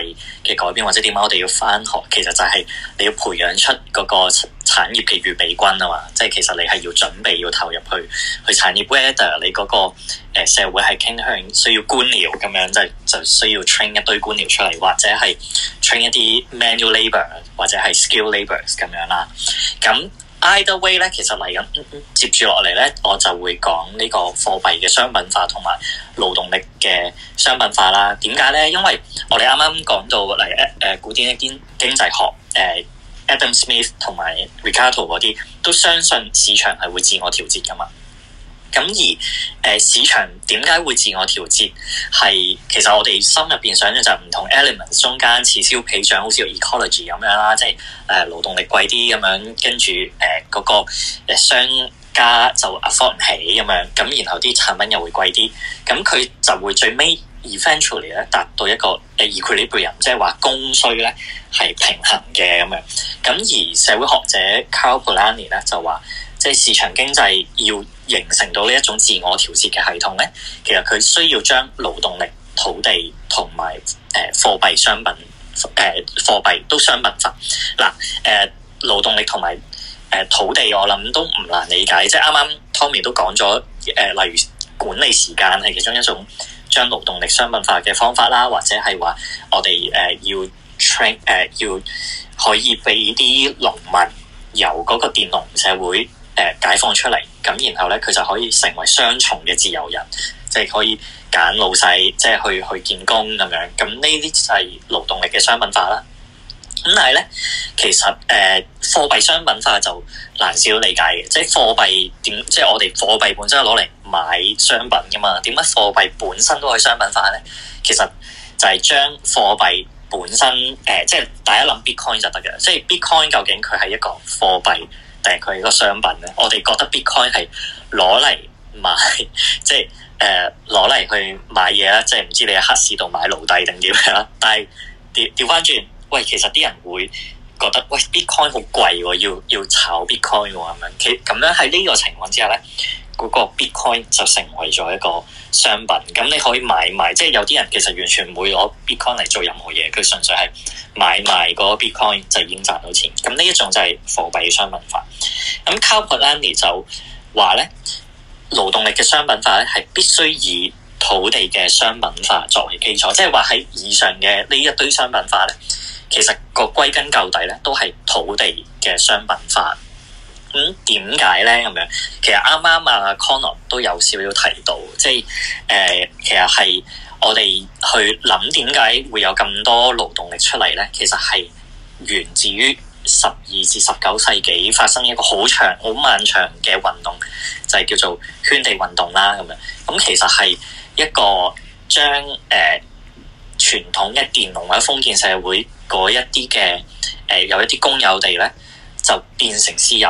B: 嘅改變或者點解我哋要翻學，其實就係你要培養出嗰個產業嘅預備軍啊嘛。即係其實你係要準備要投入去去產業 weather，你嗰個誒社會係傾向需要官僚咁樣就，就就需要 train 一堆官僚出嚟，或者係 train 一啲 manual labour 或者係 skill labour 咁樣啦。咁 Either way 咧，其實嚟緊、嗯嗯嗯、接住落嚟咧，我就會講呢個貨幣嘅商品化同埋勞動力嘅商品化啦。點解咧？因為我哋啱啱講到嚟誒、嗯、古典一啲經濟學誒、嗯、Adam Smith 同埋 Ricardo 嗰啲，都相信市場係會自我調節㗎嘛。咁而誒、呃、市場點解會自我調節？係其實我哋心入邊想嘅就唔同 element 中間此消彼長，好似 ecology 咁樣啦。即係誒勞動力貴啲咁樣，跟住誒嗰個商家就 afford 唔起咁樣，咁然後啲產品又會貴啲，咁佢就會最尾，eventually 咧達到一個誒 equilibrium，即係話供需咧係平衡嘅咁樣。咁而社會學者 Karl Polanyi 咧就話，即係市場經濟要形成到呢一種自我調節嘅系統咧，其實佢需要將勞動力、土地同埋誒貨幣，商品誒貨幣都商品化。嗱，誒勞動力同埋誒土地，我諗都唔難理解。即係啱啱 Tommy 都講咗誒，例如管理時間係其中一種。將勞動力商品化嘅方法啦，或者係話我哋誒、呃、要 train 誒、呃、要可以俾啲農民由嗰個佃農社會誒、呃、解放出嚟，咁然後咧佢就可以成為雙重嘅自由人，即、就、係、是、可以揀老細，即、就、係、是、去去見工咁樣。咁呢啲就係勞動力嘅商品化啦。咁但係咧，其實誒、呃、貨幣商品化就難少理解嘅，即係貨幣點，即係我哋貨幣本身係攞嚟買商品噶嘛，點解貨幣本身都可以商品化咧？其實就係將貨幣本身誒、呃，即係大家諗 Bitcoin 就得嘅，即係 Bitcoin 究竟佢係一個貨幣定係佢係個商品咧？我哋覺得 Bitcoin 係攞嚟買，即係誒攞嚟去買嘢啦，即係唔知你喺黑市度買奴隸定點樣啦。但係調調翻轉。喂，其實啲人會覺得喂 Bitcoin 好貴喎，要要炒 Bitcoin 喎，咁樣，其咁樣喺呢個情況之下咧，嗰個 Bitcoin 就成為咗一個商品，咁你可以買賣，即係有啲人其實完全唔會攞 Bitcoin 嚟做任何嘢，佢純粹係買賣個 Bitcoin 就已經賺到錢，咁呢一種就係貨幣商品化。咁 Karl Polanyi 就話咧，勞動力嘅商品化咧係必須以土地嘅商品化作為基礎，即係話喺以上嘅呢一堆商品化咧。其實個歸根究底咧，都係土地嘅商品化。咁點解咧？咁樣其實啱啱啊，Conor 都有少少提到，即係誒，其實係我哋去諗點解會有咁多勞動力出嚟咧。其實係源自於十二至十九世紀發生一個好長、好漫長嘅運動，就係、是、叫做圈地運動啦。咁樣咁、嗯、其實係一個將誒。呃傳統嘅佃農或者封建社會嗰一啲嘅誒，有一啲公有地咧，就變成私有。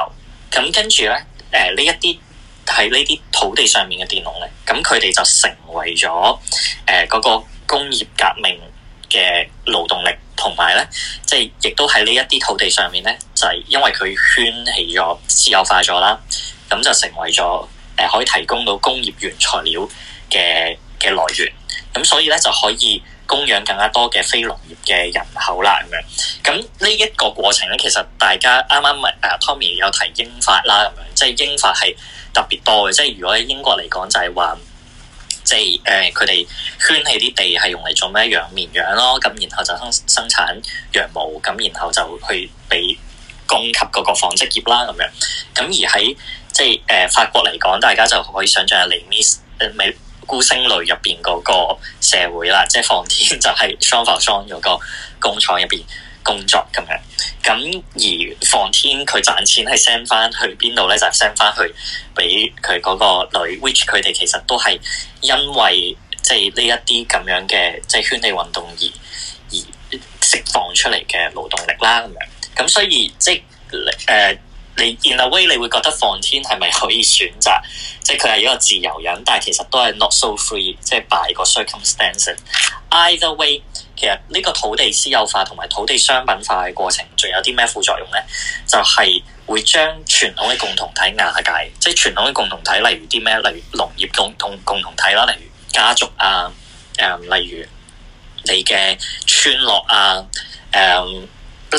B: 咁跟住咧，誒呢一啲喺呢啲土地上面嘅佃農咧，咁佢哋就成為咗誒嗰個工業革命嘅勞動力，同埋咧，即係亦都喺呢一啲土地上面咧，就係、是、因為佢圈起咗、私有化咗啦，咁就成為咗誒、呃、可以提供到工業原材料嘅嘅來源。咁所以咧就可以。供養更加多嘅非農業嘅人口啦，咁樣，咁呢一個過程咧，其實大家啱啱咪誒 Tommy 有提英法啦，咁樣，即係英法係特別多嘅，即係如果喺英國嚟講，就係話，即係誒佢哋圈起啲地係用嚟做咩？養綿羊咯，咁然後就生生產羊毛，咁然後就去俾供給個紡織業啦，咁樣，咁而喺即係誒、呃、法國嚟講，大家就可以想象入嚟 Miss 誒美。孤星淚入邊嗰個社會啦，即係房天就係雙發莊嗰個工廠入邊工作咁樣。咁而房天佢賺錢係 send 翻去邊度咧？就 send、是、翻去俾佢嗰個女 [laughs] ，which 佢哋其實都係因為即係呢一啲咁樣嘅即係圈地運動而而釋放出嚟嘅勞動力啦咁樣。咁所以即係誒。就是呃你見阿威你會覺得放天係咪可以選擇，即係佢係一個自由人，但係其實都係 not so free，即係 by 個 circumstance。Either way，其實呢個土地私有化同埋土地商品化嘅過程，仲有啲咩副作用咧？就係、是、會將傳統嘅共同體瓦解，即係傳統嘅共同體例如啲咩，例如農業共共共同體啦，例如家族啊，誒、呃、例如你嘅村落啊，誒、呃、呢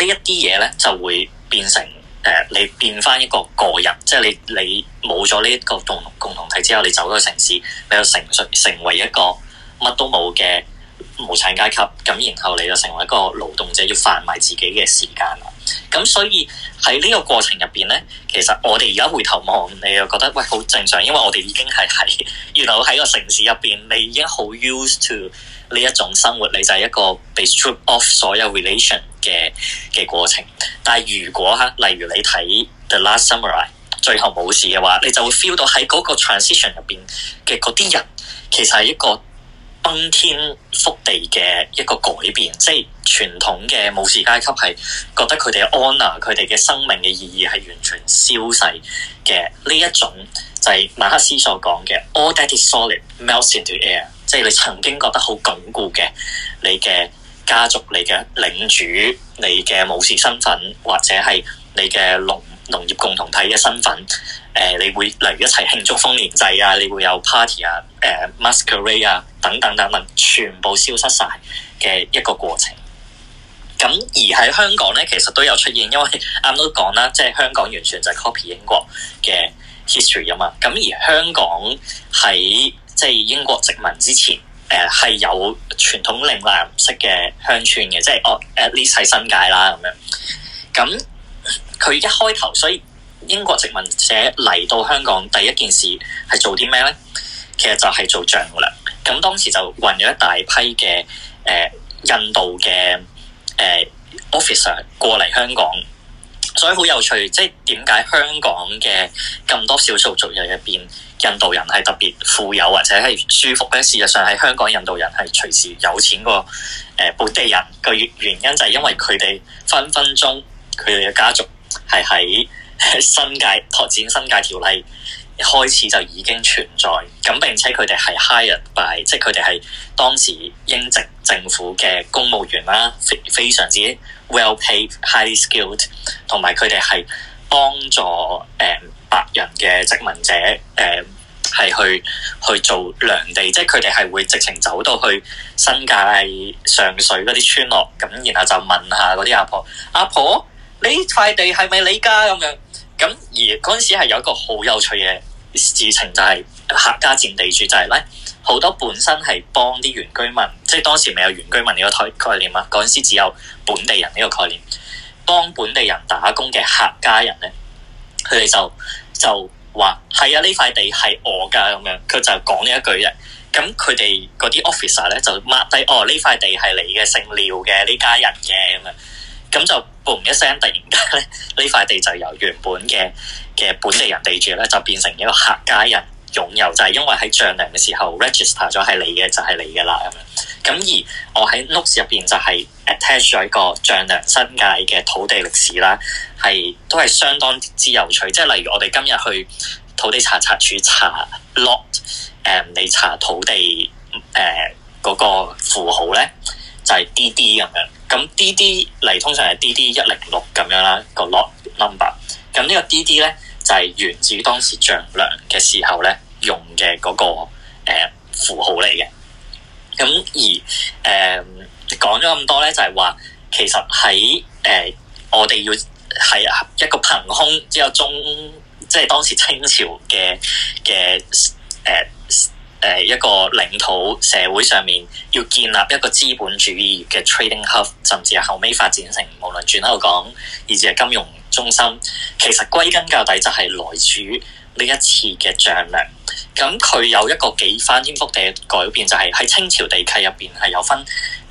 B: 一啲嘢，咧就會變成。誒，你變翻一個個人，即係你你冇咗呢一個共共同體之後，你走咗城市，你就成熟成為一個乜都冇嘅無產階級，咁然後你就成為一個勞動者，要販賣自己嘅時間啦。咁所以喺呢個過程入邊咧，其實我哋而家回頭望，你又覺得喂，好正常，因為我哋已經係喺原來喺個城市入邊，你已經好 used to。呢一種生活，你就係一個被 strip off 所有 relation 嘅嘅過程。但係如果吓例如你睇 The Last Samurai，最後武士嘅話，你就會 feel 到喺嗰個 transition 入邊嘅啲人，其實係一個崩天覆地嘅一個改變，即係傳統嘅武士階級係覺得佢哋嘅 honour 佢哋嘅生命嘅意義係完全消逝嘅。呢一種就係馬克思所講嘅 All that is solid melts into air。即係你曾經覺得好鞏固嘅你嘅家族、你嘅領主、你嘅武士身份，或者係你嘅農農業共同體嘅身份，誒、呃，你會例如一齊慶祝豐年祭啊，你會有 party 啊、誒、呃、masquerade 啊等等等等，全部消失晒嘅一個過程。咁而喺香港咧，其實都有出現，因為啱都講啦，即係香港完全就係 copy 英國嘅 history 啊嘛。咁而香港喺即係英國殖民之前，誒、呃、係有傳統嶺南式嘅鄉村嘅，即係哦，at least 係新界啦咁樣。咁佢一開頭，所以英國殖民者嚟到香港第一件事係做啲咩咧？其實就係做丈量。咁當時就運咗一大批嘅誒、呃、印度嘅誒、呃、officer 過嚟香港，所以好有趣。即係點解香港嘅咁多少數族人入邊？印度人係特別富有或者係舒服咧，事實上喺香港印度人係隨時有錢過誒、呃、本地人嘅原因就係因為佢哋分分鐘佢哋嘅家族係喺新界拓展新界條例開始就已經存在，咁並且佢哋係 hired by，即係佢哋係當時英籍政府嘅公務員啦，非非常之 well paid、highly skilled，同埋佢哋係幫助誒、呃、白人嘅殖民者誒。呃係去去做糧地，即係佢哋係會直情走到去新界上水嗰啲村落，咁然後就問下嗰啲阿婆，阿婆，你塊地係咪你家咁樣？咁而嗰陣時係有一個好有趣嘅事情，就係、是、客家佔地主，就係咧好多本身係幫啲原居民，即係當時未有原居民呢個概概念啊，嗰陣時只有本地人呢個概念，幫本地人打工嘅客家人咧，佢哋就就。就話係啊，呢塊地係我㗎咁樣，佢就講呢一句嘅。咁佢哋嗰啲 officer 咧就抹低哦，呢塊地係你嘅，姓廖嘅呢家人嘅咁樣。咁就嘣一聲，突然間咧，呢塊地就由原本嘅嘅本地人地主咧，就變成一個客家人。擁有就係因為喺丈量嘅時候 register 咗係你嘅就係你嘅啦咁樣，咁而我喺 notes 入邊就係 attach 咗一個丈量新界嘅土地歷史啦，係都係相當之有趣。即係例如我哋今日去土地查冊處查 lot，誒你查土地誒嗰個符號咧，就係 DD 咁樣。咁 DD 嚟通常係 DD 一零六咁樣啦，個 lot number。咁呢個 DD 咧就係源自於當時丈量嘅時候咧。用嘅嗰、那個誒、呃、符號嚟嘅，咁、嗯、而誒講咗咁多咧，就係、是、話其實喺誒、呃、我哋要係一個憑空之後中，即係當時清朝嘅嘅誒誒一個領土社會上面，要建立一個資本主義嘅 trading hub，甚至係後尾發展成無論轉口港，以至係金融中心，其實歸根究底就，就係來自於。呢一次嘅丈量，咁佢有一個幾翻天覆地嘅改變，就係喺清朝地契入邊係有分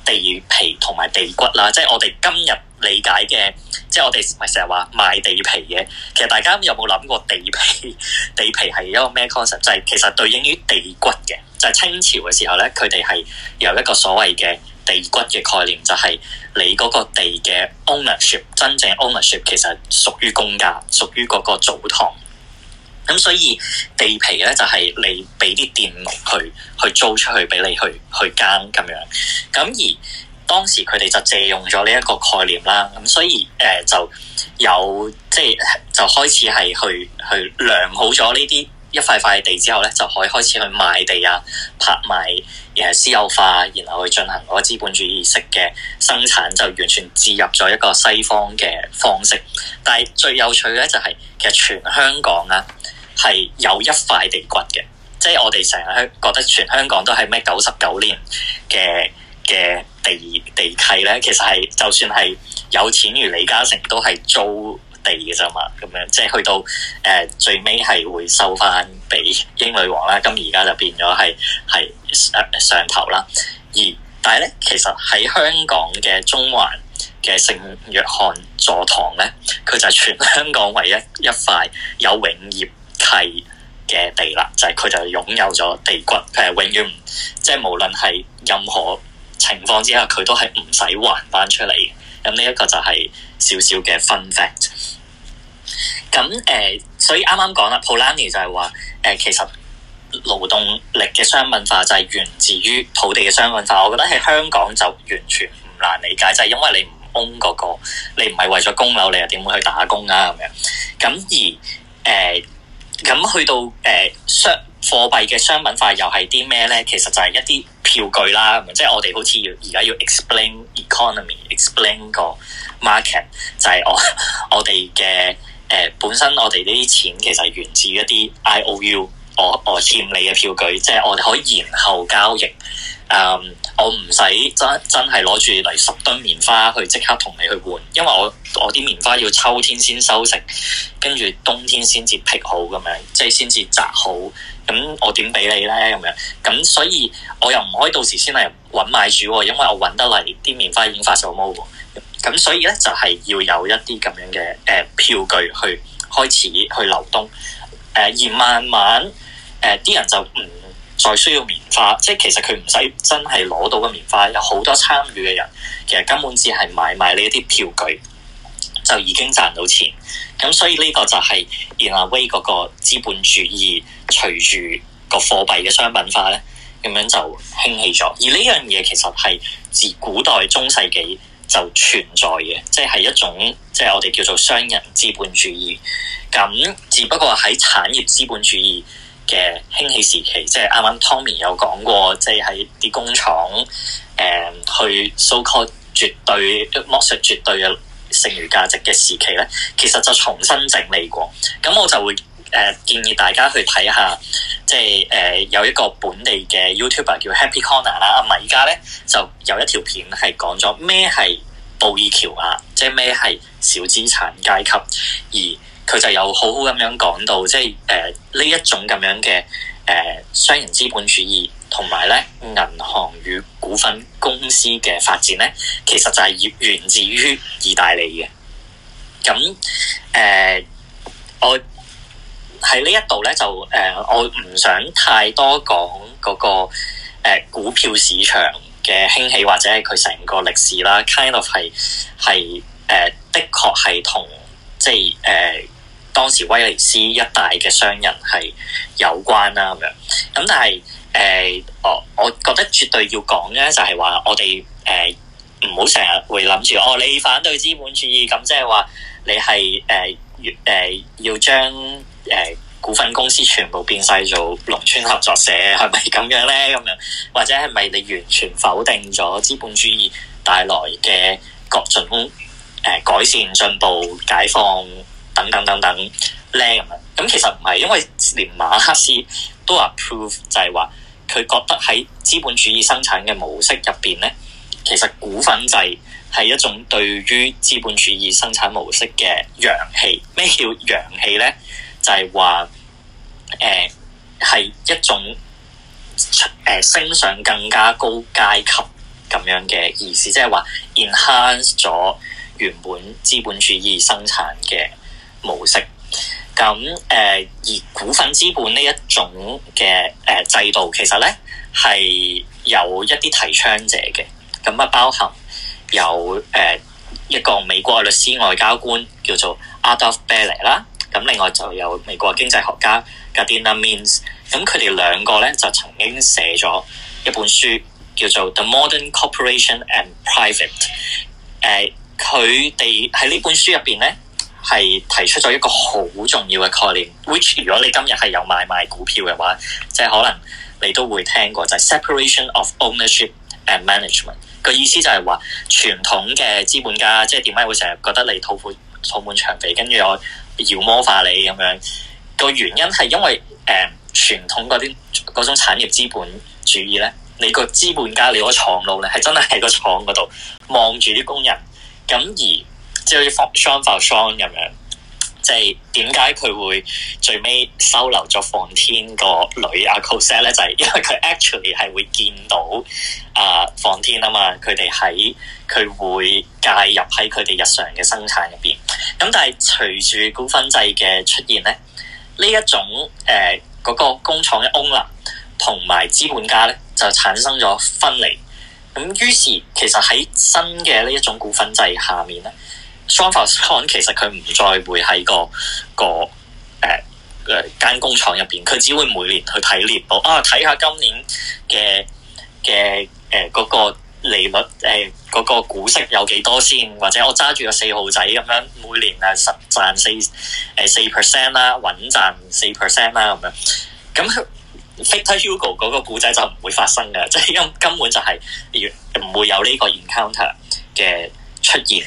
B: 地皮同埋地骨啦。即係我哋今日理解嘅，即係我哋咪成日話賣地皮嘅。其實大家有冇諗過地皮？地皮係一個咩 concept？就係其實對應於地骨嘅。就係清朝嘅時候咧，佢哋係有一個所謂嘅地骨嘅概念，就係你嗰個地嘅 ownership，真正 ownership 其實係屬於公家，屬於嗰個祖堂。咁所以地皮咧就係你俾啲佃農去去租出去俾你去去耕咁樣，咁而當時佢哋就借用咗呢一個概念啦，咁所以誒就有即係、就是、就開始係去去量好咗呢啲一塊塊地之後咧，就可以開始去賣地啊、拍賣誒私有化，然後去進行嗰個資本主義式嘅生產，就完全置入咗一個西方嘅方式。但係最有趣嘅咧就係、是、其實全香港啦～係有一塊地骨嘅，即係我哋成日香覺得全香港都係咩九十九年嘅嘅地地契咧，其實係就算係有錢如李嘉誠都係租地嘅啫嘛，咁樣即係去到誒、呃、最尾係會收翻俾英女王啦。咁而家就變咗係係上上頭啦。而但係咧，其實喺香港嘅中環嘅聖約翰座堂咧，佢就係全香港唯一一塊有永業。係嘅地啦，就係、是、佢就擁有咗地骨，佢係永遠唔即係，就是、無論係任何情況之下，佢都係唔使還翻出嚟嘅。咁呢一個就係少少嘅 fun fact。咁誒，所以啱啱講啦，Polanyi 就係話誒，其實勞動力嘅商品化就係源自於土地嘅商品化。我覺得喺香港就完全唔難理解，就係、是、因為你唔 own 嗰個，你唔係為咗供樓，你又點會去打工啊？咁樣咁而誒。呃咁去到誒、呃、商貨幣嘅商品化又係啲咩咧？其實就係一啲票據啦，即係我哋好似要而家要 explain economy，explain 個 market 就係我我哋嘅誒本身我哋呢啲錢其實源自一啲 I O U。我我欠你嘅票據，即係我哋可以延後交易。嗯，我唔使真真係攞住嚟十噸棉花去即刻同你去換，因為我我啲棉花要秋天先收成，跟住冬天先至辟好咁樣，即係先至摘好。咁我點俾你咧？咁樣咁，所以我又唔可以到時先嚟搵買主，因為我搵得嚟啲棉花已經發咗毛。咁所以咧，就係要有一啲咁樣嘅誒票據去開始去流動。誒，而慢慢。誒啲、呃、人就唔再需要棉花，即係其實，佢唔使真係攞到個棉花，有好多參與嘅人其實根本只係買賣呢一啲票據就已經賺到錢，咁所以呢個就係係阿威嗰個資本主義隨住個貨幣嘅商品化咧，咁樣就興起咗。而呢樣嘢其實，係自古代中世紀就存在嘅，即、就、係、是、一種即係、就是、我哋叫做商人資本主義，咁只不過喺產業資本主義，嘅興起時期，即係啱啱 Tommy 有講過，即係喺啲工廠誒、嗯、去 so call 絕對剝削絕對嘅剩餘價值嘅時期咧，其實就重新整理過。咁我就會誒、呃、建議大家去睇下，即係誒、呃、有一個本地嘅 YouTuber 叫 Happy Corner、啊、啦，同埋依家咧就有一條片係講咗咩係布爾喬亞、啊，即係咩係小資產階級，而。佢就有好好咁樣講到，即係誒呢一種咁樣嘅誒商人資本主義，同埋咧銀行與股份公司嘅發展咧，其實就係源源自於意大利嘅。咁誒、呃，我喺呢一度咧就誒、呃，我唔想太多講嗰、那個、呃、股票市場嘅興起或者佢成個歷史啦。Kind of 係，係誒，的確係同即係誒。呃當時威尼斯一帶嘅商人係有關啦咁樣，咁但係誒、呃，我我覺得絕對要講咧，就係話我哋誒唔好成日會諗住哦，你反對資本主義，咁即係話你係誒誒要將誒、呃、股份公司全部變晒做農村合作社，係咪咁樣咧？咁樣或者係咪你完全否定咗資本主義帶來嘅各種誒、呃、改善、進步、解放？等等等等，叻咁樣咁，其實唔係，因為連馬克思都話 prove 就係話佢覺得喺資本主義生產嘅模式入邊咧，其實股份制係一種對於資本主義生產模式嘅揚棄。咩叫揚棄咧？就係話誒係一種誒、呃、升上更加高階級咁樣嘅意思，即係話 enhance 咗原本資本主義生產嘅模式，咁誒而股份資本呢一種嘅誒制度，其實咧係有一啲提倡者嘅，咁啊包含有誒一個美國嘅律師外交官叫做 Adolf Berle 啦，咁另外就有美國經濟學家 Gardiner Means，咁佢哋兩個咧就曾經寫咗一本書叫做《The Modern Corporation and Private》，誒佢哋喺呢本書入邊咧。係提出咗一個好重要嘅概念，which 如果你今日係有買賣股票嘅話，即、就、係、是、可能你都會聽過，就係、是、separation of ownership and management。個意思就係話傳統嘅資本家，即係點解會成日覺得你腦滿腦滿腸肥，跟住我妖魔化你咁樣？個原因係因為誒傳、呃、統嗰啲嗰種產業資本主義咧，你個資本家你、那個廠佬咧係真係喺個廠嗰度望住啲工人，咁而。即係好似 Jean Valjean 咁樣，即係點解佢會最尾收留咗放天個女阿 Cosette 咧？就係、是、因為佢 actually 係會見到啊、uh, 放天啊嘛，佢哋喺佢會介入喺佢哋日常嘅生產入邊。咁但係隨住股份制嘅出現咧，呢一種誒嗰、呃那個工廠嘅 owner 同埋資本家咧，就產生咗分離。咁於是其實喺新嘅呢一種股份制下面咧。software 其實佢唔再會喺、嗰個、嗰個誒誒、呃、間工廠入邊，佢只會每年去睇年度啊，睇下今年嘅嘅誒嗰個利率誒嗰、呃嗰個股息有幾多先，或者我揸住個四號仔咁樣每年啊實賺四誒四 percent 啦，穩賺四 percent 啦咁樣。咁 Victor Hugo 嗰個故仔就唔會發生嘅，即係根根本就係唔會有呢個 encounter 嘅出現。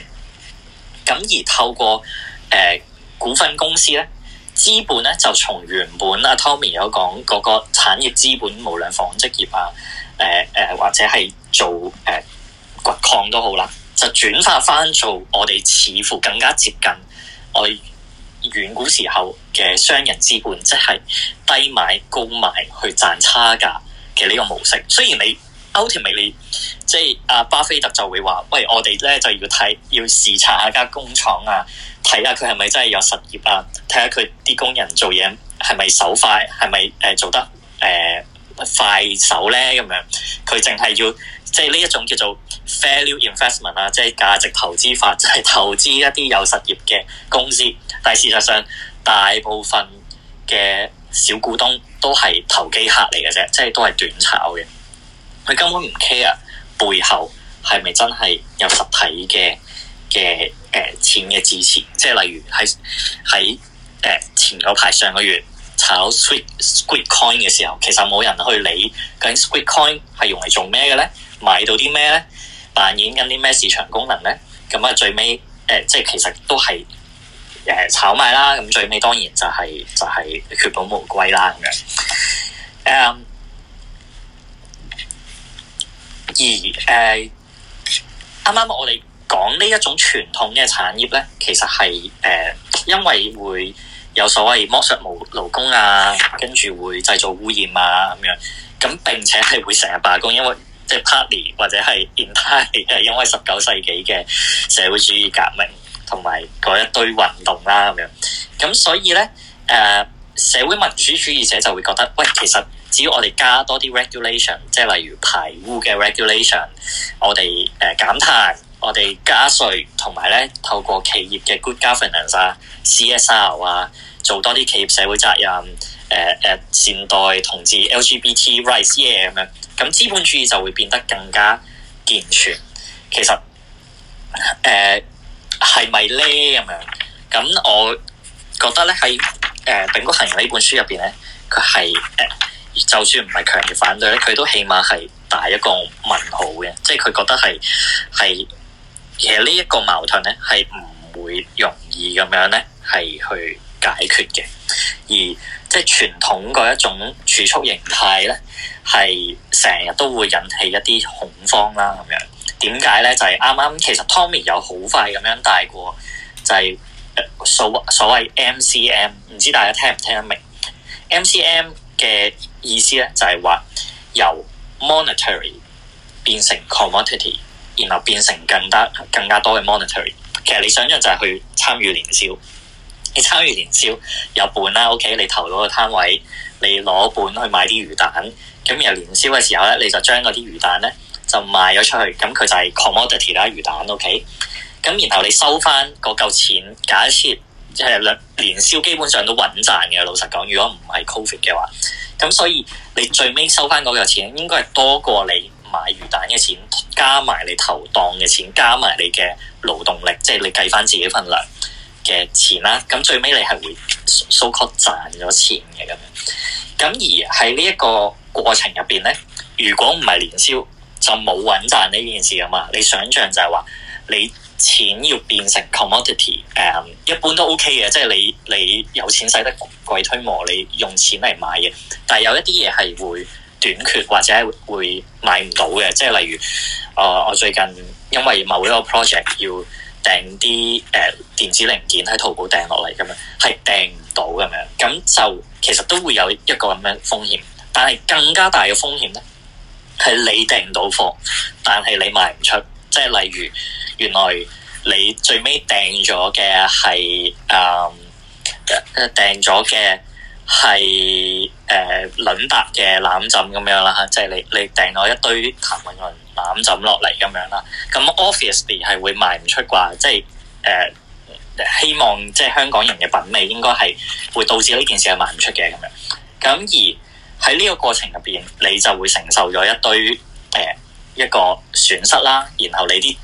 B: 咁而透過誒、呃、股份公司咧，資本咧就從原本阿 Tommy 有講嗰個產業資本，無論紡織業啊，誒、呃、誒、呃、或者係做誒掘、呃、礦都好啦，就轉化翻做我哋似乎更加接近我哋遠古時候嘅商人資本，即、就、係、是、低買高賣去賺差價嘅呢個模式，雖然你。Ultimately，即係阿巴菲特就會話：喂，我哋咧就要睇，要視察下間工廠啊，睇下佢係咪真係有實業啊，睇下佢啲工人做嘢係咪手快，係咪誒做得誒、呃、快手咧咁樣。佢淨係要即係呢一種叫做 value investment 啊，即係價值投資法，就係投資一啲有實業嘅公司。但係事實上，大部分嘅小股東都係投機客嚟嘅啫，即係都係短炒嘅。佢根本唔 care 背後係咪真係有實體嘅嘅誒錢嘅支持，即係例如喺喺誒前嗰排上個月炒 Squid Squid Coin 嘅時候，其實冇人去理究竟 Squid Coin 係用嚟做咩嘅咧，買到啲咩咧，扮演緊啲咩市場功能咧，咁啊最尾誒、呃、即係其實都係誒、呃、炒賣啦，咁最尾當然就係、是、就係血本無歸啦咁樣誒。Um, 而誒，啱、呃、啱我哋講呢一種傳統嘅產業咧，其實係誒、呃，因為會有所謂剝削勞勞工啊，跟住會製造污染啊咁樣，咁並且係會成日罷工，因為即係帕尼或者係變態，因為十九世紀嘅社會主義革命同埋嗰一堆運動啦、啊、咁樣，咁所以咧誒、呃，社會民主主義者就會覺得，喂，其實。只要我哋加多啲 regulation，即係例如排污嘅 regulation，我哋誒、呃、減碳，我哋加稅，同埋咧透過企業嘅 good governance 啊、CSR 啊，做多啲企業社會責任，誒、呃、誒、呃、善待同志、LGBT rights 嘢咁樣，咁資本主義就會變得更加健全。其實誒係咪咧咁樣？咁、呃、我覺得咧喺誒丙谷行呢本書入邊咧，佢係誒。呃就算唔係強烈反對咧，佢都起碼係帶一個問號嘅，即係佢覺得係係其實呢一個矛盾咧，係唔會容易咁樣咧係去解決嘅。而即係傳統嗰一種儲蓄形態咧，係成日都會引起一啲恐慌啦。咁樣點解咧？就係啱啱其實 Tommy 有好快咁樣帶過，就係、是、所所謂 MCM，唔知大家聽唔聽得明 MCM 嘅。MC 意思咧就係話由 monetary 變成 commodity，然後變成更加更加多嘅 monetary。其實你想象就係去參與年宵，你參與年宵有本啦。OK？你投咗個攤位，你攞本去買啲魚蛋，咁然後年宵嘅時候咧，你就將嗰啲魚蛋咧就賣咗出去，咁佢就係 commodity 啦，魚蛋。OK？咁然後你收翻嗰嚿錢，假設。即係兩年宵基本上都穩賺嘅，老實講。如果唔係 COVID 嘅話，咁所以你最尾收翻嗰嚿錢，應該係多過你買魚蛋嘅錢，加埋你投檔嘅錢，加埋你嘅勞動力，即係你計翻自己份糧嘅錢啦。咁最尾你係會收 cut 賺咗錢嘅咁樣。咁而喺呢一個過程入邊咧，如果唔係年宵，就冇穩賺呢件事啊嘛。你想像就係話你。錢要變成 commodity，誒、um，一般都 O K 嘅，即係你你有錢使得鬼推磨，你用錢嚟買嘅。但係有一啲嘢係會短缺或者會買唔到嘅，即係例如，誒、呃、我最近因為某一個 project 要訂啲誒、呃、電子零件喺淘寶訂落嚟咁樣，係訂唔到咁樣，咁就其實都會有一個咁樣風險。但係更加大嘅風險咧，係你訂到貨，但係你賣唔出，即係例如。原來你最尾訂咗嘅係誒訂咗嘅係誒輪白嘅攬枕咁樣啦，即係你你訂咗一堆鹹運攬枕落嚟咁樣啦。咁 obviously 係會賣唔出啩，即係誒、呃、希望即係香港人嘅品味應該係會導致呢件事係賣唔出嘅咁樣。咁而喺呢一個過程入邊，你就會承受咗一堆誒、呃、一個損失啦，然後你啲。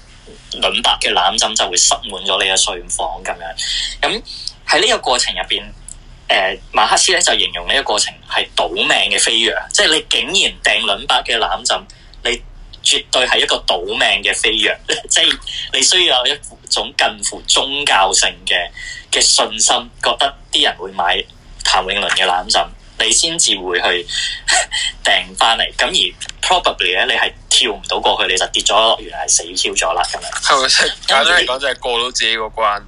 B: 兩百嘅攬枕就會塞滿咗你嘅睡房咁樣，咁喺呢個過程入邊，誒、呃，馬克思咧就形容呢個過程係賭命嘅飛躍，即係你竟然訂兩百嘅攬枕，你絕對係一個賭命嘅飛躍，即係你需要有一種近乎宗教性嘅嘅信心，覺得啲人會買譚詠麟嘅攬枕，你先至會去 [laughs] 訂翻嚟，咁而 probably 咧，你係跳唔到過去，你就跌咗落，原來係死翹咗啦咁樣。係咪先？簡單嚟講，就係過到自己個關。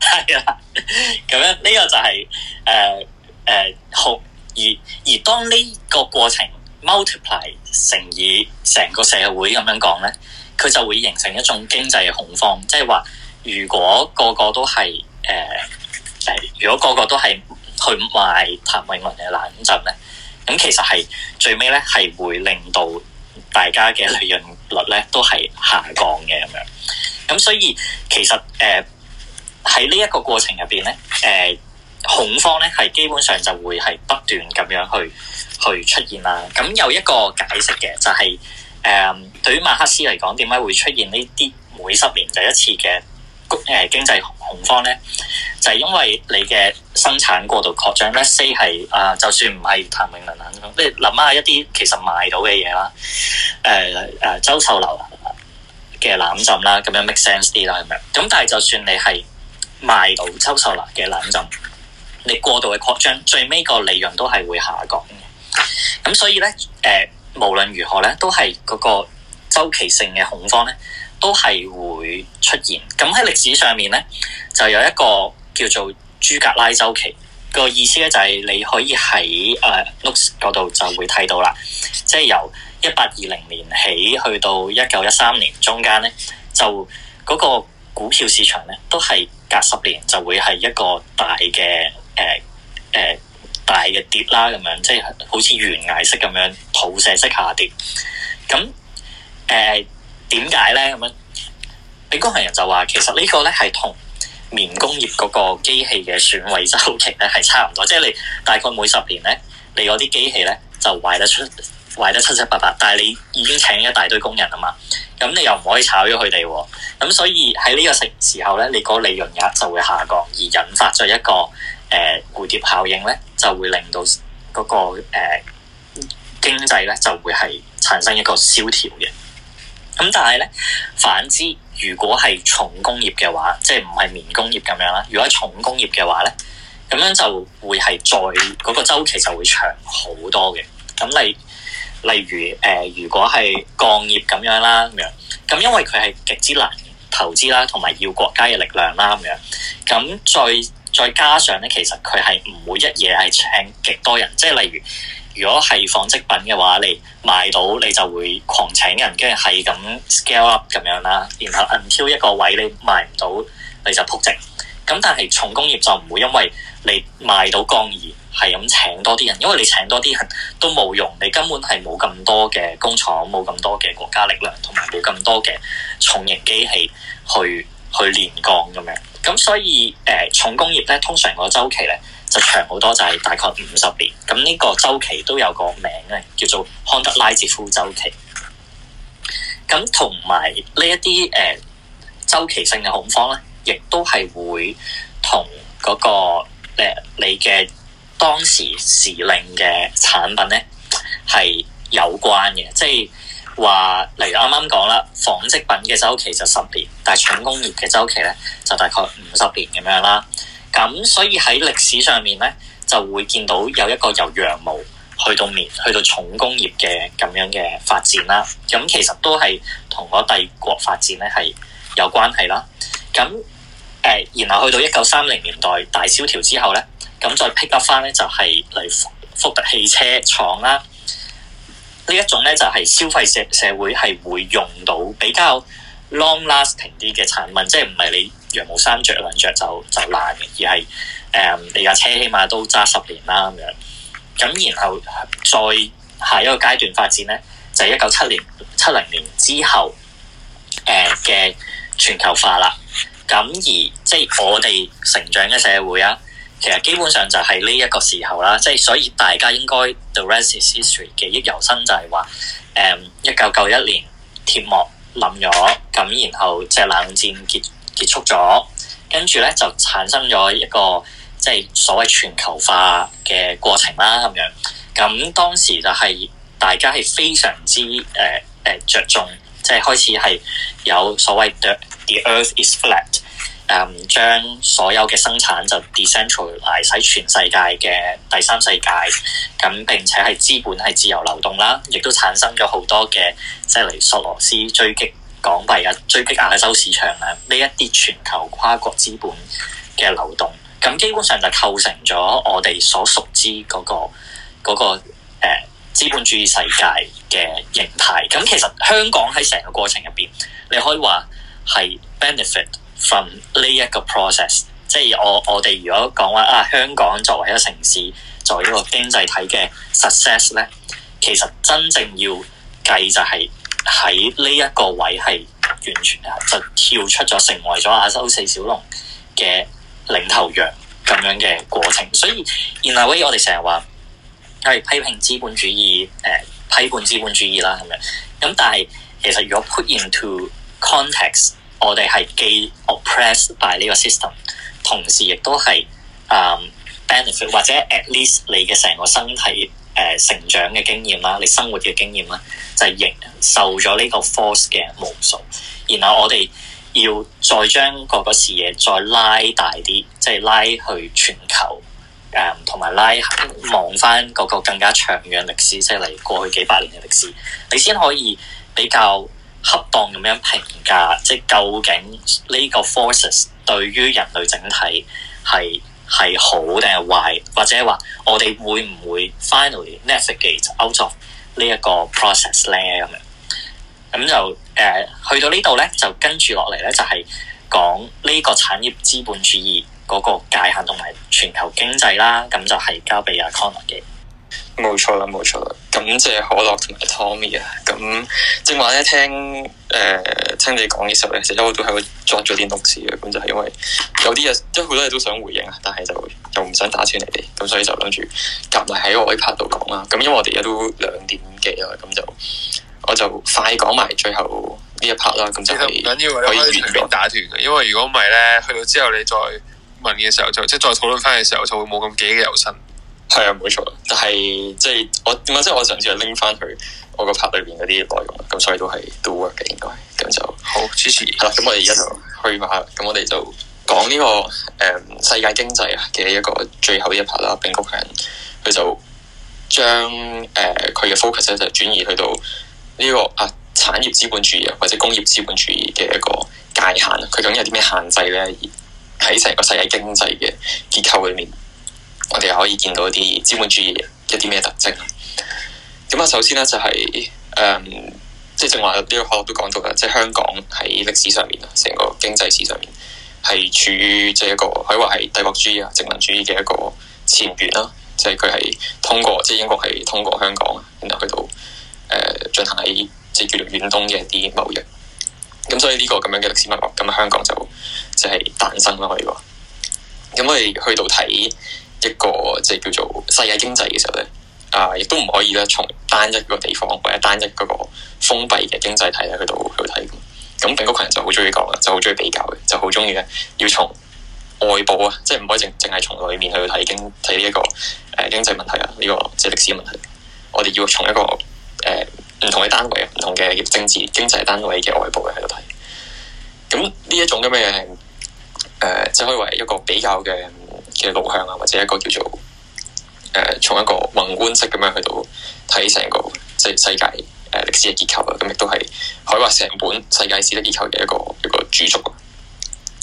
B: 係啦、 [laughs] 嗯，咁樣呢個就係誒誒好，而而當呢個過程 multiply 乘以成個社會咁樣講咧，佢就會形成一種經濟嘅恐慌，即係話如果個個都係誒，如果個個都係。呃去賣譚詠麟嘅冷震咧，咁其實係最尾咧，係會令到大家嘅利潤率咧都係下降嘅咁樣。咁所以其實誒喺呢一個過程入邊咧，誒、呃、恐慌咧係基本上就會係不斷咁樣去去出現啦。咁有一個解釋嘅就係、是、誒、呃，對於馬克思嚟講，點解會出現呢啲每十年就一次嘅？誒，經濟恐慌咧，就係、是、因為你嘅生產過度擴張咧。C 係啊，就算唔係譚詠麟啊，你諗下一啲其實賣到嘅嘢啦，誒、呃、誒、呃，周秀娜嘅冷浸啦，咁樣 make sense 啲啦，係咪？咁但係就算你係賣到周秀娜嘅冷浸，你過度嘅擴張，最尾個利潤都係會下降嘅。咁所以咧，誒、呃，無論如何咧，都係嗰個週期性嘅恐慌咧。都係會出現，咁喺歷史上面咧，就有一個叫做朱格拉周期嘅，那個，意思咧，就係你可以喺誒 look 嗰度就會睇到啦。即係由一八二零年起去到一九一三年中間咧，就嗰個股票市場咧，都係隔十年就會係一個大嘅，誒誒，大嘅跌啦，咁樣即係好似懸崖式咁樣土石式下跌。咁誒。Uh, 點解咧咁樣？你工人就話其實呢個咧係同棉工業嗰個機器嘅損毀周期咧係差唔多，即係你大概每十年咧，你嗰啲機器咧就壞得出壞得七七八八，但係你已經請一大堆工人啊嘛，咁你又唔可以炒咗佢哋，咁所以喺呢個時時候咧，你個利潤額就會下降，而引發咗一個誒蝴蝶效應咧，就會令到嗰個誒經濟咧就會係產生一個蕭條嘅。咁但係咧，反之如，如果係重工業嘅話，即係唔係棉工業咁樣啦。如果係重工業嘅話咧，咁樣就會係再嗰、那個週期就會長好多嘅。咁例例如誒、呃，如果係鋼業咁樣啦，咁樣咁，因為佢係極之難投資啦，同埋要國家嘅力量啦，咁樣咁再再加上咧，其實佢係唔會一夜係請極多人，即係例如。如果係紡織品嘅話，你賣到你就會狂請人，跟住係咁 scale up 咁樣啦。然後 until 一個位你賣唔到，你就撲直。咁但係重工業就唔會，因為你賣到鋼而係咁請多啲人，因為你請多啲人都冇用，你根本係冇咁多嘅工廠，冇咁多嘅國家力量，同埋冇咁多嘅重型機器去去煉鋼咁樣。咁所以誒、呃、重工業咧，通常個周期咧。就長好多，就係、是、大概五十年。咁呢個周期都有個名咧，叫做康德拉季夫周期。咁同埋呢一啲誒週期性嘅恐慌咧，亦都係會同嗰、那個、呃、你嘅當時時令嘅產品咧係有關嘅。即係話例如啱啱講啦，紡織品嘅周期就十年，但係重工業嘅周期咧就大概五十年咁樣啦。咁所以喺歷史上面咧，就會見到有一個由羊毛去到棉，去到重工業嘅咁樣嘅發展啦。咁其實都係同嗰帝國發展咧係有關係啦。咁誒、呃，然後去到一九三零年代大蕭條之後咧，咁再 pick up 翻咧就係、是、嚟福特汽車廠啦。呢一種咧就係、是、消費社社會係會用到比較 long lasting 啲嘅產品，即係唔係你。羊毛衫着兩着就就爛嘅，而係誒、嗯、你架車起碼都揸十年啦，咁樣咁然後再下一個階段發展咧，就係、是、一九七年七零年之後誒嘅、嗯、全球化啦。咁、嗯、而即係我哋成長嘅社會啊，其實基本上就係呢一個時候啦。即係所以大家應該 the rest is history 記憶猶新，就係話誒一九九一年鐵幕冧咗，咁然後即係、這個、冷戰結。結束咗，跟住咧就產生咗一個即係所謂全球化嘅過程啦，咁樣。咁當時就係大家係非常之誒誒、呃、著重，即係開始係有所謂 the earth is flat，誒將所有嘅生產就 decentral 化喺全世界嘅第三世界，咁並且係資本係自由流動啦，亦都產生咗好多嘅即係索羅斯追擊港幣啊，最激亞洲市場啊，呢一啲全球跨國資本嘅流動，咁基本上就構成咗我哋所熟知嗰、嗰個嗰、嗰個、呃、資本主義世界嘅形態。咁其實香港喺成個過程入邊，你可以話係 benefit from 呢一個 process，即係我我哋如果講話啊香港作為一個城市，作為一個經濟體嘅 success 咧，其實真正要計就係、是。喺呢一個位係完全就跳出咗，成為咗亞洲四小龍嘅領頭羊咁樣嘅過程。所以 In a way 我哋成日話係批評資本主義，誒、呃、批判資本主義啦咁樣。咁但係其實如果 put into context，我哋係既 oppressed by 呢個 system，同時亦都係誒 benefit 或者 at least 你嘅成個身體。誒、呃、成長嘅經驗啦，你生活嘅經驗啦，就係承受咗呢個 force 嘅無數。然後我哋要再將個個視野再拉大啲，即係拉去全球，誒同埋拉望翻嗰個更加長遠歷史，即係嚟過去幾百年嘅歷史，你先可以比較恰當咁樣評價，即係究竟呢個 forces 對於人類整體係，係好定係壞，或者話我哋會唔會 finally navigate out of 呢一個 process 咧咁樣？咁就誒、呃、去到呢度咧，就跟住落嚟咧就係、是、講呢個產業資本主義嗰個界限同埋全球經濟啦。咁就係交俾阿 Connor 嘅。
C: 冇錯啦，冇錯啦。感謝可樂同埋 Tommy 啊，咁正話咧，聽誒、呃、聽你講嘅時候咧，其實我都喺度作咗啲 notes 嘅，咁就係因為有啲嘢，即係好多嘢都想回應啊，但係就又唔想打穿你哋，咁所以就諗住夾埋喺我呢 part 度講啦。咁因為我哋而家都兩點幾啊，咁就我就快講埋最後呢一 part 啦，咁就緊要
A: 可以完嘅打斷嘅。因為如果唔係咧，去到之後你再問嘅時候，就即係再討論翻嘅時候，就會冇咁記憶猶新。係啊，冇錯。但係即係我點解，即係我上次係拎
C: 翻佢我個 part 裏邊嗰啲內容，咁所以都係都 work 嘅應該。咁就好，主持。係啦，嗯、咁、嗯、我哋而家就去吧。咁 [laughs] 我哋就講呢、這個誒、嗯、世界經濟嘅一個最後一 part 啦。Benjamin 佢就將誒佢、呃、嘅 focus 就轉移去到呢、這個啊產業資本主義啊或者工業資本主義嘅一個界限，佢究竟有啲咩限制咧？而喺成個世界經濟嘅結構裏面。我哋可以見到一啲資本主義一啲咩特徵？咁啊，首先咧就係、是、誒，即係正話呢個學都講到啦，即、就、係、是、香港喺歷史上面啊，成個經濟史上面係處於即係一個可以話係帝國主義啊殖民主義嘅一個前沿啦。即係佢係通過即係、就是、英國係通過香港，然後去
B: 到誒進、呃、行喺即係叫做遠東嘅一啲貿易。咁所以呢個咁
C: 樣嘅歷史脈絡，咁香港就就係誕生啦。可以話咁我哋去到睇。一個即係叫做世界經濟嘅時候咧，啊，亦都唔可以咧從單一一個地方或者單一嗰個封閉嘅經濟體咧去到去睇。咁，嗰群人就好中意講，就好中意比較嘅，就好中意咧要從外部從啊，即係唔可以淨淨係從裏面去睇經睇呢一個誒經濟問題啊，呢個即係歷史嘅問題。我哋要從一個誒唔、呃、同嘅單位、唔同嘅政治經濟單位嘅外部去睇。咁呢一種咁嘅誒，即、呃、係可以為一個比較嘅嘅路向啊，或者一個叫做誒、呃，從一個宏觀式咁樣去到睇成個即係世界誒歷、呃、史嘅結構啊，咁、嗯、亦都係可以話成本世界史嘅結構嘅一個一個，一個主軸啊。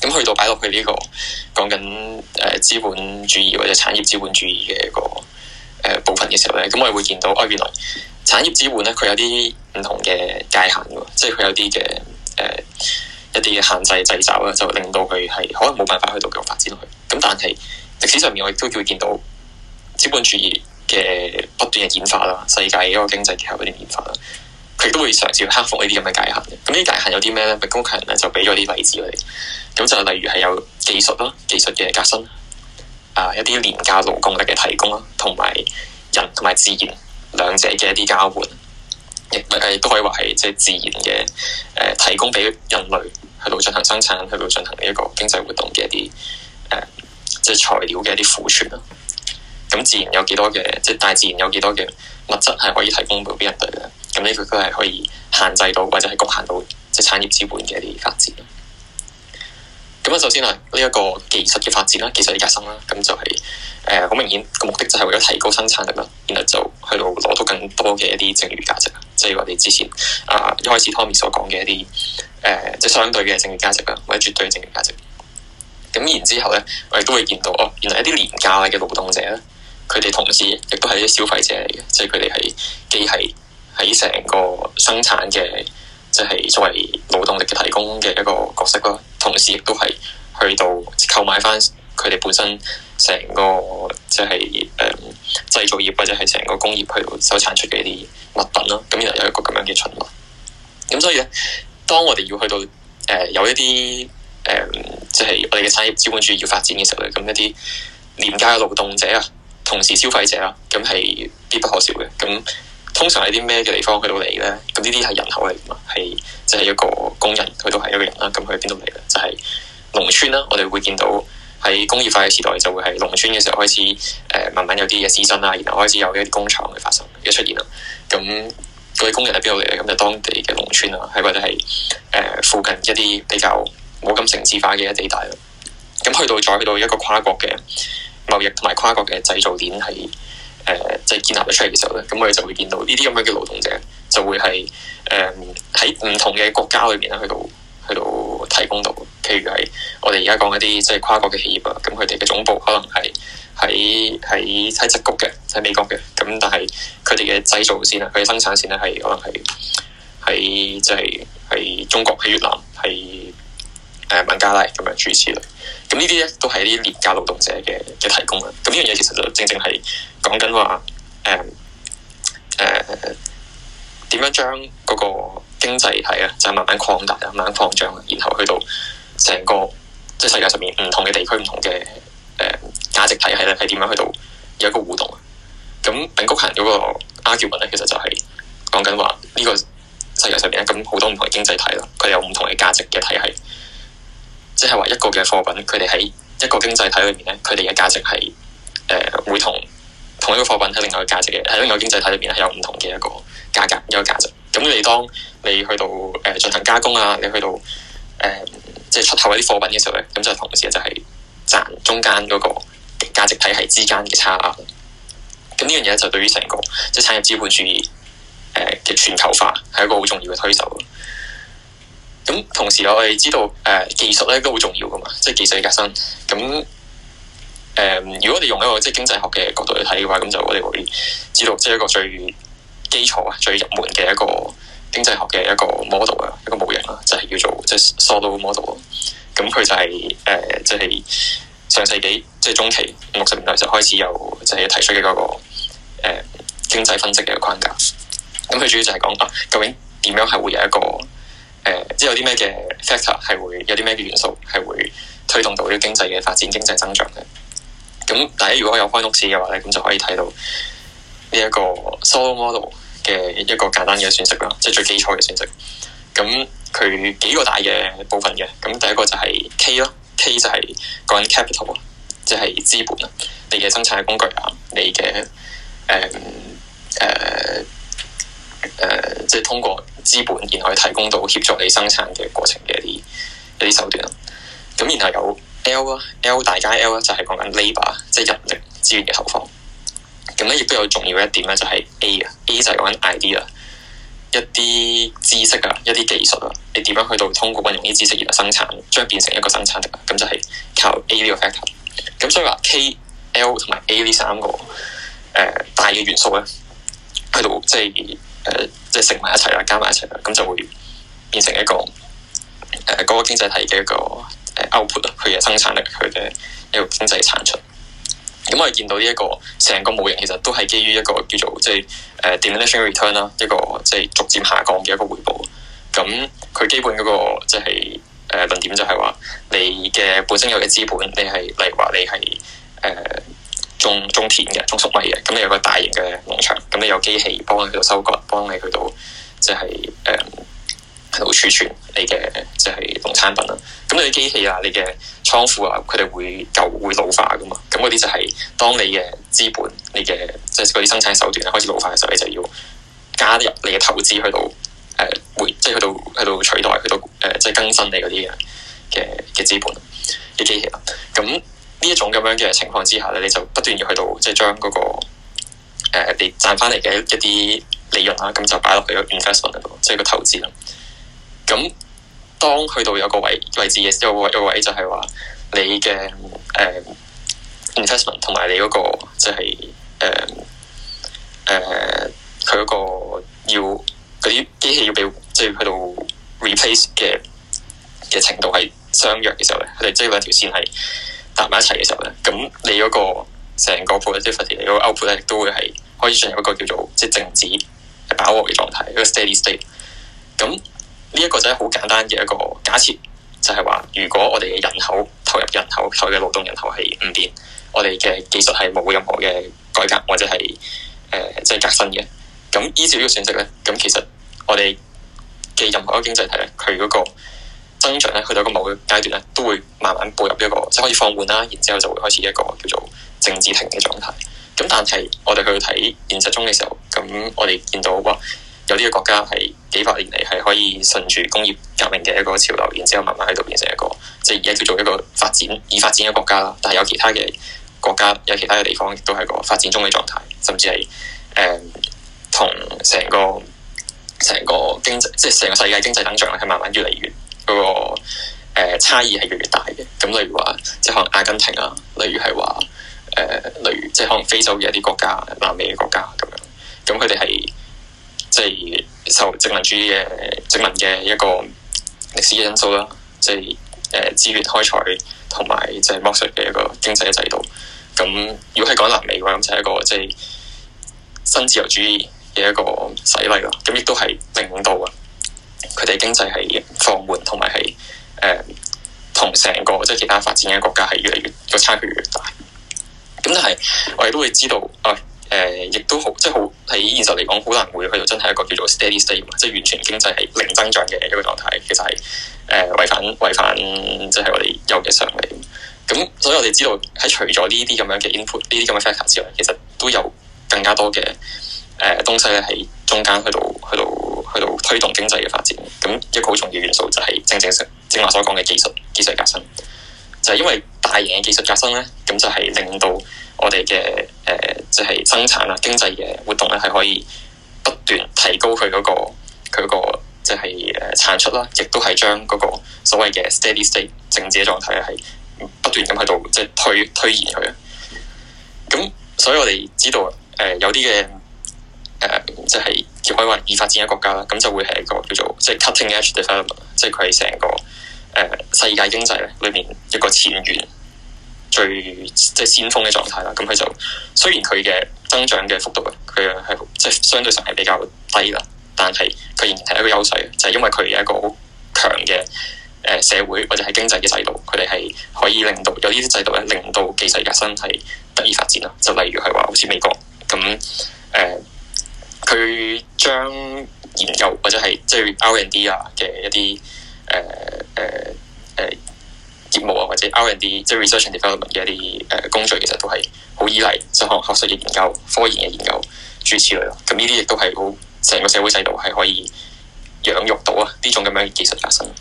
C: 咁、嗯、去到擺落去呢、這個講緊誒資本主義或者產業資本主義嘅一個誒、呃、部分嘅時候咧，咁、嗯、我哋會見到，哦，原來產業資本咧佢有啲唔同嘅界限噶，即係佢有啲嘅誒一啲嘅限制掣肘啊，就令到佢係可能冇辦法去到繼續發展落去。咁但係歷史上面我亦都會見到資本主義嘅不斷嘅演化啦，世界嘅一個經濟結構嘅啲演化啦，佢都會嘗試克服呢啲咁嘅界限嘅。咁呢啲界限有啲咩咧？麥高強咧就俾咗啲例子我哋，咁就例如係有技術啦，技術嘅革新，啊一啲廉價勞工力嘅提供啦，同埋人同埋自然兩者嘅一啲交換，亦誒都可以話係即係自然嘅誒、呃、提供俾人類去到進行生產，去到進行呢一個經濟活動嘅一啲誒。呃即係材料嘅一啲庫存啦，咁自然有幾多嘅，即係大自然有幾多嘅物質係可以提供到俾人哋嘅，咁呢個都係可以限制到或者係局限到即係產業資本嘅一啲發展啦，咁啊，首先啊，呢、這、一個技術嘅發展啦，技術嘅革新啦，咁就係誒好明顯個目的就係為咗提高生產力啦，然後就去到攞到更多嘅一啲剩餘價值即係我哋之前啊一、呃、開始 Tommy 所講嘅一啲誒、呃、即係相對嘅剩餘價值啦，或者絕對嘅剩餘價值。咁然之後咧，我哋都會見到哦，原來一啲廉價嘅勞動者咧，佢哋同時亦都係啲消費者嚟嘅，即係佢哋係機係喺成個生產嘅，即係作為勞動力嘅提供嘅一個角色咯。同時亦都係去到購買翻佢哋本身成個即係誒製造業或者係成個工業去到生產出嘅一啲物品啦。咁原來有一個咁樣嘅循環。咁所以咧，當我哋要去到誒有一啲。誒，即係、嗯就是、我哋嘅產業資本主義要發展嘅時候咧，咁一啲廉價嘅勞動者啊，同時消費者啦，咁係必不可少嘅。咁通常喺啲咩嘅地方去到嚟咧？咁呢啲係人口嚟㗎嘛，係即係一個工人去到係一個人啦。咁佢喺邊度嚟咧？就係、是、農村啦。我哋會見到喺工業化嘅時代就會係農村嘅時候開始，誒、呃、慢慢有啲嘢滋生啦，然後開始有一啲工廠嘅發生嘅出現啦。咁佢啲工人喺邊度嚟咧？咁就當地嘅農村啦，係或者係誒、呃、附近一啲比較，冇咁城市化嘅地帶咯，咁去到再去到一個跨國嘅貿易同埋跨國嘅製造鏈係，誒、呃，即係建立咗出嚟嘅時候咧，咁我哋就會見到呢啲咁樣嘅勞動者就會係，誒、呃，喺唔同嘅國家裏邊咧，去到去到提供到，譬如係我哋而家講一啲即係跨國嘅企業啊，咁佢哋嘅總部可能係喺喺喺矽谷嘅，喺美國嘅，咁但係佢哋嘅製造線啊，佢嘅生產線咧係可能係喺即係喺中國喺越南係。誒孟、呃、加拉咁樣諸如此類，咁、嗯、呢啲咧都係一啲廉價勞動者嘅嘅提供啊。咁、嗯、呢、嗯、樣嘢其實就正正係講緊話誒誒點樣將嗰個經濟體啊，就是、慢慢擴大，慢慢擴張，然後去到成個即係、就是、世界上面唔同嘅地區，唔同嘅誒價值體系咧，係點樣去到有一個互動啊。咁、嗯、丙谷行嗰個 argument 咧，其實就係講緊話呢個世界上面咧，咁好多唔同嘅經濟體啦，佢有唔同嘅價值嘅體系。即係話一個嘅貨品，佢哋喺一個經濟體裏面咧，佢哋嘅價值係誒會同同一個貨品喺另外一個價值嘅，喺另外個經濟體裏邊係有唔同嘅一個價格，一個價值。咁你當你去到誒進行加工啊，你去到誒即係出口一啲貨品嘅時候咧，咁就同時就係賺中間嗰個價值體系之間嘅差額。咁呢樣嘢就對於成個即係產業資本主義誒嘅全球化係一個好重要嘅推手。咁，同時我哋知道，誒、呃、技術咧都好重要噶嘛，即係技術嘅革新。咁誒、呃、如果你用一個即係經濟學嘅角度去睇嘅話，咁就我哋會知道，即係一個最基礎啊，最入門嘅一個經濟學嘅一個 model 啊，一個模型啊，就係、是、叫做即係 Solow model 咯、就是。咁、呃、佢就係誒即係上世紀即係中期六十年代就開始有，就係、是、提出嘅個誒、呃、經濟分析嘅一個框架。咁佢主要就係講啊究竟點樣係會有一個。呃、即係有啲咩嘅 factor 係會，有啲咩嘅元素係會推動到呢個經濟嘅發展、經濟增長嘅。咁大家如果有開屋市嘅話咧，咁就可以睇到呢一個 Solow model 嘅一個簡單嘅分析啦，即係最基礎嘅分析。咁佢幾個大嘅部分嘅，咁第一個就係 K 咯，K 就係個人 capital 啊，即係資本啊，你嘅生產嘅工具啊，你嘅誒誒。呃呃誒、呃，即係通過資本，然後去提供到協助你生產嘅過程嘅一啲一啲手段啦。咁然後有 L 啊，L 大街 L 咧就係講緊 labour，即係人力資源嘅投放。咁咧亦都有重要一點咧，就係 A 啊，A 就係講緊 idea，一啲知識啊，一啲技術啊，你點樣去到通過運用呢啲知識而嚟生產，將變成一個生產力。咁就係靠 A 呢個 factor。咁所以話 K、L 同埋 A 呢三個誒、呃、大嘅元素咧，去到即係。誒，即係食埋一齊啦，加埋一齊啦，咁就會變成一個誒，嗰、呃嗰個經濟體嘅一個誒，output，佢嘅生產力，佢嘅一個經濟嘅產出。咁、嗯、我哋見到呢、這、一個成個模型，其實都係基於一個叫做即係、呃、誒，decreasing return 啦，一個即係逐漸下降嘅一個回報。咁、嗯、佢基本嗰個即係誒論點就係話，你嘅本身有嘅資本，你係例如話你係誒。呃種種田嘅，種粟米嘅，咁你有個大型嘅農場，咁你有機器幫你去到收割，幫你去到即係誒去到儲存你嘅即係農產品啦。咁你啲機器啊，你嘅倉庫啊，佢哋會舊會老化噶嘛。咁嗰啲就係當你嘅資本，你嘅即係嗰啲生產手段開始老化嘅時候，你就要加入你嘅投資去到誒會，即係去到去到取代，去到誒即係更新你嗰啲嘅嘅嘅資本，啲機器啦。咁呢一種咁樣嘅情況之下咧，你就不斷要去到即係將嗰個、呃、你賺翻嚟嘅一啲利潤啦，咁就擺落去咗 investment 嗰度，即係個投資啦。咁當去到有個位位置嘅時候，有個位有個位就係話你嘅誒、呃、investment 同埋你嗰個即係誒誒佢嗰個要嗰啲機器要畀即係去到 replace 嘅嘅程度係相若嘅時候咧，佢哋即係兩條線係，搭埋一齊嘅時候咧，咁你嗰個成個 productivity，你個 output 咧，都會係可以進入一個叫做即係靜止、係飽和嘅狀態，一個 steady state。咁呢一個就係好簡單嘅一個假設，就係話如果我哋嘅人口投入人口、投入嘅勞動人口係唔變，我哋嘅技術係冇任何嘅改革或者係誒即係革新嘅，咁依照呢個選擇咧，咁其實我哋嘅任何一個經濟體咧，佢嗰、嗰個。增長咧，去到一個某個階段咧，都會慢慢步入一個即係開始放緩啦。然之後就會開始一個叫做政治停嘅狀態。咁但係我哋去睇現實中嘅時候，咁我哋見到話有啲嘅國家係幾百年嚟係可以順住工業革命嘅一個潮流，然之後慢慢喺度變成一個即係而家叫做一個發展已發展嘅國家啦。但係有其他嘅國家有其他嘅地方都係個發展中嘅狀態，甚至係誒、嗯、同成個成個經濟即係成個世界經濟增長係慢慢越嚟越。嗰個呃差異係越嚟越大嘅，咁例如話，即係可能阿根廷啊，例如係話誒，例如即係可能非洲嘅一啲國家、南美嘅國家咁樣，咁佢哋係即係受殖民主義嘅殖民嘅一個歷史嘅因素啦，即係呃資源開採同埋即係剝削嘅一個經濟嘅制度。咁如果係講南美嘅話，咁就係一個即係新自由主義嘅一個洗禮啦，咁亦都係領導啊。佢哋經濟係放緩，同埋係誒同成個即係其他發展嘅國家係越嚟越個差距越，越大。咁但係我哋都會知道，啊誒，亦、呃、都好即係好喺現實嚟講，好難會去到真係一個叫做 steady state，即係完全經濟係零增長嘅一個狀態，其實係誒違反違反即係、就是、我哋有嘅常理。咁所以我哋知道喺除咗呢啲咁樣嘅 input 呢啲咁嘅 factor 之外，其實都有更加多嘅誒、呃、東西咧喺中間去到去到。去到推動經濟嘅發展，咁一個好重要元素就係正正正正話所講嘅技術技術，、就是、技術革新，就係因為大型嘅技術革新咧，咁就係令到我哋嘅誒，即、呃、係、就是、生產啦、經濟嘅活動咧，係可以不斷提高佢嗰、那個佢個即係誒產出啦，亦都係將嗰個所謂嘅 steady state 靜止嘅狀態係不斷咁喺度即係推推延佢。咁所以我哋知道誒、呃、有啲嘅。誒，即係、uh, 可以話係已發展嘅國家啦，咁就會係一個叫做即係、就是、cutting edge development，即係佢係成個誒、uh, 世界經濟裏面一個前沿、最即係、就是、先鋒嘅狀態啦。咁佢就雖然佢嘅增長嘅幅度，佢係即係相對上係比較低啦，但係佢仍然係一個優勢就係、是、因為佢有一個好強嘅誒、uh, 社會或者係經濟嘅制度，佢哋係可以令到有呢啲制度咧令到技術革新係得以發展啦。就例如係話好似美國咁誒。佢將研究或者係即係 R&D 啊嘅一啲誒誒誒業務啊，或者 R&D 即係 research development 嘅一啲誒、呃、工序，其實都係好依賴即係學學術嘅研究、科研嘅研究諸如此類咯。咁呢啲亦都係好成個社會制度係可以養育到啊！呢種咁樣嘅技術發生。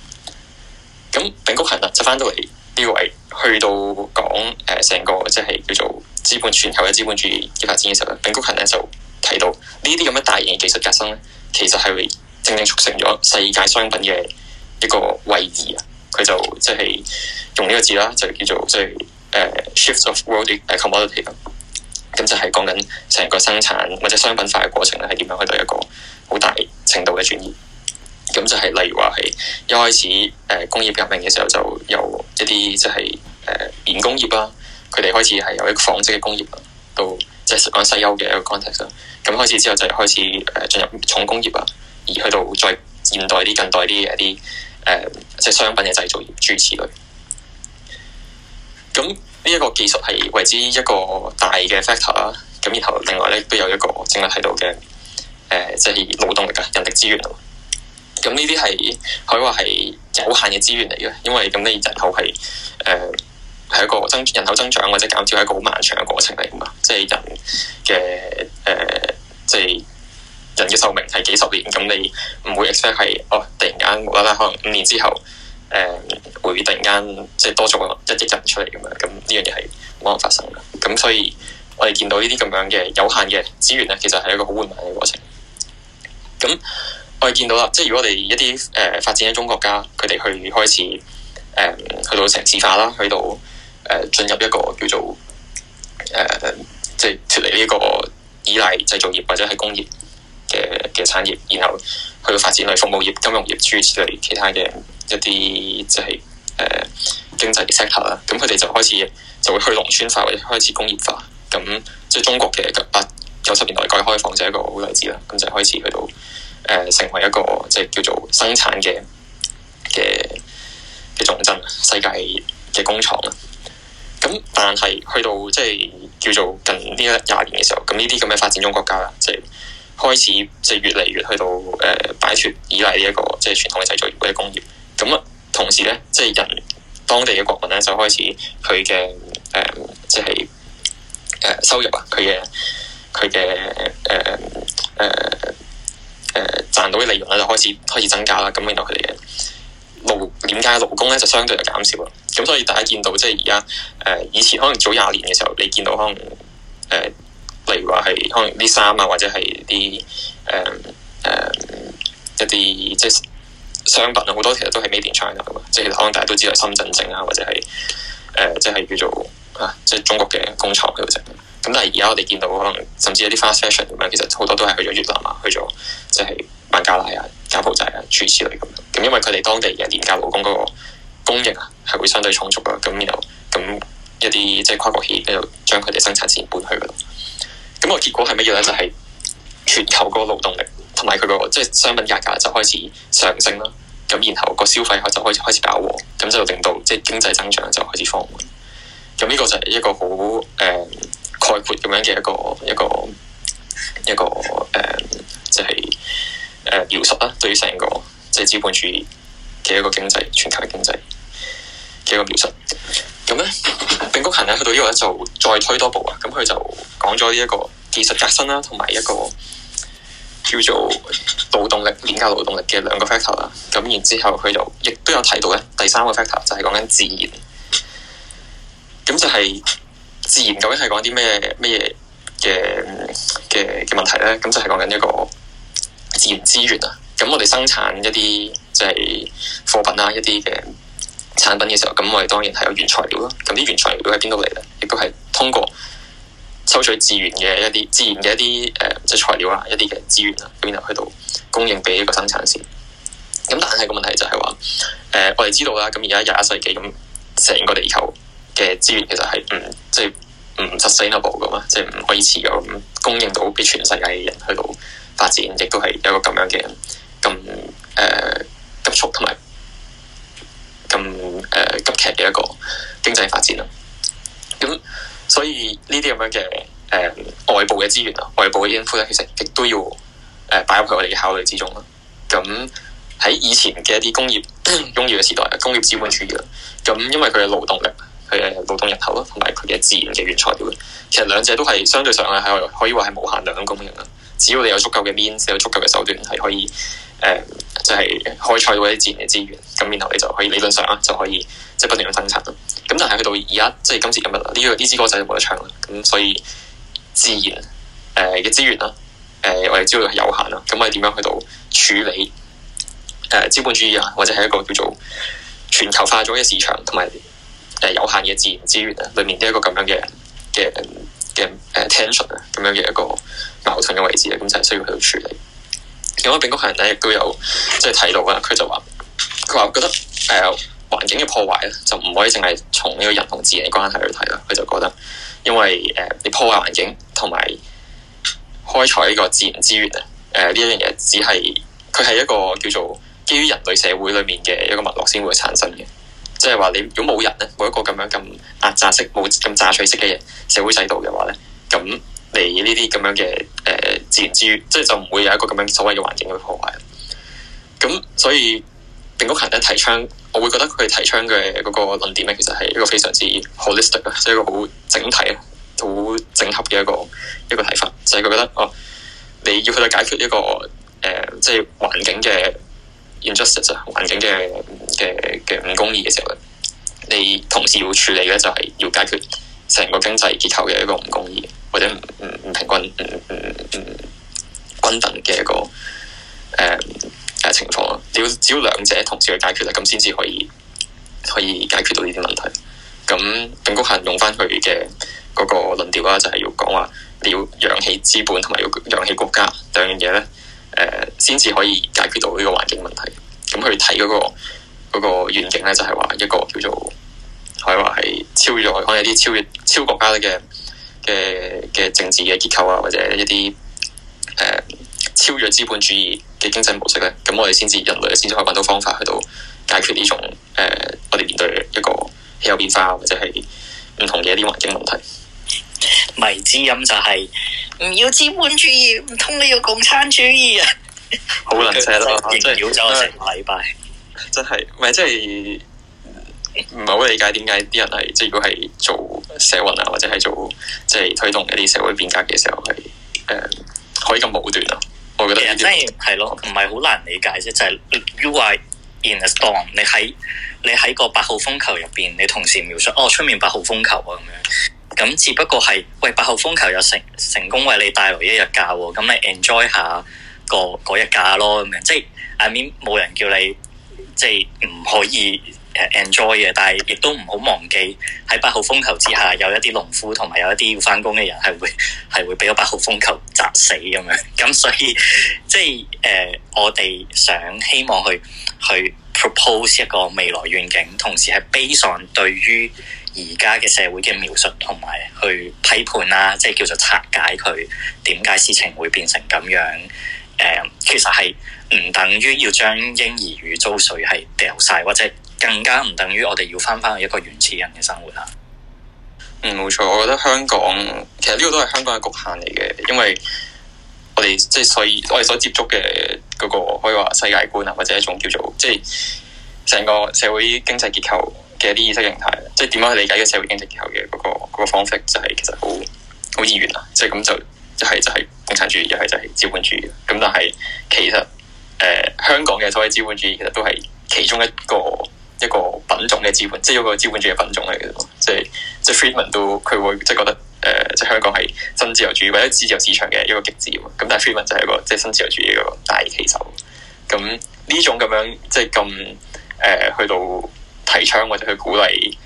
C: 咁丙谷恆啊，就翻到嚟呢、這個、位去到講誒成、呃、個即係叫做資本全球嘅資本主義嘅發展嘅時候咧，丙谷恆咧就。睇到呢啲咁嘅大型嘅技術革新咧，其實係正正促成咗世界商品嘅一個位移啊！佢就即係用呢個字啦，就叫做即係誒 shift of world commodity 咁。咁就係講緊成個生產或者商品化嘅過程咧，係點樣去到一個好大程度嘅轉移。咁就係例如話係一開始誒工業革命嘅時候，就有一啲即係誒棉工業啦，佢哋開始係有一個紡織嘅工業啦，都即係講西歐嘅一個 context，咁開始之後就開始誒進入重工業啊，而去到再現代啲、近代啲嘅一啲誒、呃，即係商品嘅製造業諸如此類。咁呢一個技術係為之一個大嘅 factor 啦。咁然後另外咧都有一個我正我提到嘅誒，即、呃、係、就係、勞動力啊，人力資源啊。咁呢啲係可以話係有限嘅資源嚟嘅，因為咁你最後係誒。呃係一個增人口增長或者減少，係一個好漫長嘅過程嚟噶嘛。即係人嘅誒、呃，即係人嘅壽命係幾十年。咁你唔會 expect 係哦，突然間無啦啦，可能五年之後誒、呃、會突然間即係多咗一億人出嚟咁樣。咁呢樣嘢係冇可能發生嘅。咁所以我哋見到呢啲咁樣嘅有限嘅資源咧，其實係一個好緩慢嘅過程。咁我哋見到啦，即係如果我哋一啲誒、呃、發展中國家，佢哋去開始誒、呃、去到城市化啦，去到。誒進入一個叫做誒，即係脫離呢個依賴製造業或者係工業嘅嘅產業，然後去發展去服務業、金融業諸如此類其他嘅一啲、就是，即係誒經濟 sector 啦。咁佢哋就開始就會去農村化，或者開始工業化。咁即係中國嘅八九十年代改開放就係一個好例子啦。咁就開始去到誒、呃、成為一個即係叫做生產嘅嘅嘅重鎮，世界嘅工廠啦。咁，但係去到即係叫做近呢一廿年嘅時候，咁呢啲咁嘅發展中國家啦，即係開始即係越嚟越去到誒擺脱依賴呢一個即係傳統嘅製造業或者工業。咁啊，同時咧，即係人當地嘅國民咧，就開始佢嘅誒，即係誒收入啊，佢嘅佢嘅誒誒誒賺到嘅利潤咧，就開始開始增加啦。咁令到佢哋嘅勞廉價嘅勞工咧，就相對就減少啦。咁、嗯、所以大家見到即係而家誒，以前可能早廿年嘅時候，你見到可能誒、呃，例如話係可能啲衫啊，或者係啲誒誒一啲、呃呃、即係商品啊，好多其實都係 Made in China 噶嘛。即係可能大家都知道深圳整啊，或者係誒、呃、即係叫做啊，即係中國嘅工廠嗰度整。咁但係而家我哋見到可能甚至一啲 fast fashion 咁、啊、樣，其實好多都係去咗越南啊，去咗即係孟加拉啊、柬埔寨啊諸如此類咁。咁因為佢哋當地嘅廉價勞工嗰個供應啊。係會相對充足啦，咁然後咁一啲即係跨國企業，咧就將佢哋生產線搬去嗰度。咁個結果係乜嘢咧？就係、是、全球嗰個勞動力同埋佢個即係商品價格就開始上升啦。咁然後個消費就開始開始飽和，咁就令到即係經濟增長就開始放緩。咁呢個就係一個好誒、呃、概括咁樣嘅一個一個一個誒，即係誒描述啦。對於成個即係資本主義嘅一個經濟，全球嘅經濟。幾個描述，咁咧，炳谷勤咧去到呢度咧就再推多步啊！咁佢就講咗呢一個技術革新啦，同埋一個叫做勞動力，廉價勞動力嘅兩個 factor 啦。咁然之後佢就亦都有睇到咧，第三個 factor 就係講緊自然。咁就係自然究竟係講啲咩咩嘢嘅嘅嘅問題咧？咁就係講緊一個自然資源啊！咁我哋生產一啲即係貨品啊，一啲嘅。產品嘅時候，咁我哋當然係有原材料咯。咁啲原材料喺邊度嚟咧？亦都係通過抽取資源嘅一啲自然嘅一啲誒、呃，即係材料啊，一啲嘅資源啊，咁然後去到供應俾一個生產線。咁但係個問題就係話，誒、呃，我哋知道啦。咁而家廿一世紀咁，成個地球嘅資源其實係唔即係唔 sustainable 噶嘛？即係唔可以持續咁供應到俾全世界嘅人去到發展，亦都係一個咁樣嘅咁誒急速同埋咁。誒急劇嘅一個經濟發展啦，咁所以呢啲咁樣嘅誒外部嘅資源啊，外部嘅因素咧，其實亦都要誒擺、呃、入去我哋嘅考慮之中啦。咁喺以前嘅一啲工業 [coughs] 工業嘅時代，工業資本主義啦，咁因為佢嘅勞動力，佢嘅勞動人口咯，同埋佢嘅自然嘅原材料，其實兩者都係相對上係可以話係無限量咁供應啦。只要你有足夠嘅面 e 有足夠嘅手段，係可以。誒、嗯，就係、是、開採嗰啲自然嘅資源，咁然後你就可以理論上啦，就可以即係、就是、不斷咁生產。咁但係去到而家即係今次咁樣啦，呢個呢支歌仔就冇得唱啦。咁所以自然誒嘅資源啦，誒、呃、我哋知道係有限啦。咁我哋點樣去到處理誒、呃、資本主義啊，或者係一個叫做全球化咗嘅市場，同埋誒有限嘅自然資源啊，裏面一個咁樣嘅嘅嘅誒 tension 啊，咁樣嘅一個矛盾嘅位置咧，咁就係需要去到處理。另外，丙局人咧亦都有即係睇到啦。佢就話：佢話覺得誒、呃、環境嘅破壞咧，就唔可以淨係從呢個人同自然嘅關係去睇啦。佢就覺得，因為誒、呃、你破壞環境同埋開採呢個自然資源啊，誒呢一樣嘢只係佢係一個叫做基於人類社會裏面嘅一個脈絡先會產生嘅。即係話你如果冇人咧，冇一個咁樣咁壓榨式、冇咁榨取式嘅社會制度嘅話咧，咁。嚟呢啲咁樣嘅誒、呃、自然資源，即係就唔會有一個咁樣所謂嘅環境去破壞。咁所以，蘋果強咧提倡，我會覺得佢提倡嘅嗰個論點咧，其實係一個非常之 holistic 即係一個好整體啊，好整合嘅一個一個睇法。就係、是、佢覺得哦，你要去到解決一個誒、呃，即係環境嘅 injustice 啊，環境嘅嘅嘅唔公義嘅時候，你同時要處理嘅就係要解決成個經濟結構嘅一個唔公義。或者唔唔平均唔唔唔均等嘅一個誒誒、呃呃、情況咯，要只要兩者同時去解決啦，咁先至可以可以解決到呢啲問題。咁、嗯、鄧谷恒用翻佢嘅嗰個論調啦，就係、是、要講話你要揚棄資本同埋要揚棄國家兩樣嘢咧，誒先至可以解決到呢個環境問題。咁佢睇嗰個嗰、那個願景咧，就係、是、話一個叫做可以話係超越，可能一啲超越超，越超，越超越國家嘅。嘅嘅政治嘅結構啊，或者一啲誒、呃、超越資本主義嘅經濟模式咧，咁我哋先至人類先至可以搵到方法去到解決呢種誒、呃、我哋面對一個氣候變化或者係唔同嘅一啲環境問題。迷
B: 之音就係、是、唔要資本主義，唔通你要共產主義啊？
D: 好難寫咯，真係要走成
B: 個禮拜， [laughs] 嗯、真係唔係即係。
C: 唔係好理解點解啲人係即係，如果係做社運啊或者係做即係推
B: 動一啲社會變革嘅時候係誒、呃、可以咁武斷啊？我覺得即啊，真係係咯，唔係好難理解啫。就係 you are in a storm，你喺你喺個八號風球入邊，你同時描述哦出面八號風球啊咁樣。咁只不過係喂，八號風球又成成功為你帶來一日假，咁你 enjoy 下，那個嗰一假咯咁樣樣。即係 I mean 冇人叫你即係唔可以。enjoy 嘅，但係亦都唔好忘記喺八號風球之下，有一啲農夫同埋有一啲要返工嘅人係會係會俾個八號風球砸死咁樣。咁 [laughs] 所以即係誒、呃，我哋想希望去去 propose 一個未來願景，同時係 based on 對於而家嘅社會嘅描述，同埋去批判啦，即係叫做拆解佢點解事情會變成咁樣。誒、呃，其實係唔等於要將嬰兒與髒水係掉晒，或者。更加唔等於我哋要翻翻去一個原始人嘅生活啦。嗯，冇錯，我覺得香港
C: 其實呢個都係香港嘅局限嚟嘅，因為我哋即係所以我哋所接觸嘅嗰、那個可以話世界觀啊，或者一種叫做即係成個社會經濟結構嘅一啲意識形態，即係點樣去理解一個社會經濟結構嘅嗰、那個那個方式就，就係其實好好二元啊。即係咁就一係就係共產主義，一係就係資本主義。咁但係其實誒、呃、香港嘅所謂資本主義，其實都係其中一個。一個品種嘅資本，即係一個資本主義嘅品種嚟嘅，即係即係 Freeman 都佢會即係覺得誒、呃，即係香港係新自由主義或者自由市場嘅一個極致。咁但係 Freeman 就係一個即係新自由主義嘅一個大旗手。咁呢種咁樣即係咁誒，去到提倡或者去鼓勵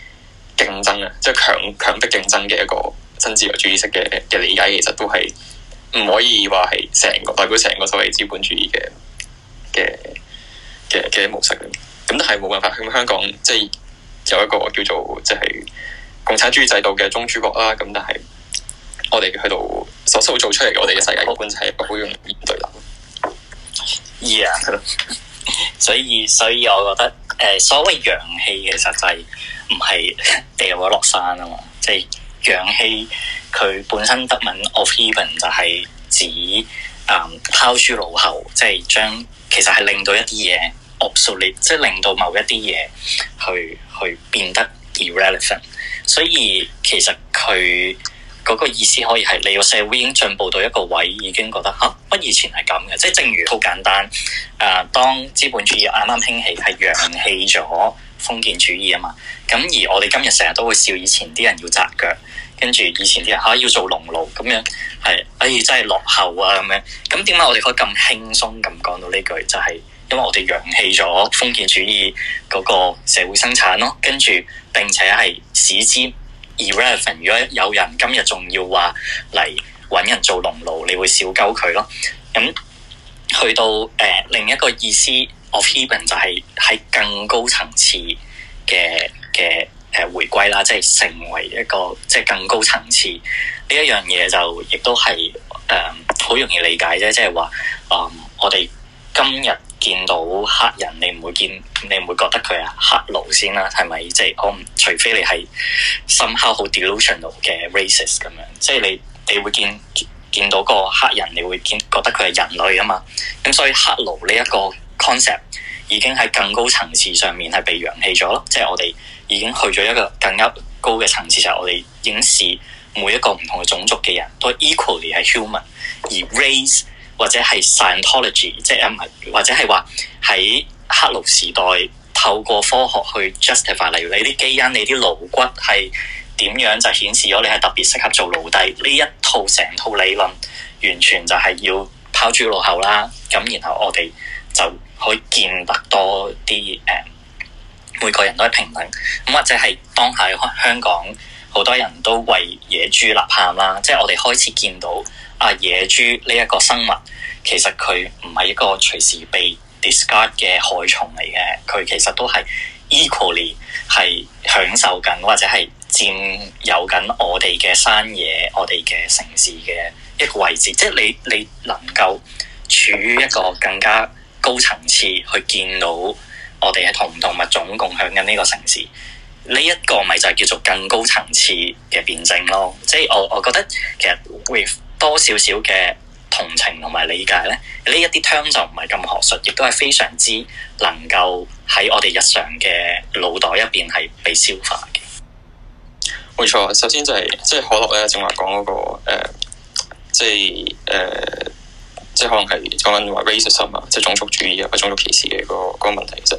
C: 競爭啊，即係強強迫競爭嘅一個新自由主義式嘅嘅理解，其實都係唔可以話係成個代表成個所謂資本主義嘅嘅嘅嘅模式。咁都係冇辦法，香港即係有一個叫做即係共產主義制度嘅中主角啦。咁但係我哋去到所塑造出嚟嘅我哋嘅世界觀係好容易面對啦。
B: Yeah，所以所以我覺得誒、呃、所謂陽氣其實就係唔係掉咗落山啊嘛。即係陽氣佢本身德文 of heaven 就係指啊拋諸腦後，即係將其實係令到一啲嘢。即係令到某一啲嘢去去變得 irrelevant，所以其實佢嗰個意思可以係，你個社會已經進步到一個位，已經覺得吓，乜、啊啊、以前係咁嘅，即係正如好簡單。誒、啊，當資本主義啱啱興起，係揚棄咗封建主義啊嘛。咁而我哋今日成日都會笑以前啲人要紮腳，跟住以前啲人吓、啊、要做農奴，咁樣係，哎，真係落後啊咁樣。咁點解我哋可以咁輕鬆咁講到呢句，就係、是？因為我哋揚棄咗封建主義嗰個社會生產咯，跟住並且係使之 irrelevant。如果有人今日仲要話嚟揾人做農奴，你會少鳩佢咯。咁、嗯、去到誒、呃、另一個意思 of heaven 就係喺更高層次嘅嘅誒迴歸啦，即係成為一個即係更高層次呢一樣嘢，就亦都係誒好容易理解啫。即係話，嗯、呃，我哋今日。見到黑人，你唔會見，你唔會覺得佢係黑奴先啦，係咪？即係我唔除非你係 somehow 好 delusional 嘅 racist 咁樣，即係你你會見見到個黑人，你會見覺得佢係人類啊嘛。咁所以黑奴呢一個 concept 已經喺更高層次上面係被揚棄咗咯。即係我哋已經去咗一個更加高嘅層次，就係我哋影視每一個唔同嘅種族嘅人都 equally 係 human，而 race。或者係 Scientology 即係唔係？或者係話喺黑奴時代，透過科學去 justify，例如你啲基因、你啲顱骨，係點樣就顯示咗你係特別適合做奴隸呢一套成套理論完全就係要拋諸腦後啦。咁然後我哋就可以見得多啲誒、啊、每個人都係平等。咁或者係當下香港，好多人都為野豬吶喊啦，即係我哋開始見到啊野豬呢一個生物。其實佢唔係一個隨時被 discard 嘅害蟲嚟嘅，佢其實都係 equally 係享受緊或者係佔有緊我哋嘅山野、我哋嘅城市嘅一個位置。即係你你能夠處於一個更加高層次去見到我哋係同唔同物種共享緊呢個城市，呢一個咪就係叫做更高層次嘅辯證咯。即係我我覺得其實 with 多少少嘅。同情同埋理解咧，呢一啲 term 就唔係咁學術，亦都係非常之能夠喺我哋日常嘅腦袋入邊係被消化嘅。冇錯，首先就係即係可樂咧，正話講嗰個即
C: 係誒，即係可、那個呃呃、可能係講緊話 racism 啊，即係種族主義啊，或種族歧視嘅嗰、嗰個嗰、嗰個問題。其實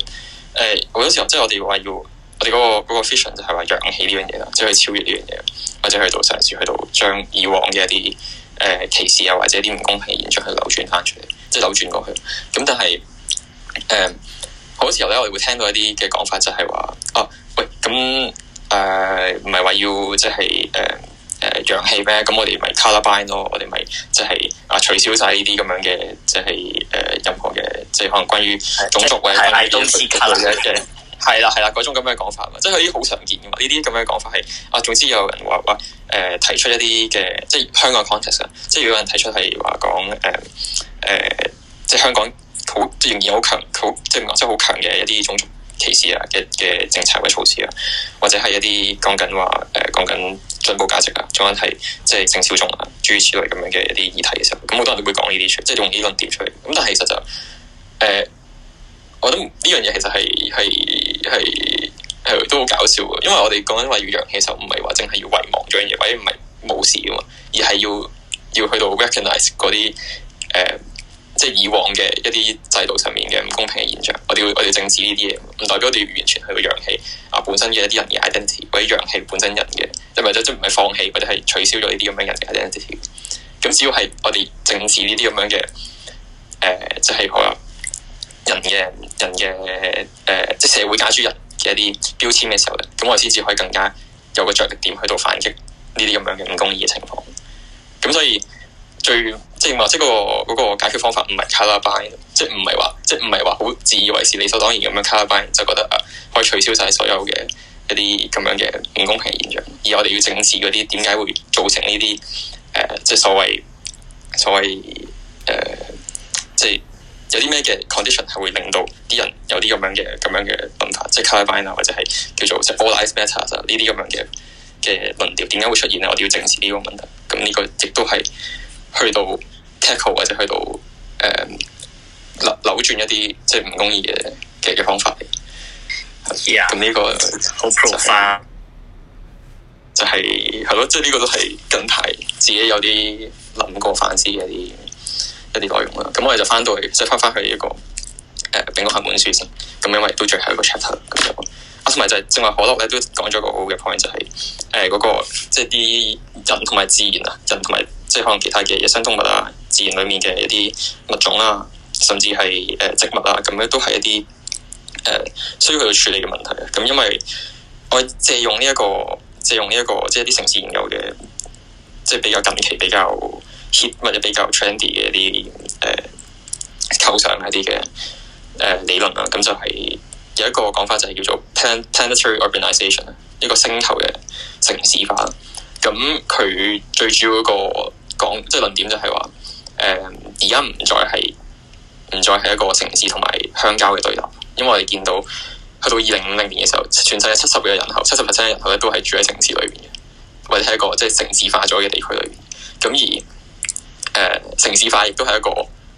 C: 誒好多時候，即係我哋話要我哋嗰、嗰個 fashion、嗰個、就係話揚起呢樣嘢啦，即係超越呢樣嘢，或者去到甚至去到將以往嘅一啲。誒、呃、歧視啊，或者啲唔公平現象去扭轉翻出嚟，即係扭轉過去。咁但係誒、呃，好多時候咧，我哋會聽到一啲嘅講法，就係、是、話，哦、啊，喂，咁、嗯、誒，唔係話要即係誒誒揚棄咩？咁、就是呃呃、我哋咪 colour blind 咯、就是，我哋咪即係啊，取消晒呢啲咁樣嘅、就是呃，即係誒任何嘅，即係可能關於種族或者嘅。係啦，係啦，嗰種咁嘅講法嘛，即係佢已經好常見嘅嘛。呢啲咁嘅講法係啊，總之有人話話誒提出一啲嘅，即係香港 context 啊，即係有人提出係話講誒誒，即係香港好仍然好強即係即係好強嘅一啲種族歧視啊嘅嘅政策嘅措施啊，或者係一啲講緊話誒講緊進步價值啊，講緊係即係性小眾啊，諸如此類咁樣嘅一啲議題嘅時候，咁好多人都會講呢啲出，即係用呢個論點出嚟。咁但係其實就誒。呃我諗呢樣嘢其實係係係係都好搞笑嘅，因為我哋講緊話要揚棄嘅時候，唔係話淨係要遺忘咗樣嘢，或者唔係冇事噶嘛，而係要要去到 recognize 嗰啲誒、呃，即係以往嘅一啲制度上面嘅唔公平嘅現象。我哋要我哋正視呢啲嘢，唔代表我哋完全去到揚棄啊，本身嘅一啲人嘅 identity，或者揚棄本身人嘅，即係唔係放棄或者係取消咗呢啲咁嘅人嘅 identity。咁只要係我哋正視呢啲咁樣嘅誒，即係可能。就是人嘅人嘅誒、呃，即係社會階級人嘅一啲標籤嘅時候咧，咁我先至可以更加有個着力點去到反擊呢啲咁樣嘅唔公平嘅情況。咁所以最即係話，即係、嗰個、嗰個解決方法唔係卡拉巴，即係唔係話，即係唔係話好自以為是理所當然咁樣卡拉巴就覺得啊可以取消晒所有嘅一啲咁樣嘅唔公平嘅現象。而我哋要正視嗰啲點解會造成呢啲誒，即係所謂所謂誒、呃，即係。有啲咩嘅 condition 係會令到啲人有啲咁樣嘅咁樣嘅論法，即係 colourblind 啊，或者係叫做即係 all eyes matter 啊，呢啲咁樣嘅嘅論調，點解會出現呢？我哋要正視呢個問題。咁呢個亦都係去到 tackle 或者去到誒、嗯、扭扭轉一啲即係唔公義嘅嘅方法嚟。係咁呢個好 profane，就係係咯，即係呢個都係近排自己有啲諗過反思嘅啲。一啲內容啦，咁我哋就翻到去，即係翻翻去一個誒，俾、呃、我行本書先。咁因為都最後一個 chapter 咁就，啊，同埋就係正話可樂咧，都講咗個好嘅 point，就係誒嗰個即係啲人同埋自然啊，人同埋即係可能其他嘅野生動物啊，自然裡面嘅一啲物種啊，甚至係誒植物啊，咁樣都係一啲誒需要去處理嘅問題。咁因為我借用呢、這、一個，借用呢、這、一個，即係啲城市研究嘅，即係比較近期比較。或者比較 trendy 嘅一啲誒、呃、構想一啲嘅誒理論啊。咁就係有一個講法就係叫做 plan planetary urbanization，一個星球嘅城市化。咁佢最主要一個即係、就是、論點就係話，誒而家唔再係唔再係一個城市同埋鄉郊嘅對立，因為我哋見到去到二零五零年嘅時候，全世界七十嘅人口，七十 percent 人口咧都係住喺城市裏邊嘅，或者係一個即係城市化咗嘅地區裏邊咁而。誒、呃、城市化亦都係一個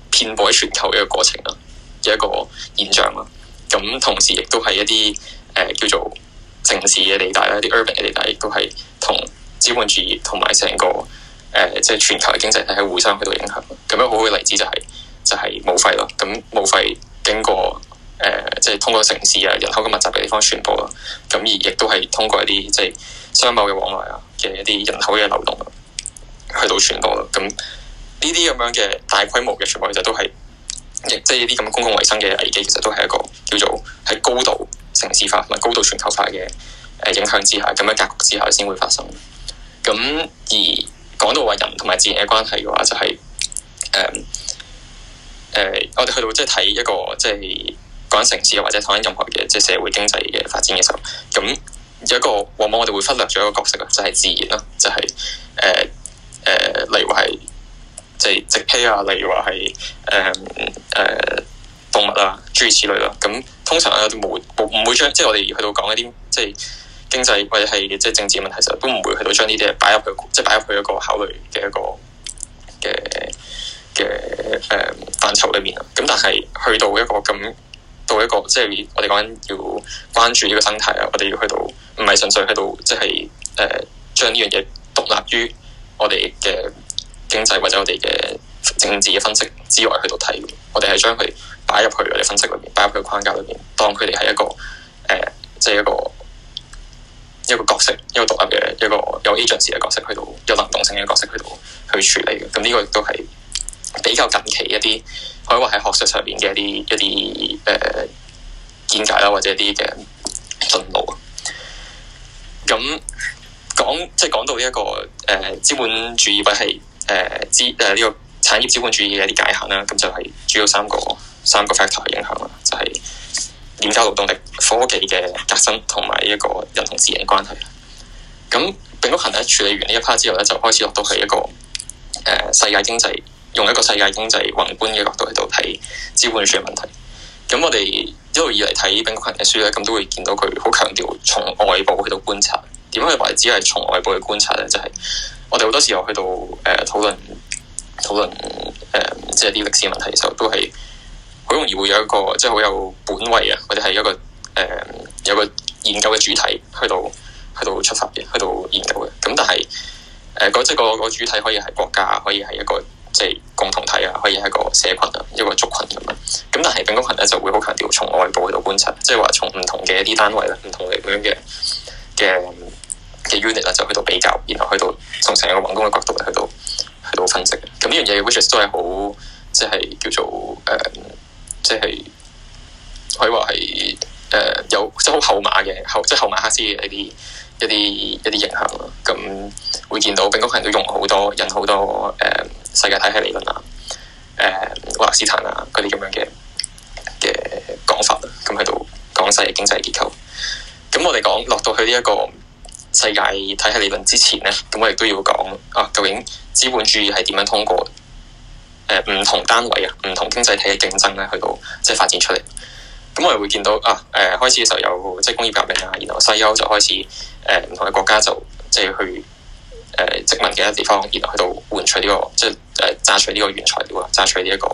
C: 遍佈喺全球嘅一個過程啦，嘅一個現象啦。咁、嗯、同時亦都係一啲誒、呃、叫做城市嘅地帶啦，啲 urban 嘅地帶亦都係同資本主義同埋成個誒、呃、即係全球嘅經濟係喺互相去到影響。咁樣好好嘅例子就係、是、就係武肺咯。咁武肺經過誒、呃、即係通過城市啊、人口嘅密集嘅地方傳播咯。咁、嗯、而亦都係通過一啲即係商貿嘅往來啊嘅一啲人口嘅流動去到傳播咯。咁、嗯嗯呢啲咁樣嘅大規模嘅，全部其實都係，亦即係呢啲咁嘅公共衛生嘅危機，其實都係一個叫做喺高度城市化同埋高度全球化嘅，誒影響之下，咁樣格局之下先會發生。咁而講到話人同埋自然嘅關係嘅話，就係誒誒，我哋去到即係睇一個即係講城市，又或者講任何嘅即係社會經濟嘅發展嘅時候，咁有一個往往我哋會忽略咗一個角色，就係自然咯，就係誒誒，例如係。即係植被啊，例如話係誒誒動物啊，諸如此類啦。咁通常咧都冇冇唔會將，即係我哋去到講一啲即係經濟或者係即係政治嘅問題時，就都唔會去到將呢啲嘢擺入去，即係擺入去一個考慮嘅一個嘅嘅誒範疇裏面。咁但係去到一個咁到一個，即係我哋講緊要關注呢個生態啊，我哋要去到唔係純粹去到，即係誒將呢樣嘢獨立於我哋嘅。經濟或者我哋嘅政治嘅分析之外，去到睇，我哋係將佢擺入去我哋分析裏面，擺入佢嘅框架裏面，當佢哋係一個誒，即、呃、係、就是、一個一個角色，一個獨立嘅一個有 agency 嘅角色，去到有能動性嘅角色，去到去處理嘅。咁呢個亦都係比較近期一啲，可以話喺學術上面嘅一啲一啲誒、呃、見解啦，或者一啲嘅進路。啊。咁。講即係講到呢、這、一個誒，資、呃、本主義或者係誒資誒呢個產業資本主義嘅一啲界限啦，咁就係主要三個三個 factor 嘅影響啦，就係廉價勞動力、科技嘅革新同埋呢一個人同自然嘅關係。咁冰谷群咧處理完呢一 part 之後咧，就開始落到係一個誒、呃、世界經濟用一個世界經濟宏觀嘅角度喺度睇資本主義問題。咁我哋一路以嚟睇冰谷群嘅書咧，咁都會見到佢好強調從外部去到觀察。因為話只係從，就是呃呃呃就是，從外部去觀察咧，就係我哋好多時候去到誒討論討論誒，即係啲歷史問題嘅時候，都係好容易會有一個即係好有本位啊，或者係一個誒有個研究嘅主體去到去到出發嘅，去到研究嘅。咁但係誒，嗰即係個個主體可以係國家，可以係一個即係共同體啊，可以係一個社群啊，一個族群咁樣。咁但係兵工群咧就會好強調從外部去到觀察，即係話從唔同嘅一啲單位啦，唔同嘅咁樣嘅嘅。嘅 unit 啦，就去到比較，然後去到從成個揾工嘅角度去到去到分析。咁呢樣嘢，which is 都係好即係叫做誒，即係可以話係誒有即好後馬嘅後，即係後馬克思嘅一啲一啲一啲影響啦。咁會見到冰屋行都用好多引好多誒、嗯、世界體系理論啊，誒華勒斯坦啊，嗰啲咁樣嘅嘅講法。咁喺度講曬經濟結構。咁我哋講落到去呢、這、一個。世界體系理論之前咧，咁我亦都要講啊！究竟資本主義係點樣通過誒唔、呃、同單位啊、唔同經濟體嘅競爭咧，去到即係、就是、發展出嚟？咁我哋會見到啊！誒、呃、開始嘅時候有即係、就是、工業革命啊，然後西歐就開始誒唔、呃、同嘅國家就即係、就是、去誒、呃、殖民其他地方，然後去到換取呢、這個即係誒榨取呢個原材料啦，榨取呢、這、一個誒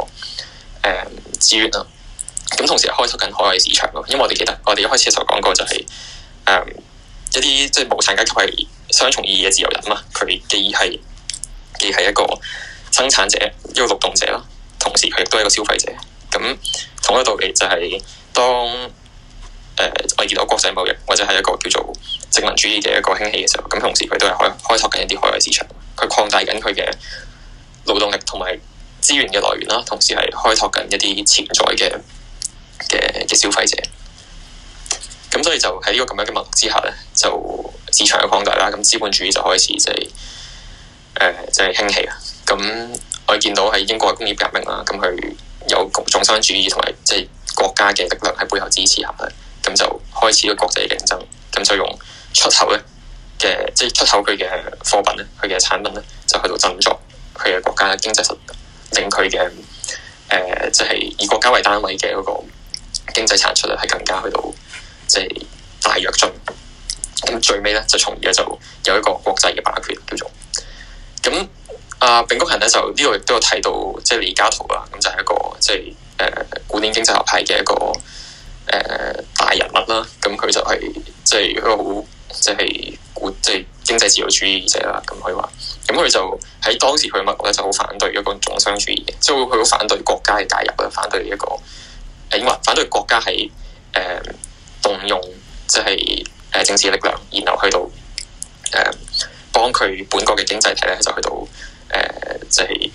C: 資、呃、源啦。咁同時開拓緊海外市場咯。因為我哋記得我哋一開始嘅時候講過就係、是、誒。嗯一啲即係無產階級係雙重意義嘅自由人嘛，佢既係既係一個生產者，一個勞動者啦，同時佢亦都係一個消費者。咁同一個道理就係當誒、呃、我哋見到國際貿易或者係一個叫做殖民主義嘅一個興起嘅時候，咁同時佢都係開開拓緊一啲海外市場，佢擴大緊佢嘅勞動力同埋資源嘅來源啦，同時係開拓緊一啲潛在嘅嘅嘅消費者。咁所以就喺呢個咁樣嘅脈之下咧，就市場嘅擴大啦。咁資本主義就開始即係誒，即、呃、係、就是、興起啊。咁我見到喺英國嘅工業革命啦，咁佢有重商主義同埋即係國家嘅力量喺背後支持下咧，咁就開始個國際競爭。咁就用出口咧嘅，即、就、係、是、出口佢嘅貨品咧，佢嘅產品咧，就去到振作佢嘅國家經濟實力，令佢嘅誒即係以國家為單位嘅嗰個經濟產出咧係更加去到。即係大躍進，咁最尾咧就從而咧就有一個國際嘅霸權叫做咁。阿炳谷人咧就呢個都有睇到，即、就、係、是、李嘉圖啦。咁就係一個即係誒古典經濟學派嘅一個誒、呃、大人物啦。咁佢就係即係一個好即係古即係、就是、經濟自由主義者啦。咁佢以話咁佢就喺當時佢物我咧就好反對一個重商主義嘅，即係佢好反對國家嘅介入啦，反對一個引話，因為反對國家喺誒。呃用即係誒政治力量，然後去到誒、呃、幫佢本國嘅經濟體系，就去到誒即係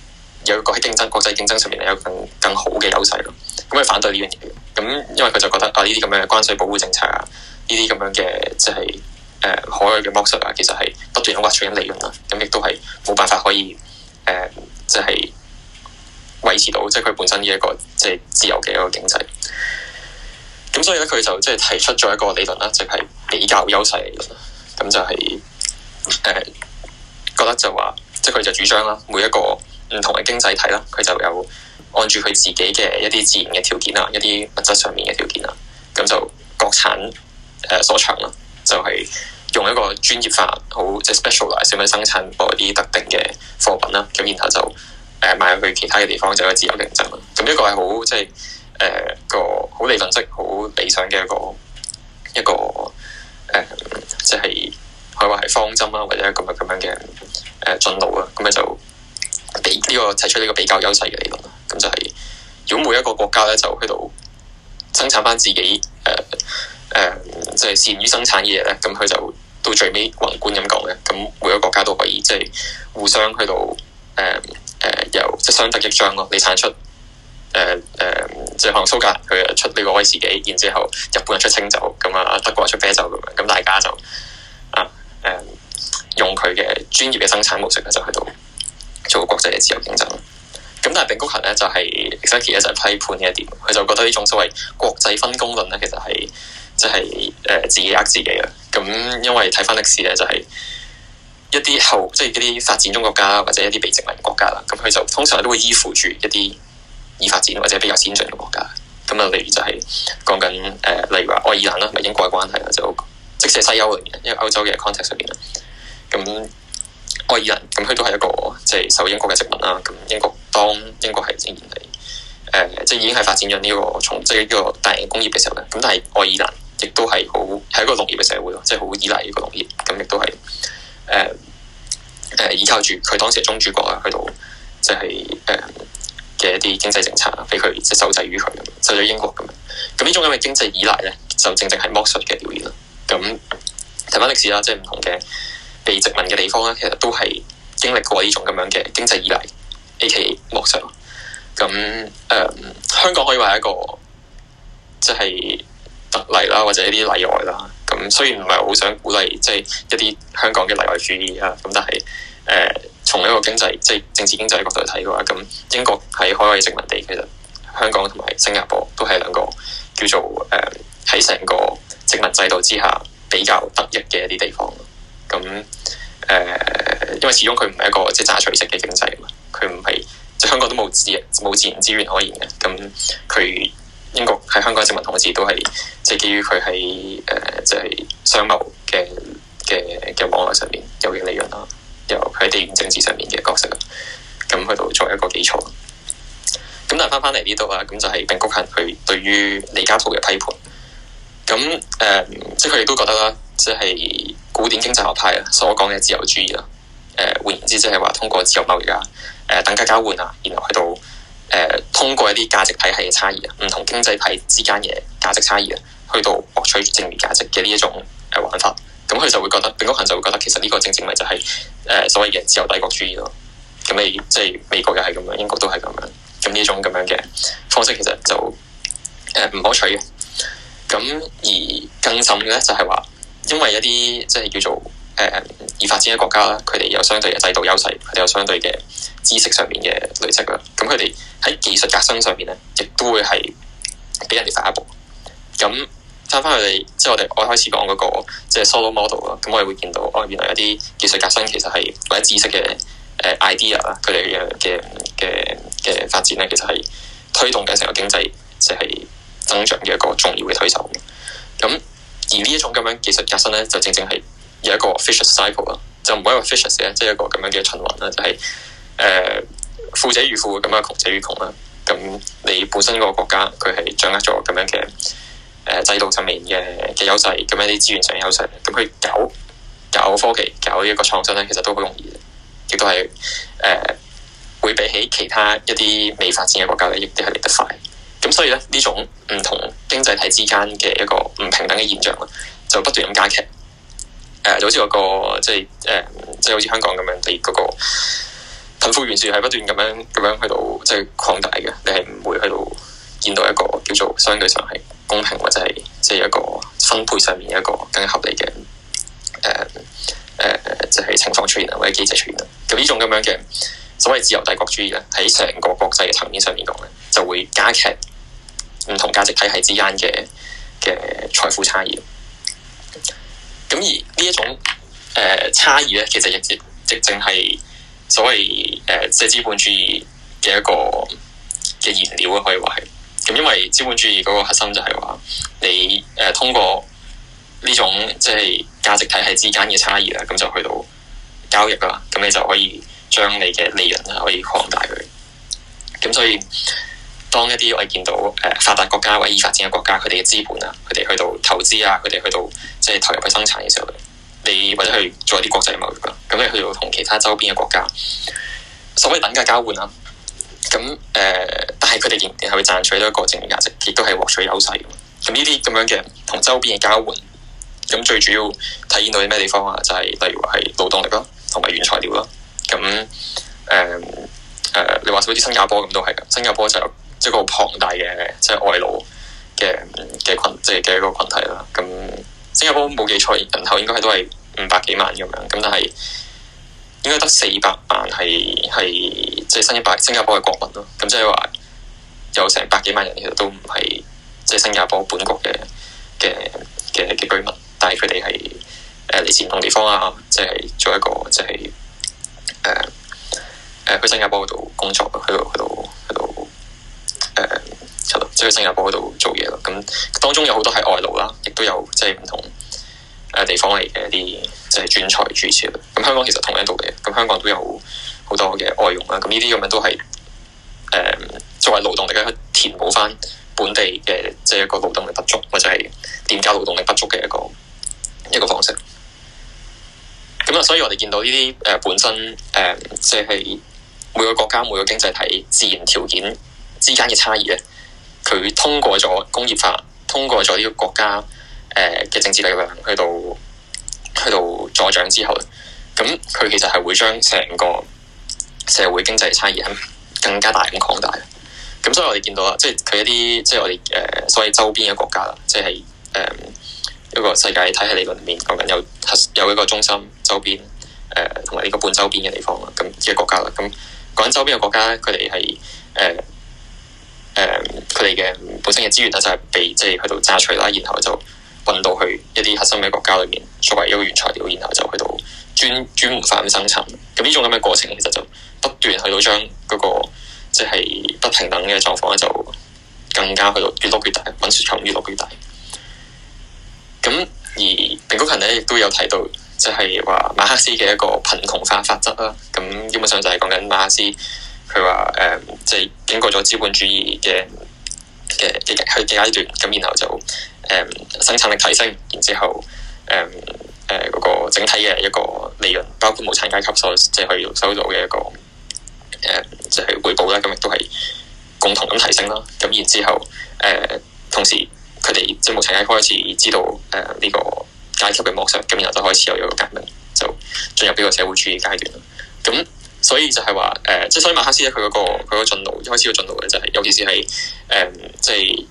C: 有一個喺競爭國際競爭上面有更，更好嘅優勢咯。咁佢反對呢樣嘢，咁因為佢就覺得啊呢啲咁嘅關稅保護政策啊，呢啲咁樣嘅即係誒海外嘅剝削啊，其實係不斷咁挖取緊利潤啦。咁亦都係冇辦法可以誒即係維持到即係佢本身呢、這、一個即係、就是、自由嘅一個經濟。咁所以咧，佢就即係提出咗一個理論啦，就係、是、比較優勢理論。咁就係、是、誒、呃、覺得就話，即係佢就主張啦，每一個唔同嘅經濟體啦，佢就有按住佢自己嘅一啲自然嘅條件啊，一啲物質上面嘅條件啊，咁就國產誒、呃、所長啦，就係、是、用一個專業化好即係、就是、specialize 咁樣生產一啲特定嘅貨品啦，咁然後就誒賣、呃、去其他嘅地方，就係自由競爭啦。咁呢個係好即係。就是誒、呃、個好理論式、好理想嘅一個一個誒，即係可以話係方針啦，或者咁樣咁樣嘅誒進路啦。咁、嗯、咧就比呢、這個提出呢個比較優勢嘅理論咁、嗯、就係、是、如果每一個國家咧就去到生產翻自己誒誒，即、呃、係、呃就是、善於生產嘅嘢咧，咁、嗯、佢就到最尾宏觀咁講咧，咁、嗯、每一個國家都可以即係、就是、互相去到誒誒，有、呃呃、即相得益彰咯，你產出。誒誒，即係可能蘇格蘭佢出呢個威士忌，然之後日本人出清酒，咁啊德國人出啤酒咁樣，咁大家就啊誒、呃、用佢嘅專業嘅生產模式咧，就去到做國際嘅自由競爭。咁但係，并谷群咧就係 exactly 咧就係批判呢一點，佢就覺得呢種所謂國際分工論咧，其實係即係誒自己呃自己啦。咁因為睇翻歷史咧，就係、是、一啲後即係、就是、一啲發展中國家或者一啲被殖民嘅國家啦。咁佢就通常都會依附住一啲。以發展或者比較先進嘅國家，咁啊，例如就係講緊誒，例如話、呃、愛爾蘭啦，同埋、就是、英國嘅關係啦，就是、即使係西歐嚟嘅，因為歐洲嘅 context 裏面啊，咁愛爾蘭咁佢都係一個即係、就是、受英國嘅殖民啦，咁英國當英國係正然係誒，即、呃、係、就是、已經係發展緊呢、這個從即係呢個大型工業嘅時候咧，咁但係愛爾蘭亦都係好係一個農業嘅社會咯，即係好依賴呢個農業，咁亦都係誒誒依靠住佢當時嘅宗主國啊，去到就係、是、誒。呃嘅一啲經濟政策啊，俾佢即係受制於佢咁樣，受咗英國咁樣。咁呢種咁嘅經濟依賴咧，就正正係剝削嘅表現咯。咁睇翻歷史啦，即係唔同嘅被殖民嘅地方咧，其實都係經歷過呢種咁樣嘅經濟依賴，呢期剝削。咁誒、呃，香港可以話係一個即係、就是、特例啦，或者一啲例外啦。咁雖然唔係好想鼓勵即係、就是、一啲香港嘅例外主義啊，咁但係。誒，從、呃、一個經濟即係政治經濟角度嚟睇嘅話，咁英國喺海外殖民地，其實香港同埋新加坡都係兩個叫做誒喺成個殖民制度之下比較得益嘅一啲地方。咁誒、呃，因為始終佢唔係一個即係榨取式嘅經濟啊嘛，佢唔係即係香港都冇自冇自然資源可言嘅。咁佢英國喺香港殖民統治都係即係基於佢喺誒即係商貿嘅嘅嘅往來上面有嘅利潤啦。由佢喺地緣政治上面嘅角色啦，咁去到作為一個基礎。咁但係翻翻嚟呢度啊，咁就係柄谷行人佢對於李嘉圖嘅批判。咁誒，即係佢亦都覺得啦，即係古典經濟學派啊所講嘅自由主義啦。誒、呃，換言之，即係話通過自由貿易啊，誒、呃，等價交換啊，然後去到誒、呃，通過一啲價值體系嘅差異啊，唔同經濟體之間嘅價值差異啊，去到獲取剩餘價值嘅呢一種誒玩法。咁佢就會覺得，柄谷行人就會覺得，其實呢個正正咪就係。誒所謂嘅自由帝國主義咯，咁你即係美國又係咁樣，英國都係咁樣，咁呢種咁樣嘅方式其實就誒唔、呃、可取嘅。咁而更甚嘅咧，就係話因為一啲即係叫做誒已、呃、發展嘅國家啦，佢哋有相對嘅制度優勢，佢哋有相對嘅知識上面嘅累積啦，咁佢哋喺技術革新上面咧，亦都會係比人哋快一步。咁睇翻佢哋，即係我哋我開始講嗰、那個即係、就是、solo model 啦，咁我哋會見到哦，原來有啲技術革新其實係或者知識嘅誒 idea 啦，佢哋嘅嘅嘅嘅發展咧，其實係推動緊成個經濟即係增長嘅一個重要嘅推手。咁而呢一種咁樣技術革新咧，就正正係有一個 vicious cycle 啦，就唔、是、係一個 vicious 嘅，即係一個咁樣嘅循環啦，就係、是、誒、呃、富者愈富咁樣，窮者愈窮啦。咁你本身一個國家佢係掌握咗咁樣嘅。誒制度上面嘅嘅優勢，咁樣啲資源上面優勢，咁去搞搞科技，搞呢個創新咧，其實都好容易，亦都係誒、呃、會比起其他一啲未發展嘅國家咧，亦都係嚟得快。咁所以咧，呢種唔同經濟體之間嘅一個唔平等嘅現象啦，就不斷咁加劇。誒、呃、就好似我、那個即係誒，即係、呃、好似香港咁樣，地嗰個貧富懸殊係不斷咁樣咁樣去到即係、就是、擴大嘅，你係唔會去到見到一個叫做相對上係。公平或者係即係一個分配上面一個更加合理嘅，誒誒，即、呃、係、呃就是、情況出現啊，或者機制出現啊，咁呢種咁樣嘅所謂自由帝國主義咧，喺成個國際嘅層面上面講咧，就會加劇唔同價值體系之間嘅嘅財富差異。咁而、呃、呢一種誒差異咧，其實亦直直正係所謂誒即係資本主義嘅一個嘅燃料啊，可以話係。咁因為資本主義嗰個核心就係話，你、呃、誒通過呢種即係價值體系之間嘅差異啦，咁就去到交易啦，咁你就可以將你嘅利潤可以擴大佢。咁所以，當一啲我哋見到誒、呃、發達國家或者發展嘅國家，佢哋嘅資本啊，佢哋去到投資啊，佢哋去到即係、就是、投入去生產嘅時候，你或者去做一啲國際貿易啦，咁你去到同其他周邊嘅國家，所謂等價交換啊。咁誒、呃，但係佢哋仍然係會賺取到一個正面價值，亦都係獲取優勢。咁呢啲咁樣嘅同周邊嘅交換，咁最主要體現到啲咩地方啊？就係、是、例如話係勞動力咯，同埋原材料咯。咁誒誒，你話好似新加坡咁都係噶，新加坡就有即係、就是、個好龐大嘅即係外勞嘅嘅羣，即係嘅一個群體啦。咁新加坡冇記錯，人口應該係都係五百幾萬咁樣。咁但係，應該得四百萬係係即係新一版新加坡嘅國民咯，咁即係話有成百幾萬人其實都唔係即係新加坡本國嘅嘅嘅嘅居民，但係佢哋係誒嚟自唔同地方啊，即係做一個即係誒誒去新加坡嗰度工作，去到去到去到誒即係去新加坡嗰度做嘢咯。咁當中有好多係外勞啦，亦都有即係唔同。誒地方嚟嘅一啲即係專才、就是、主持。咁香港其實同樣道理，咁香港都有好多嘅外傭啦。咁呢啲咁樣都係誒、呃、作為勞動力去填補翻本地嘅即係一個勞動力不足，或者係廉價勞動力不足嘅一個一個方式。咁啊，所以我哋見到呢啲誒本身誒即係每個國家、每個經濟體自然條件之間嘅差異咧，佢通過咗工業化，通過咗呢個國家。誒嘅、呃、政治力量去到去到助長之後咧，咁佢其實係會將成個社會經濟差異係更加大咁擴大。咁所以我哋見到啦，即係佢一啲即係我哋誒、呃、所謂周邊嘅國家啦，即係誒一個世界體系理論入面講緊有有一個中心周邊誒同埋呢個半周邊嘅地方啦，咁嘅國家啦，咁講緊周邊嘅國家咧，佢哋係誒誒佢哋嘅本身嘅資源咧就係、是、被即係、就是、去到榨取啦，然後就。運到去一啲核心嘅國家裏面，作為一個原材料，然後就去到專專門化咁生產。咁呢種咁嘅過程，其實就不斷去到將嗰、那個即係、就是、不平等嘅狀況咧，就更加去到越落越大，揾市場越落越大。咁而蘋果群咧，亦都有提到，即係話馬克思嘅一個貧窮化法則啦。咁基本上就係講緊馬克思，佢話誒，即係經過咗資本主義嘅嘅嘅去嘅階段，咁然後就。誒、嗯，生產力提升，然之後，誒、嗯，誒、呃，嗰個整體嘅一個利潤，包括無產階級所即係佢收到嘅一個，誒、嗯，即、就、係、是、回報啦，咁亦都係共同咁提升啦。咁然之後，
B: 誒、呃，同時佢哋即係無產階級開始知道，誒、呃，呢、這個階級嘅剝削，咁然後
C: 就開始有一個革命，就進入呢個社會主義階段。咁、嗯、所以就係話，誒、呃，即係所以馬克思咧、那個，佢嗰個佢個進度一開始嘅進度咧、就是，就係尤其是係，誒、嗯，即係。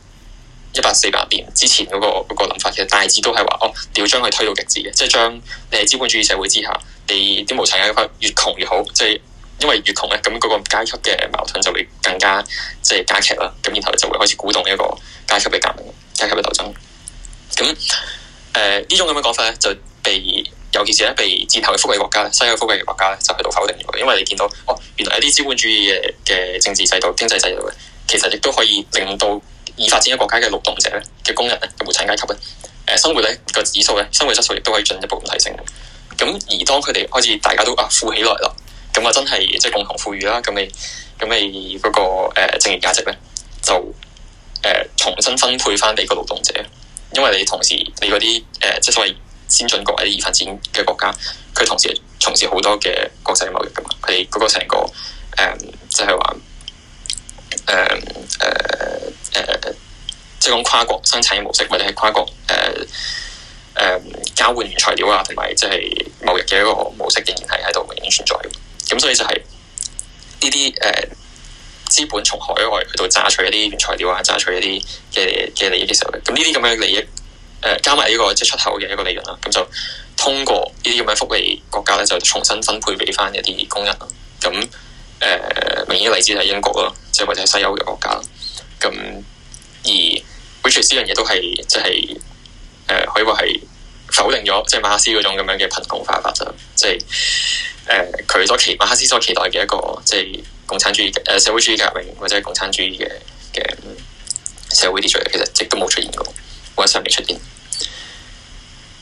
C: 一八四八年之前嗰個嗰個諗法，其實大致都係話：哦，你要將佢推到極致嘅，即係將你係資本主義社會之下，你啲無產階級越窮越好，即係因為越窮咧，咁嗰個階級嘅矛盾就會更加即係加劇啦。咁然後就會開始鼓動呢個階級嘅革命、階級嘅鬥爭。咁，誒呢種咁嘅講法咧，就被尤其是咧被戰後嘅富裕國家、西歐富裕國家咧，就喺度否定咗。因為你見到哦，原來一啲資本主義嘅嘅政治制度、經濟制度其實亦都可以令到。已發展嘅國家嘅勞動者咧，嘅工人咧，嘅無產階級咧，誒、呃、生活咧個指數咧，生活質素亦都可以進一步提升。咁而當佢哋開始大家都啊富起來啦，咁啊真係即係共同富裕啦，咁你咁咪嗰個剩餘價值咧就誒、呃、重新分配翻俾個勞動者，因為你同時你嗰啲誒即係所謂先進國或者已發展嘅國家，佢同時從事好多嘅國際貿易㗎嘛，佢哋嗰個成個誒即係話誒誒。呃就是誒、
B: 呃，即係講跨國生產嘅模式，或者係跨國誒誒、呃呃、交換原材料啊，
C: 同埋即係貿易嘅一個模式，仍然係喺度仍然存在嘅。咁所以就係呢啲誒資本從海外去到榨取一啲原材料啊，榨取一啲嘅嘅利益嘅時候咧，咁呢啲咁嘅利益誒、呃、加埋呢、這個即係出口嘅一個利潤啦，咁就通過呢啲咁嘅福利國家咧，就重新分配俾翻一啲工人啦。咁誒、呃，明顯例子就係英國啦，即係或者係西歐嘅國家。咁而，which 呢樣嘢都係即係，誒可以話係否定咗即係馬克思嗰種咁樣嘅貧窮化法則，即係誒佢所期馬克思所期待嘅一個即係、就是、共產主義誒、呃、社會主義革命或者共產主義嘅嘅社會秩序，其實亦都冇出現過，或者尚未出現。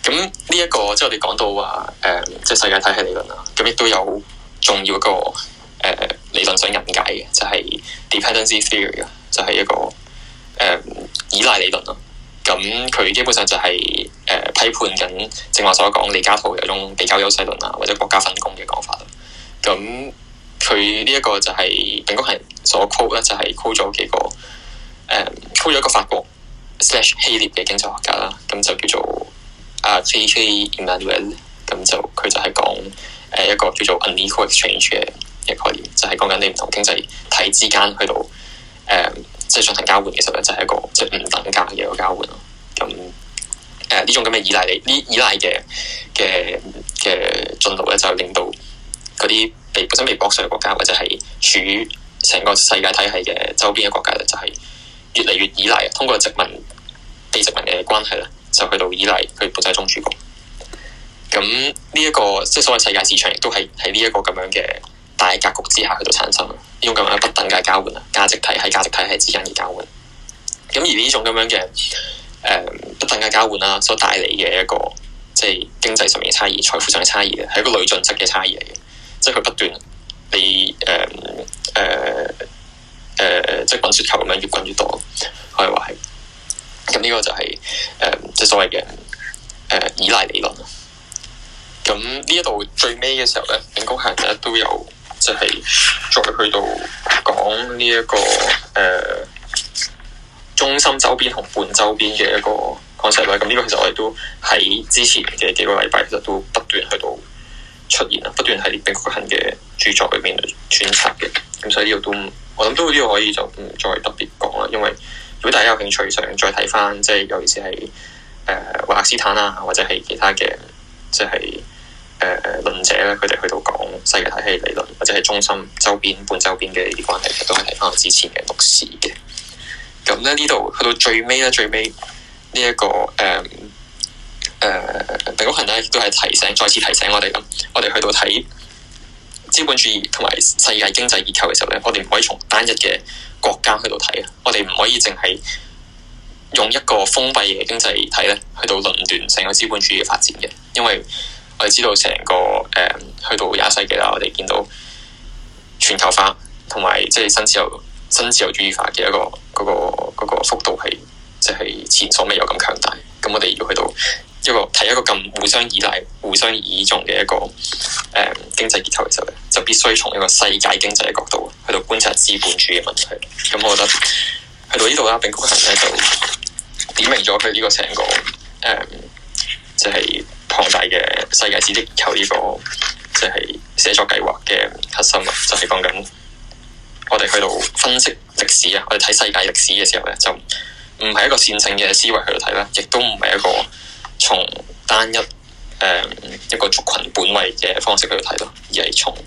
C: 咁呢一個即係、就是、我哋講到話，誒即係世界體系理論啦，咁亦都有重要一個。Uh, 理論上人解嘅，就係、是、dependency theory 嘅，就係一個誒、uh, 依賴理論咯。咁佢基本上就係、是、誒、uh, 批判緊，正話所講李嘉圖有一種比較優勢論啊，或者國家分工嘅講法。咁佢呢一個就係、是，我係所 call 咧，就係 call 咗幾個誒 call 咗一個法國 slash 希臘嘅經濟學家啦。咁就叫做阿 Pierre Emmanuel，咁就佢就係講誒一個叫做 unequal exchange 嘅。嘅概念就係講緊你唔同經濟體之間去到誒，即、呃、係、就是、進行交換嘅時候咧，就係、是、一個即係唔等價嘅一個交換咯。咁誒呢種咁嘅依賴，你依依賴嘅嘅嘅進度咧，就令到嗰啲被本身被剝削嘅國家，或者係處於成個世界體系嘅周邊嘅國家咧，就係、是、越嚟越依賴通過殖民被殖民嘅關係咧，就去到依賴佢本身嘅宗主國。咁呢一個即係、就是、所謂世界市場，亦都係喺呢一個咁樣嘅。大格局之下，佢就產生呢種咁樣嘅不等價交換啦，價值體系、價值體系之間嘅交換。咁而呢種咁樣嘅誒、呃、不等價交換啦，所帶嚟嘅一個即係、就是、經濟上面嘅差異、財富上嘅差異嘅，係一個累進式嘅差異嚟嘅，即係佢不斷被誒誒誒即係滾雪球咁樣越滾越多，可以話係。咁呢個就係誒即係所謂嘅誒依賴理論。咁呢一度最尾嘅時候咧，高客人咧都有。就係再去到講呢一個誒、呃、中心周邊同半周邊嘅一個 concept 啦。咁、嗯、呢、這個其實我哋都喺之前嘅幾個禮拜，其實都不斷去到出現啦，不斷喺列名曲行嘅著作裏面揣測嘅。咁、嗯、所以呢度都我諗都呢度可以就唔再特別講啦。因為如果大家有興趣想再睇翻，即係尤其是係誒、呃、瓦克斯坦啊，或者係其他嘅，即係。誒，論者咧，佢哋去到講世界體系理論，或者係中心周邊、半周邊嘅呢啲關係，都係睇翻我之前嘅歷史嘅。咁咧呢度去到最尾咧，最尾、這個嗯呃、呢一個誒誒，鄧國亦都係提醒，再次提醒我哋咁，我哋去到睇資本主義同埋世界經濟結構嘅時候咧，我哋唔可以從單一嘅國家去到睇啊，我哋唔可以淨係用一個封閉嘅經濟體咧，去到論斷成個資本主義嘅發展嘅，因為。我哋知道成個誒、嗯，去到廿一世紀啦，我哋見到全球化同埋即係新自由新自由主義化嘅一個一個一個幅度係即係前所未有咁強大。咁我哋要去到一個睇一個咁互相依賴、互相倚重嘅一個誒、嗯、經濟結構嘅時候咧，就必須從一個世界經濟嘅角度去到觀察資本主義嘅問題。咁我覺得去到谷行呢度啦，炳坤咧就點明咗佢呢個成個誒，即、嗯、係。就是擴大嘅世界史的求呢個，即係寫作計劃嘅核心啊，就係講緊
B: 我哋去到分析歷史啊，我哋睇世界歷史嘅時候咧，就唔係
C: 一個線性嘅思維去到睇啦，亦都唔係一個從單一誒、呃、一個族群本位嘅方式去到睇咯，而係從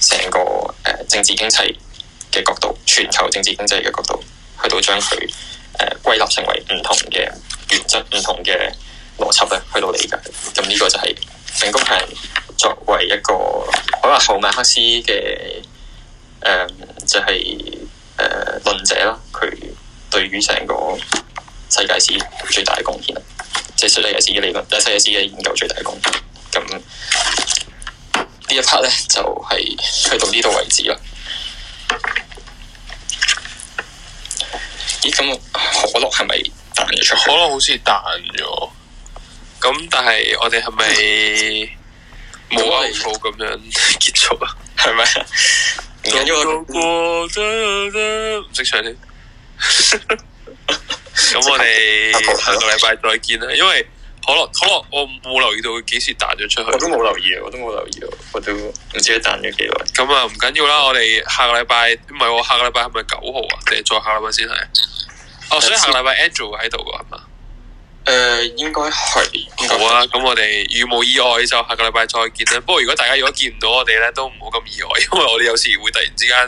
C: 成個誒政治經濟嘅角度，全球政治經濟嘅角度，去到將佢誒、呃、歸納成為唔同嘅原則，唔同嘅。邏輯咧去到理解，咁呢個就係成功係作為一個可能後馬克思嘅誒、呃，就係誒論者啦。佢對於成個世界史最大嘅貢獻啦，即係世界史嘅理論，即世界史嘅研究最大嘅貢獻。咁呢一 part 咧就係去到呢度為止啦。
A: 咦？咁可樂係咪彈咗出？可樂好似彈咗。咁但係我哋係咪冇講好咁樣結束吧打打啊？係咪？咁我哋下個禮拜再見啦，因為可樂可樂我冇留意到佢幾時彈咗出去，我都冇留意啊，我都冇留意啊，我都唔知佢彈咗幾耐。咁啊唔緊要啦，我哋下個禮拜唔係我下個禮拜係咪九號啊？定係再下個禮拜先係。是哦，所以下個禮拜 Angel 喺度噶係嘛？誒、呃，應該係好啊吧！咁、嗯、我哋如無意外就下個禮拜再見啦。不過如果大家如果見唔到我哋咧，都唔好咁意外，因為我哋有時會突然之間誒、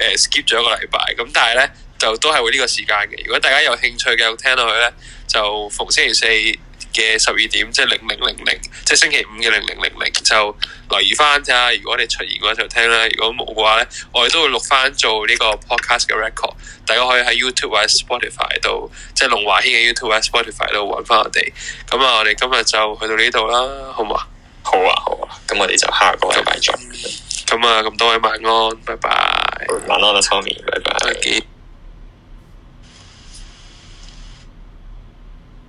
A: 呃、skip 咗一個禮拜。咁但係咧就都係會呢個時間嘅。如果大家有興趣繼續聽落去咧，就逢星期四。嘅十二點，即係零零零零，即係星期五嘅零零零零，就留意翻咋。如果你出現嘅話就聽啦，如果冇嘅話咧，我哋都會錄翻做呢個 podcast 嘅 record，大家可以喺 YouTube 或 Spotify 度，即係龍華軒嘅 YouTube 或 Spotify 度揾翻我哋。咁啊，我哋今日就去到呢度啦，好唔好啊？好啊，好啊，咁我哋就下個，個禮拜再。咁啊、 [laughs] 嗯，咁多位晚安，拜拜。 [laughs] 晚安啦，Tommy，拜拜。 [laughs]